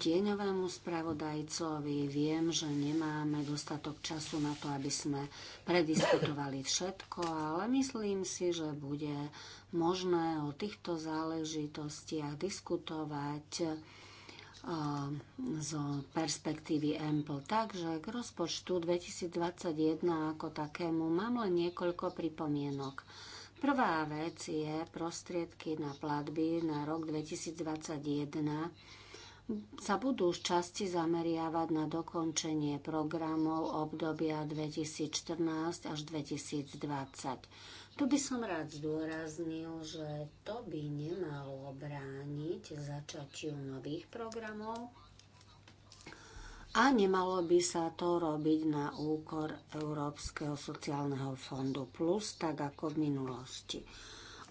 Speaker 3: tieňovému spravodajcovi. Viem, že nemáme dostatok času na to, aby sme prediskutovali všetko, ale myslím si, že bude možné o týchto záležitostiach diskutovať eh, z perspektívy EMPL. Takže k rozpočtu 2021 ako takému mám len niekoľko pripomienok. Prvá vec je prostriedky na platby na rok 2021 sa budú z časti zameriavať na dokončenie programov obdobia 2014 až 2020. Tu by som rád zdôraznil, že to by nemalo brániť začatiu nových programov a nemalo by sa to robiť na úkor Európskeho sociálneho fondu plus, tak ako v minulosti.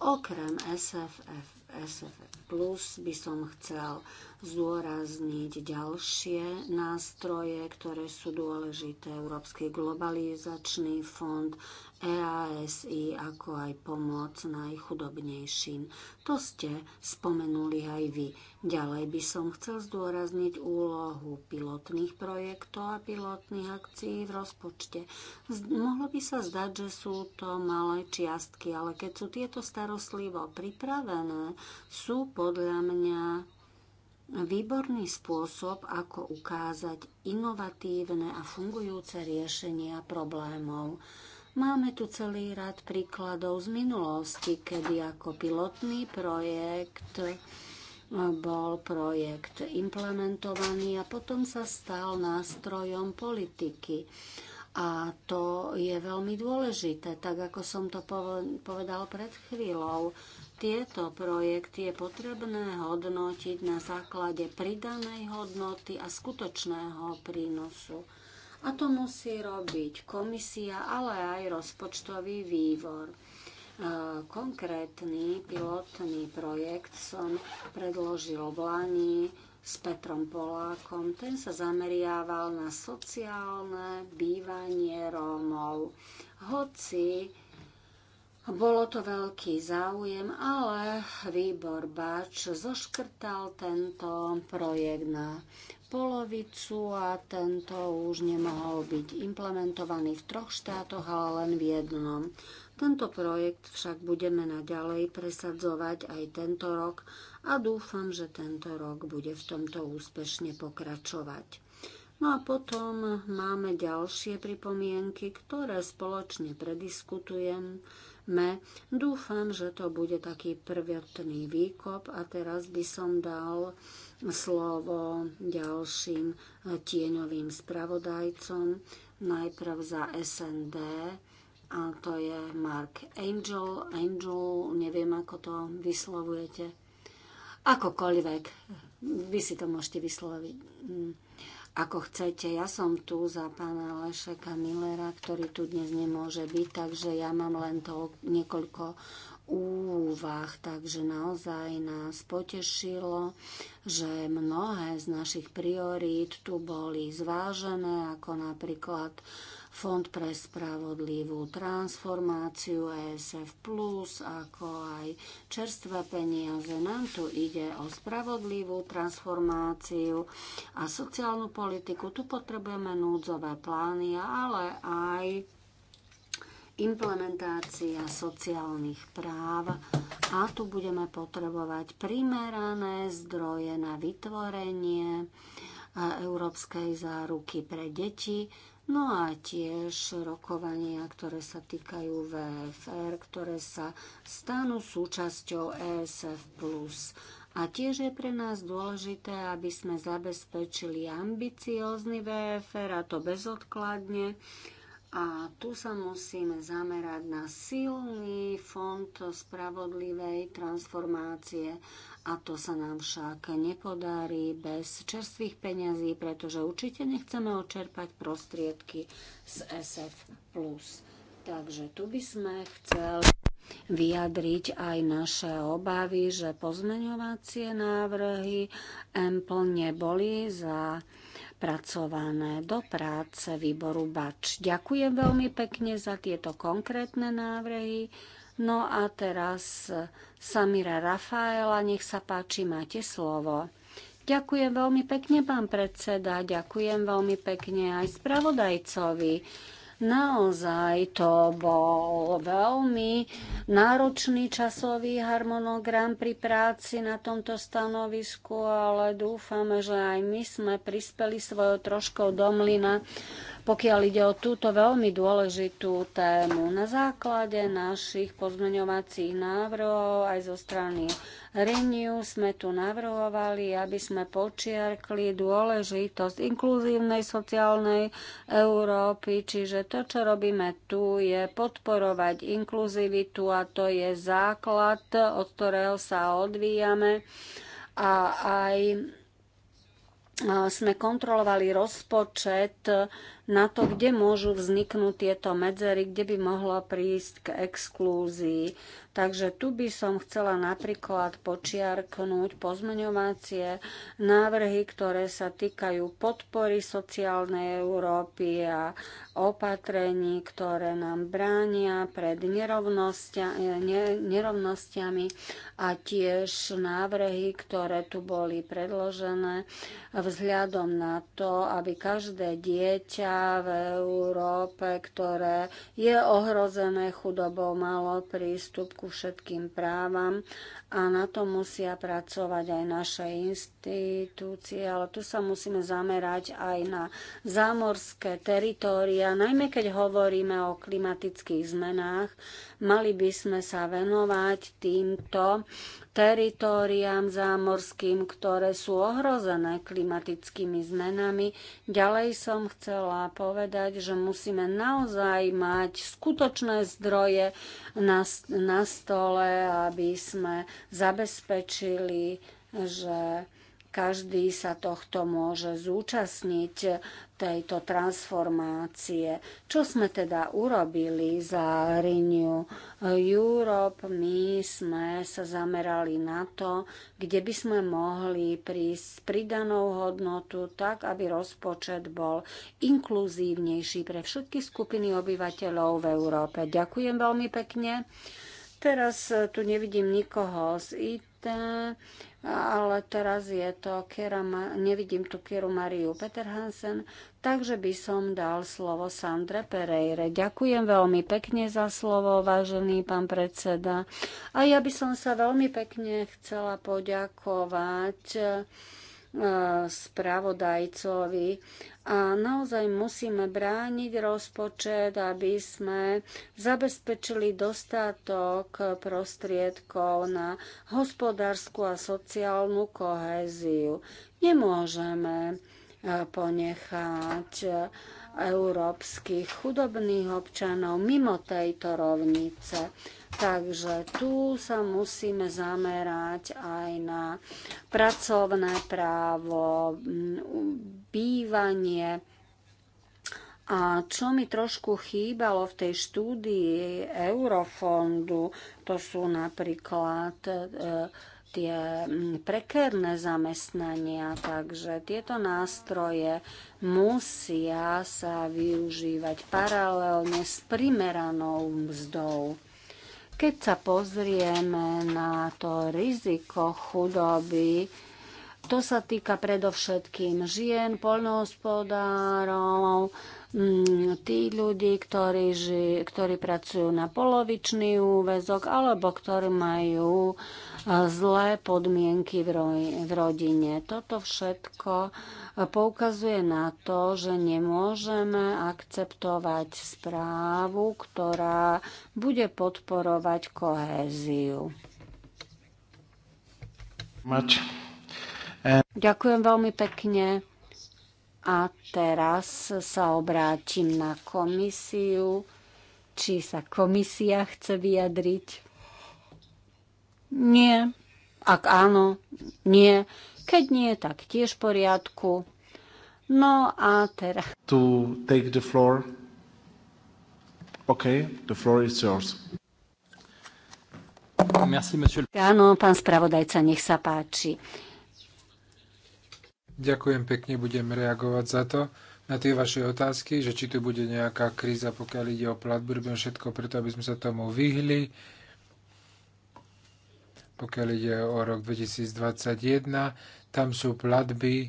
Speaker 3: Okrem SFF SF Plus by som chcel zdôrazniť ďalšie nástroje, ktoré sú dôležité. Európsky globalizačný fond, EASI, ako aj pomoc najchudobnejším. To ste spomenuli aj vy. Ďalej by som chcel zdôrazniť úlohu pilotných projektov a pilotných akcií v rozpočte. Mohlo by sa zdať, že sú to malé čiastky, ale keď sú tieto starostlivo pripravené, sú podľa mňa výborný spôsob, ako ukázať inovatívne a fungujúce riešenia problémov. Máme tu celý rad príkladov z minulosti, kedy ako pilotný projekt eh, bol projekt implementovaný a potom sa stal nástrojom politiky. A to je veľmi dôležité, tak ako som to povedal pred chvíľou. Tieto projekty je potrebné hodnotiť na základe pridanej hodnoty a skutočného prínosu. A to musí robiť komisia, ale aj rozpočtový vývor. E, konkrétny pilotný projekt som predložil v Lani s Petrom Polákom. Ten sa zameriaval na sociálne bývanie Rómov. Hoci bolo to veľký záujem, ale výbor Bač zoškrtal tento projekt na polovicu a tento už nemohol byť implementovaný v troch štátoch, ale len v jednom. Tento projekt však budeme naďalej presadzovať aj tento rok a dúfam, že tento rok bude v tomto úspešne pokračovať. No a potom máme ďalšie pripomienky, ktoré spoločne prediskutujeme. Dúfam, že to bude taký prvotný výkop a teraz by som dal slovo ďalším eh, tieňovým spravodajcom. Najprv za SND, a to je Mark Angel. Angel, neviem, ako to vyslovujete. Akokoľvek, vy si to môžete vysloviť mm, ako chcete. Ja som tu za pána Lešeka Millera, ktorý tu dnes nemôže byť, takže ja mám len to niekoľko úvah. Takže naozaj nás potešilo, že mnohé z našich priorít tu boli zvážené, ako napríklad Fond pre spravodlivú transformáciu ESF+, ako aj čerstvé peniaze. Nám tu ide o spravodlivú transformáciu a sociálnu politiku. Tu potrebujeme núdzové plány, ale aj implementácia sociálnych práv a tu budeme potrebovať primerané zdroje na vytvorenie Európskej záruky pre deti, no a tiež rokovania, ktoré sa týkajú VFR, ktoré sa stanú súčasťou ESF+. A tiež je pre nás dôležité, aby sme zabezpečili ambiciózny VFR, a to bezodkladne, a tu sa musíme zamerať na silný fond spravodlivej transformácie a to sa nám však nepodarí bez čerstvých peňazí, pretože určite nechceme očerpať prostriedky z SF+. Takže tu by sme chceli vyjadriť aj naše obavy, že pozmeňovacie návrhy MPL neboli za zapracované do práce výboru BAČ. Ďakujem veľmi pekne za tieto konkrétne návrhy. No a teraz eh, Samira Rafaela, nech sa páči, máte slovo. Ďakujem veľmi pekne, pán predseda, ďakujem veľmi pekne aj spravodajcovi Naozaj to bol veľmi náročný časový harmonogram pri práci na tomto stanovisku, ale dúfame, že aj my sme prispeli svojou troškou do mlyna pokiaľ ide o túto veľmi dôležitú tému. Na základe našich pozmeňovacích návrhov aj zo strany Renew sme tu navrhovali, aby sme počiarkli dôležitosť inkluzívnej sociálnej Európy, čiže to, čo robíme tu, je podporovať inkluzivitu a to je základ, od ktorého sa odvíjame a aj sme kontrolovali rozpočet na to, kde môžu vzniknúť tieto medzery, kde by mohlo prísť k exklúzii. Takže tu by som chcela napríklad počiarknúť pozmeňovacie návrhy, ktoré sa týkajú podpory sociálnej Európy a opatrení, ktoré nám bránia pred nerovnostiami a tiež návrhy, ktoré tu boli predložené vzhľadom na to, aby každé dieťa v Európe, ktoré je ohrozené chudobou, malo prístup ku všetkým právam a na to musia pracovať aj naše inštitúcie, ale tu sa musíme zamerať aj na zámorské teritória, najmä keď hovoríme o klimatických zmenách, mali by sme sa venovať týmto teritóriám zámorským, ktoré sú ohrozené klimatickými zmenami. Ďalej som chcela povedať, že musíme naozaj mať skutočné zdroje na, na stole, aby sme zabezpečili, že každý sa tohto môže zúčastniť tejto transformácie. Čo sme teda urobili za Renew Europe? My sme sa zamerali na to, kde by sme mohli prísť s pridanou hodnotu tak, aby rozpočet bol inkluzívnejší pre všetky skupiny obyvateľov v Európe. Ďakujem veľmi pekne. Teraz tu nevidím nikoho z IT ale teraz je to Kera, nevidím tu Kieru Mariu Peter Hansen, takže by som dal slovo Sandre Pereire. Ďakujem veľmi pekne za slovo, vážený pán predseda. A ja by som sa veľmi pekne chcela poďakovať spravodajcovi. A naozaj musíme brániť rozpočet, aby sme zabezpečili dostatok prostriedkov na hospodárskú a sociálnu kohéziu. Nemôžeme ponechať európskych chudobných občanov mimo tejto rovnice. Takže tu sa musíme zamerať aj na pracovné právo, bývanie. A čo mi trošku chýbalo v tej štúdii Eurofondu, to sú napríklad e, tie mm, prekérne zamestnania, takže tieto nástroje musia sa využívať paralelne s primeranou mzdou. Keď sa pozrieme na to riziko chudoby, to sa týka predovšetkým žien, polnohospodárov, mm, tí ľudí, ktorí, ži, ktorí pracujú na polovičný úvezok alebo ktorí majú uh, zlé podmienky v, ro- v rodine. Toto všetko poukazuje na to, že nemôžeme akceptovať správu, ktorá bude podporovať kohéziu. Mač. Ďakujem veľmi pekne. A teraz sa obrátim na komisiu. Či sa komisia chce vyjadriť? Nie. Ak áno, nie. Keď nie, tak tiež v poriadku. No a teraz...
Speaker 1: To take the floor. OK, the floor is yours. Merci, monsieur.
Speaker 3: Áno, pán spravodajca, nech sa páči.
Speaker 1: Ďakujem pekne, budem reagovať za to na tie vaše otázky, že či tu bude nejaká kríza, pokiaľ ide o platbu, robím všetko preto, aby sme sa tomu vyhli. Uh, pokiaľ ide o rok 2021, tam sú platby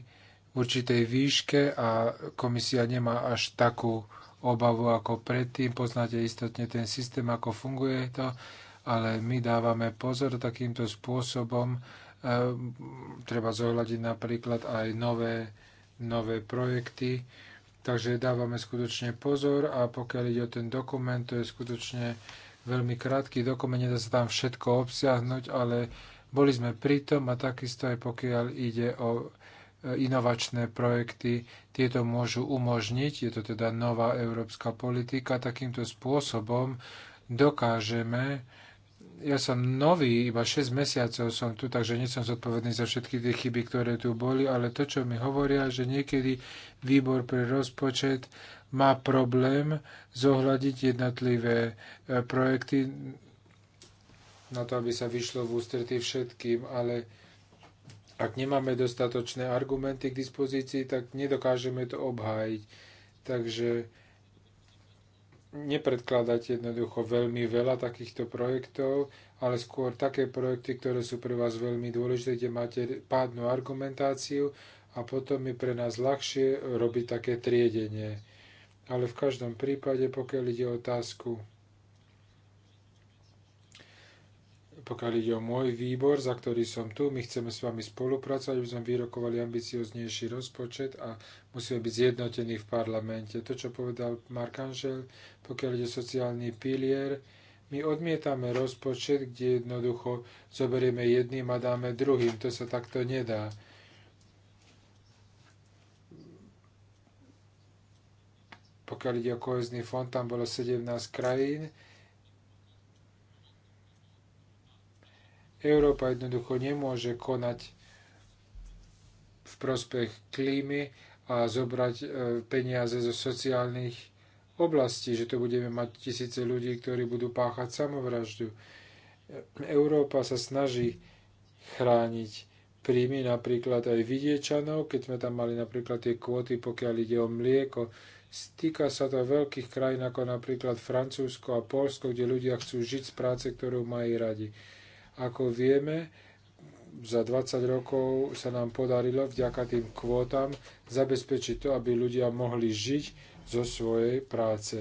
Speaker 1: v určitej výške a komisia nemá až takú obavu ako predtým. Poznáte istotne ten systém, ako funguje to, ale my dávame pozor takýmto spôsobom. E, treba zohľadiť napríklad aj nové, nové projekty. Takže dávame skutočne pozor a pokiaľ ide o ten dokument, to je skutočne veľmi krátky dokument, nedá sa tam všetko obsiahnuť, ale boli sme pritom a takisto aj pokiaľ ide o e, inovačné projekty, tieto môžu umožniť, je to teda nová európska politika, takýmto spôsobom dokážeme ja som nový, iba 6 mesiacov som tu, takže nie som zodpovedný za všetky tie chyby, ktoré tu boli, ale to, čo mi hovoria, že niekedy výbor pre rozpočet má problém zohľadiť jednotlivé e, projekty na to, aby sa vyšlo v ústretí všetkým, ale ak nemáme dostatočné argumenty k dispozícii, tak nedokážeme to obhájiť. Takže nepredkladať jednoducho veľmi veľa takýchto projektov, ale skôr také projekty, ktoré sú pre vás veľmi dôležité, kde máte pádnu argumentáciu a potom je pre nás ľahšie robiť také triedenie. Ale v každom prípade, pokiaľ ide o otázku pokiaľ ide o môj výbor, za ktorý som tu, my chceme s vami spolupracovať, aby sme vyrokovali ambicioznejší rozpočet a musíme byť zjednotení v parlamente. To, čo povedal Mark Angel, pokiaľ ide sociálny pilier, my odmietame rozpočet, kde jednoducho zoberieme jedným a dáme druhým. To sa takto nedá. Pokiaľ ide o kohezný fond, tam bolo 17 krajín, Európa jednoducho nemôže konať v prospech klímy a zobrať e, peniaze zo sociálnych oblastí, že to budeme mať tisíce ľudí, ktorí budú páchať samovraždu. Európa sa snaží chrániť príjmy napríklad aj vidiečanov, keď sme tam mali napríklad tie kvóty, pokiaľ ide o mlieko. Stýka sa to veľkých krajín ako napríklad Francúzsko a Polsko, kde ľudia chcú žiť z práce, ktorú majú radi. Ako vieme, za 20 rokov sa nám podarilo vďaka tým kvótam zabezpečiť to, aby ľudia mohli žiť zo svojej práce.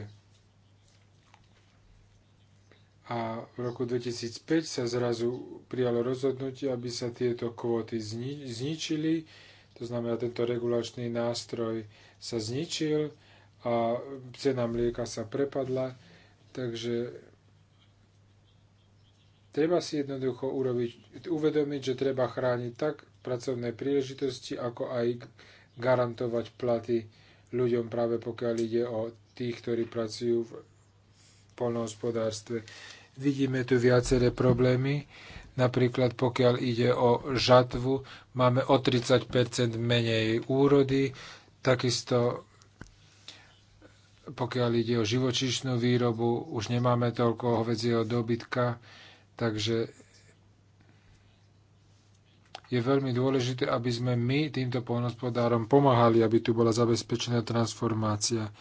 Speaker 1: A v roku 2005 sa zrazu prijalo rozhodnutie, aby sa tieto kvóty zničili, to znamená, tento regulačný nástroj sa zničil a cena mlieka sa prepadla, takže Treba si jednoducho urobiť, uvedomiť, že treba chrániť tak pracovné príležitosti, ako aj garantovať platy ľuďom práve pokiaľ ide o tých, ktorí pracujú v polnohospodárstve. Vidíme tu viaceré problémy, napríklad pokiaľ ide o žatvu, máme o 30 menej úrody, takisto pokiaľ ide o živočíšnu výrobu, už nemáme toľko hovedzieho dobytka, Takže je veľmi dôležité, aby sme my týmto polnospodárom pomáhali, aby tu bola zabezpečená transformácia.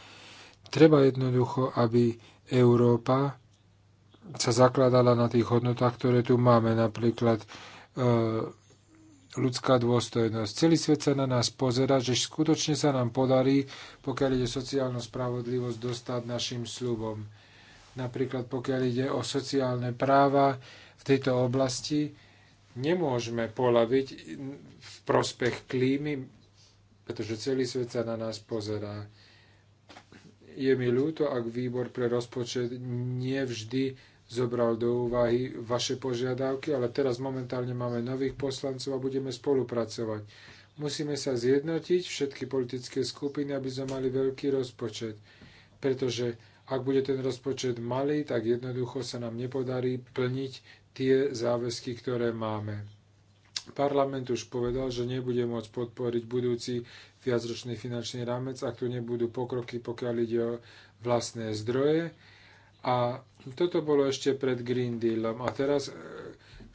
Speaker 1: Treba jednoducho, aby Európa sa zakladala na tých hodnotách, ktoré tu máme, napríklad e, ľudská dôstojnosť. Celý svet sa na nás pozera, že skutočne sa nám podarí, pokiaľ ide sociálnu spravodlivosť, dostať našim slubom napríklad pokiaľ ide o sociálne práva v tejto oblasti, nemôžeme polaviť v prospech klímy, pretože celý svet sa na nás pozerá. Je mi ľúto, ak výbor pre rozpočet nevždy zobral do úvahy vaše požiadavky, ale teraz momentálne máme nových poslancov a budeme spolupracovať. Musíme sa zjednotiť všetky politické skupiny, aby sme mali veľký rozpočet, pretože ak bude ten rozpočet malý, tak jednoducho sa nám nepodarí plniť tie záväzky, ktoré máme. Parlament už povedal, že nebude môcť podporiť budúci viacročný finančný rámec, ak tu nebudú pokroky, pokiaľ ide o vlastné zdroje. A toto bolo ešte pred Green Dealom. A teraz e,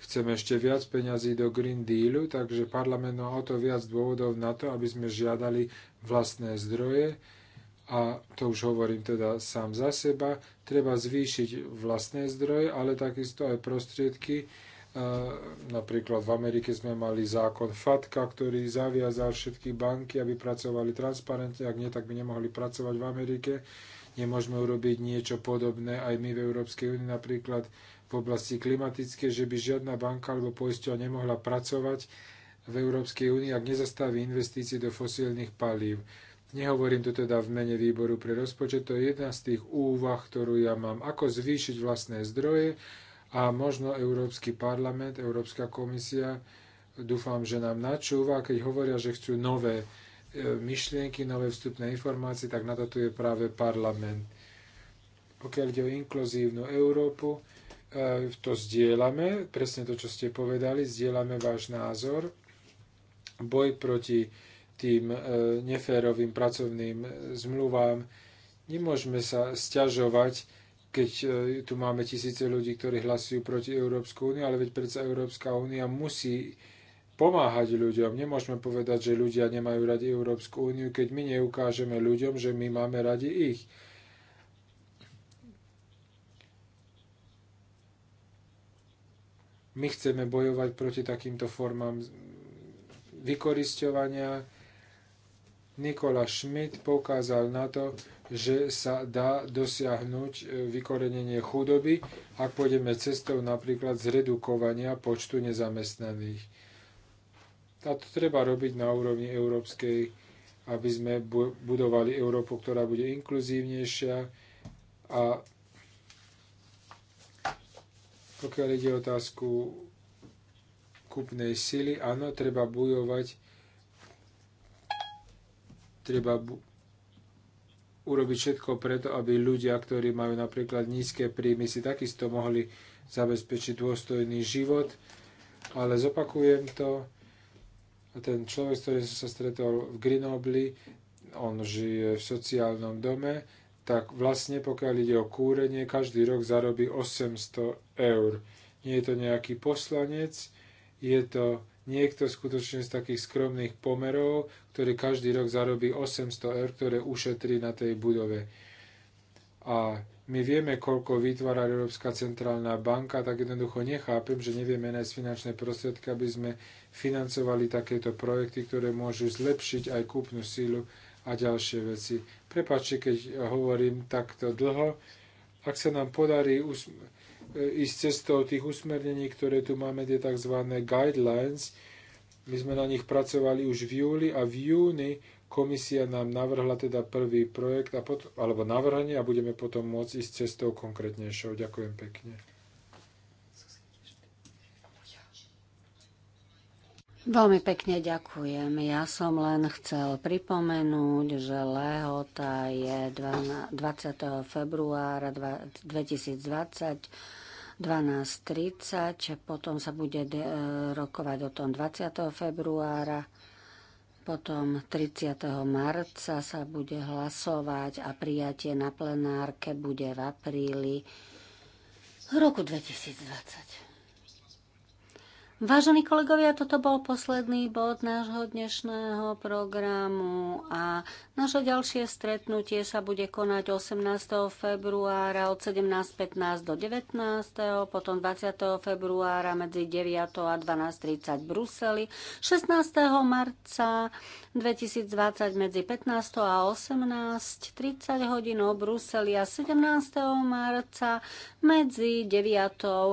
Speaker 1: chceme ešte viac peňazí do Green Dealu, takže parlament má o to viac dôvodov na to, aby sme žiadali vlastné zdroje a to už hovorím teda sám za seba, treba zvýšiť vlastné zdroje, ale takisto aj prostriedky. E, napríklad v Amerike sme mali zákon FATKA, ktorý zaviazal všetky banky, aby pracovali transparentne, ak nie, tak by nemohli pracovať v Amerike. Nemôžeme urobiť niečo podobné aj my v Európskej únii, napríklad v oblasti klimatické, že by žiadna banka alebo poisťovňa nemohla pracovať v Európskej únii, ak nezastaví investície do fosílnych palív. Nehovorím to teda v mene výboru pre rozpočet, to je jedna z tých úvah, ktorú ja mám, ako zvýšiť vlastné zdroje a možno Európsky parlament, Európska komisia, dúfam, že nám načúva, keď hovoria, že chcú nové e, myšlienky, nové vstupné informácie, tak na toto je práve parlament. Pokiaľ ide o inkluzívnu Európu, e, to zdieľame, presne to, čo ste povedali, zdieľame váš názor. Boj proti tým e, neférovým pracovným e, zmluvám. Nemôžeme sa stiažovať, keď e, tu máme tisíce ľudí, ktorí hlasujú proti Európsku úniu, ale veď predsa Európska únia musí pomáhať ľuďom. Nemôžeme povedať, že ľudia nemajú radi Európsku úniu, keď my neukážeme ľuďom, že my máme radi ich. My chceme bojovať proti takýmto formám vykoristovania. Nikola Schmidt poukázal na to, že sa dá dosiahnuť e, vykorenenie chudoby, ak pôjdeme cestou napríklad zredukovania počtu nezamestnaných. A to treba robiť na úrovni európskej, aby sme budovali Európu, ktorá bude inkluzívnejšia a pokiaľ ide otázku kupnej sily, áno, treba bojovať treba urobiť všetko preto, aby ľudia, ktorí majú napríklad nízke príjmy, si takisto mohli zabezpečiť dôstojný život. Ale zopakujem to, ten človek, ktorý som sa stretol v Grinobli, on žije v sociálnom dome, tak vlastne pokiaľ ide o kúrenie, každý rok zarobí 800 eur. Nie je to nejaký poslanec, je to Niekto skutočne z takých skromných pomerov, ktorý každý rok zarobí 800 eur, ktoré ušetrí na tej budove. A my vieme, koľko vytvára Európska centrálna banka, tak jednoducho nechápem, že nevieme nájsť finančné prostriedky, aby sme financovali takéto projekty, ktoré môžu zlepšiť aj kúpnu sílu a ďalšie veci. Prepačte, keď hovorím takto dlho. Ak sa nám podarí E, ísť cestou tých usmernení, ktoré tu máme, tie tzv. guidelines. My sme na nich pracovali už v júli a v júni komisia nám navrhla teda prvý projekt a pot- alebo navrhanie a budeme potom môcť ísť cestou konkrétnejšou. Ďakujem pekne.
Speaker 3: Veľmi pekne ďakujem. Ja som len chcel pripomenúť, že lehota je 20. februára 2020 12.30, potom sa bude e, rokovať o tom 20. februára, potom 30. marca sa bude hlasovať a prijatie na plenárke bude v apríli roku 2020. Vážení kolegovia, toto bol posledný bod nášho dnešného programu a naše ďalšie stretnutie sa bude konať 18. februára od 17.15 do 19. potom 20. februára medzi 9. a 12.30 v Bruseli, 16. marca 2020 medzi 15. a 18.30 hodinou v Bruseli a 17. marca medzi 9.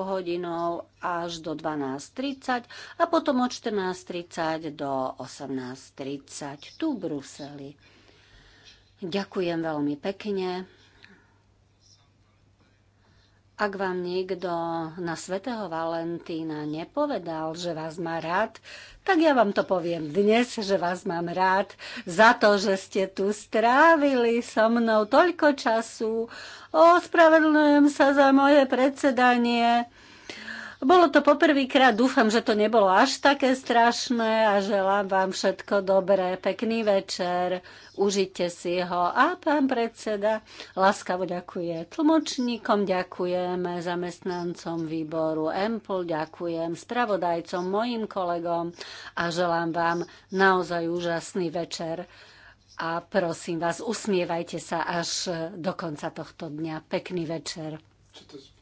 Speaker 3: hodinou až do 12.30 a potom od 14.30 do 18.30 tu v Bruseli. Ďakujem veľmi pekne. Ak vám niekto na svätého Valentína nepovedal, že vás má rád, tak ja vám to poviem dnes, že vás mám rád za to, že ste tu strávili so mnou toľko času. Ospravedlňujem sa za moje predsedanie. Bolo to poprvýkrát, dúfam, že to nebolo až také strašné a želám vám všetko dobré, pekný večer, užite si ho. A pán predseda láskavo ďakuje tlmočníkom, ďakujem zamestnancom výboru EMPL, ďakujem spravodajcom, mojim kolegom a želám vám naozaj úžasný večer. A prosím vás, usmievajte sa až do konca tohto dňa. Pekný večer. Čo to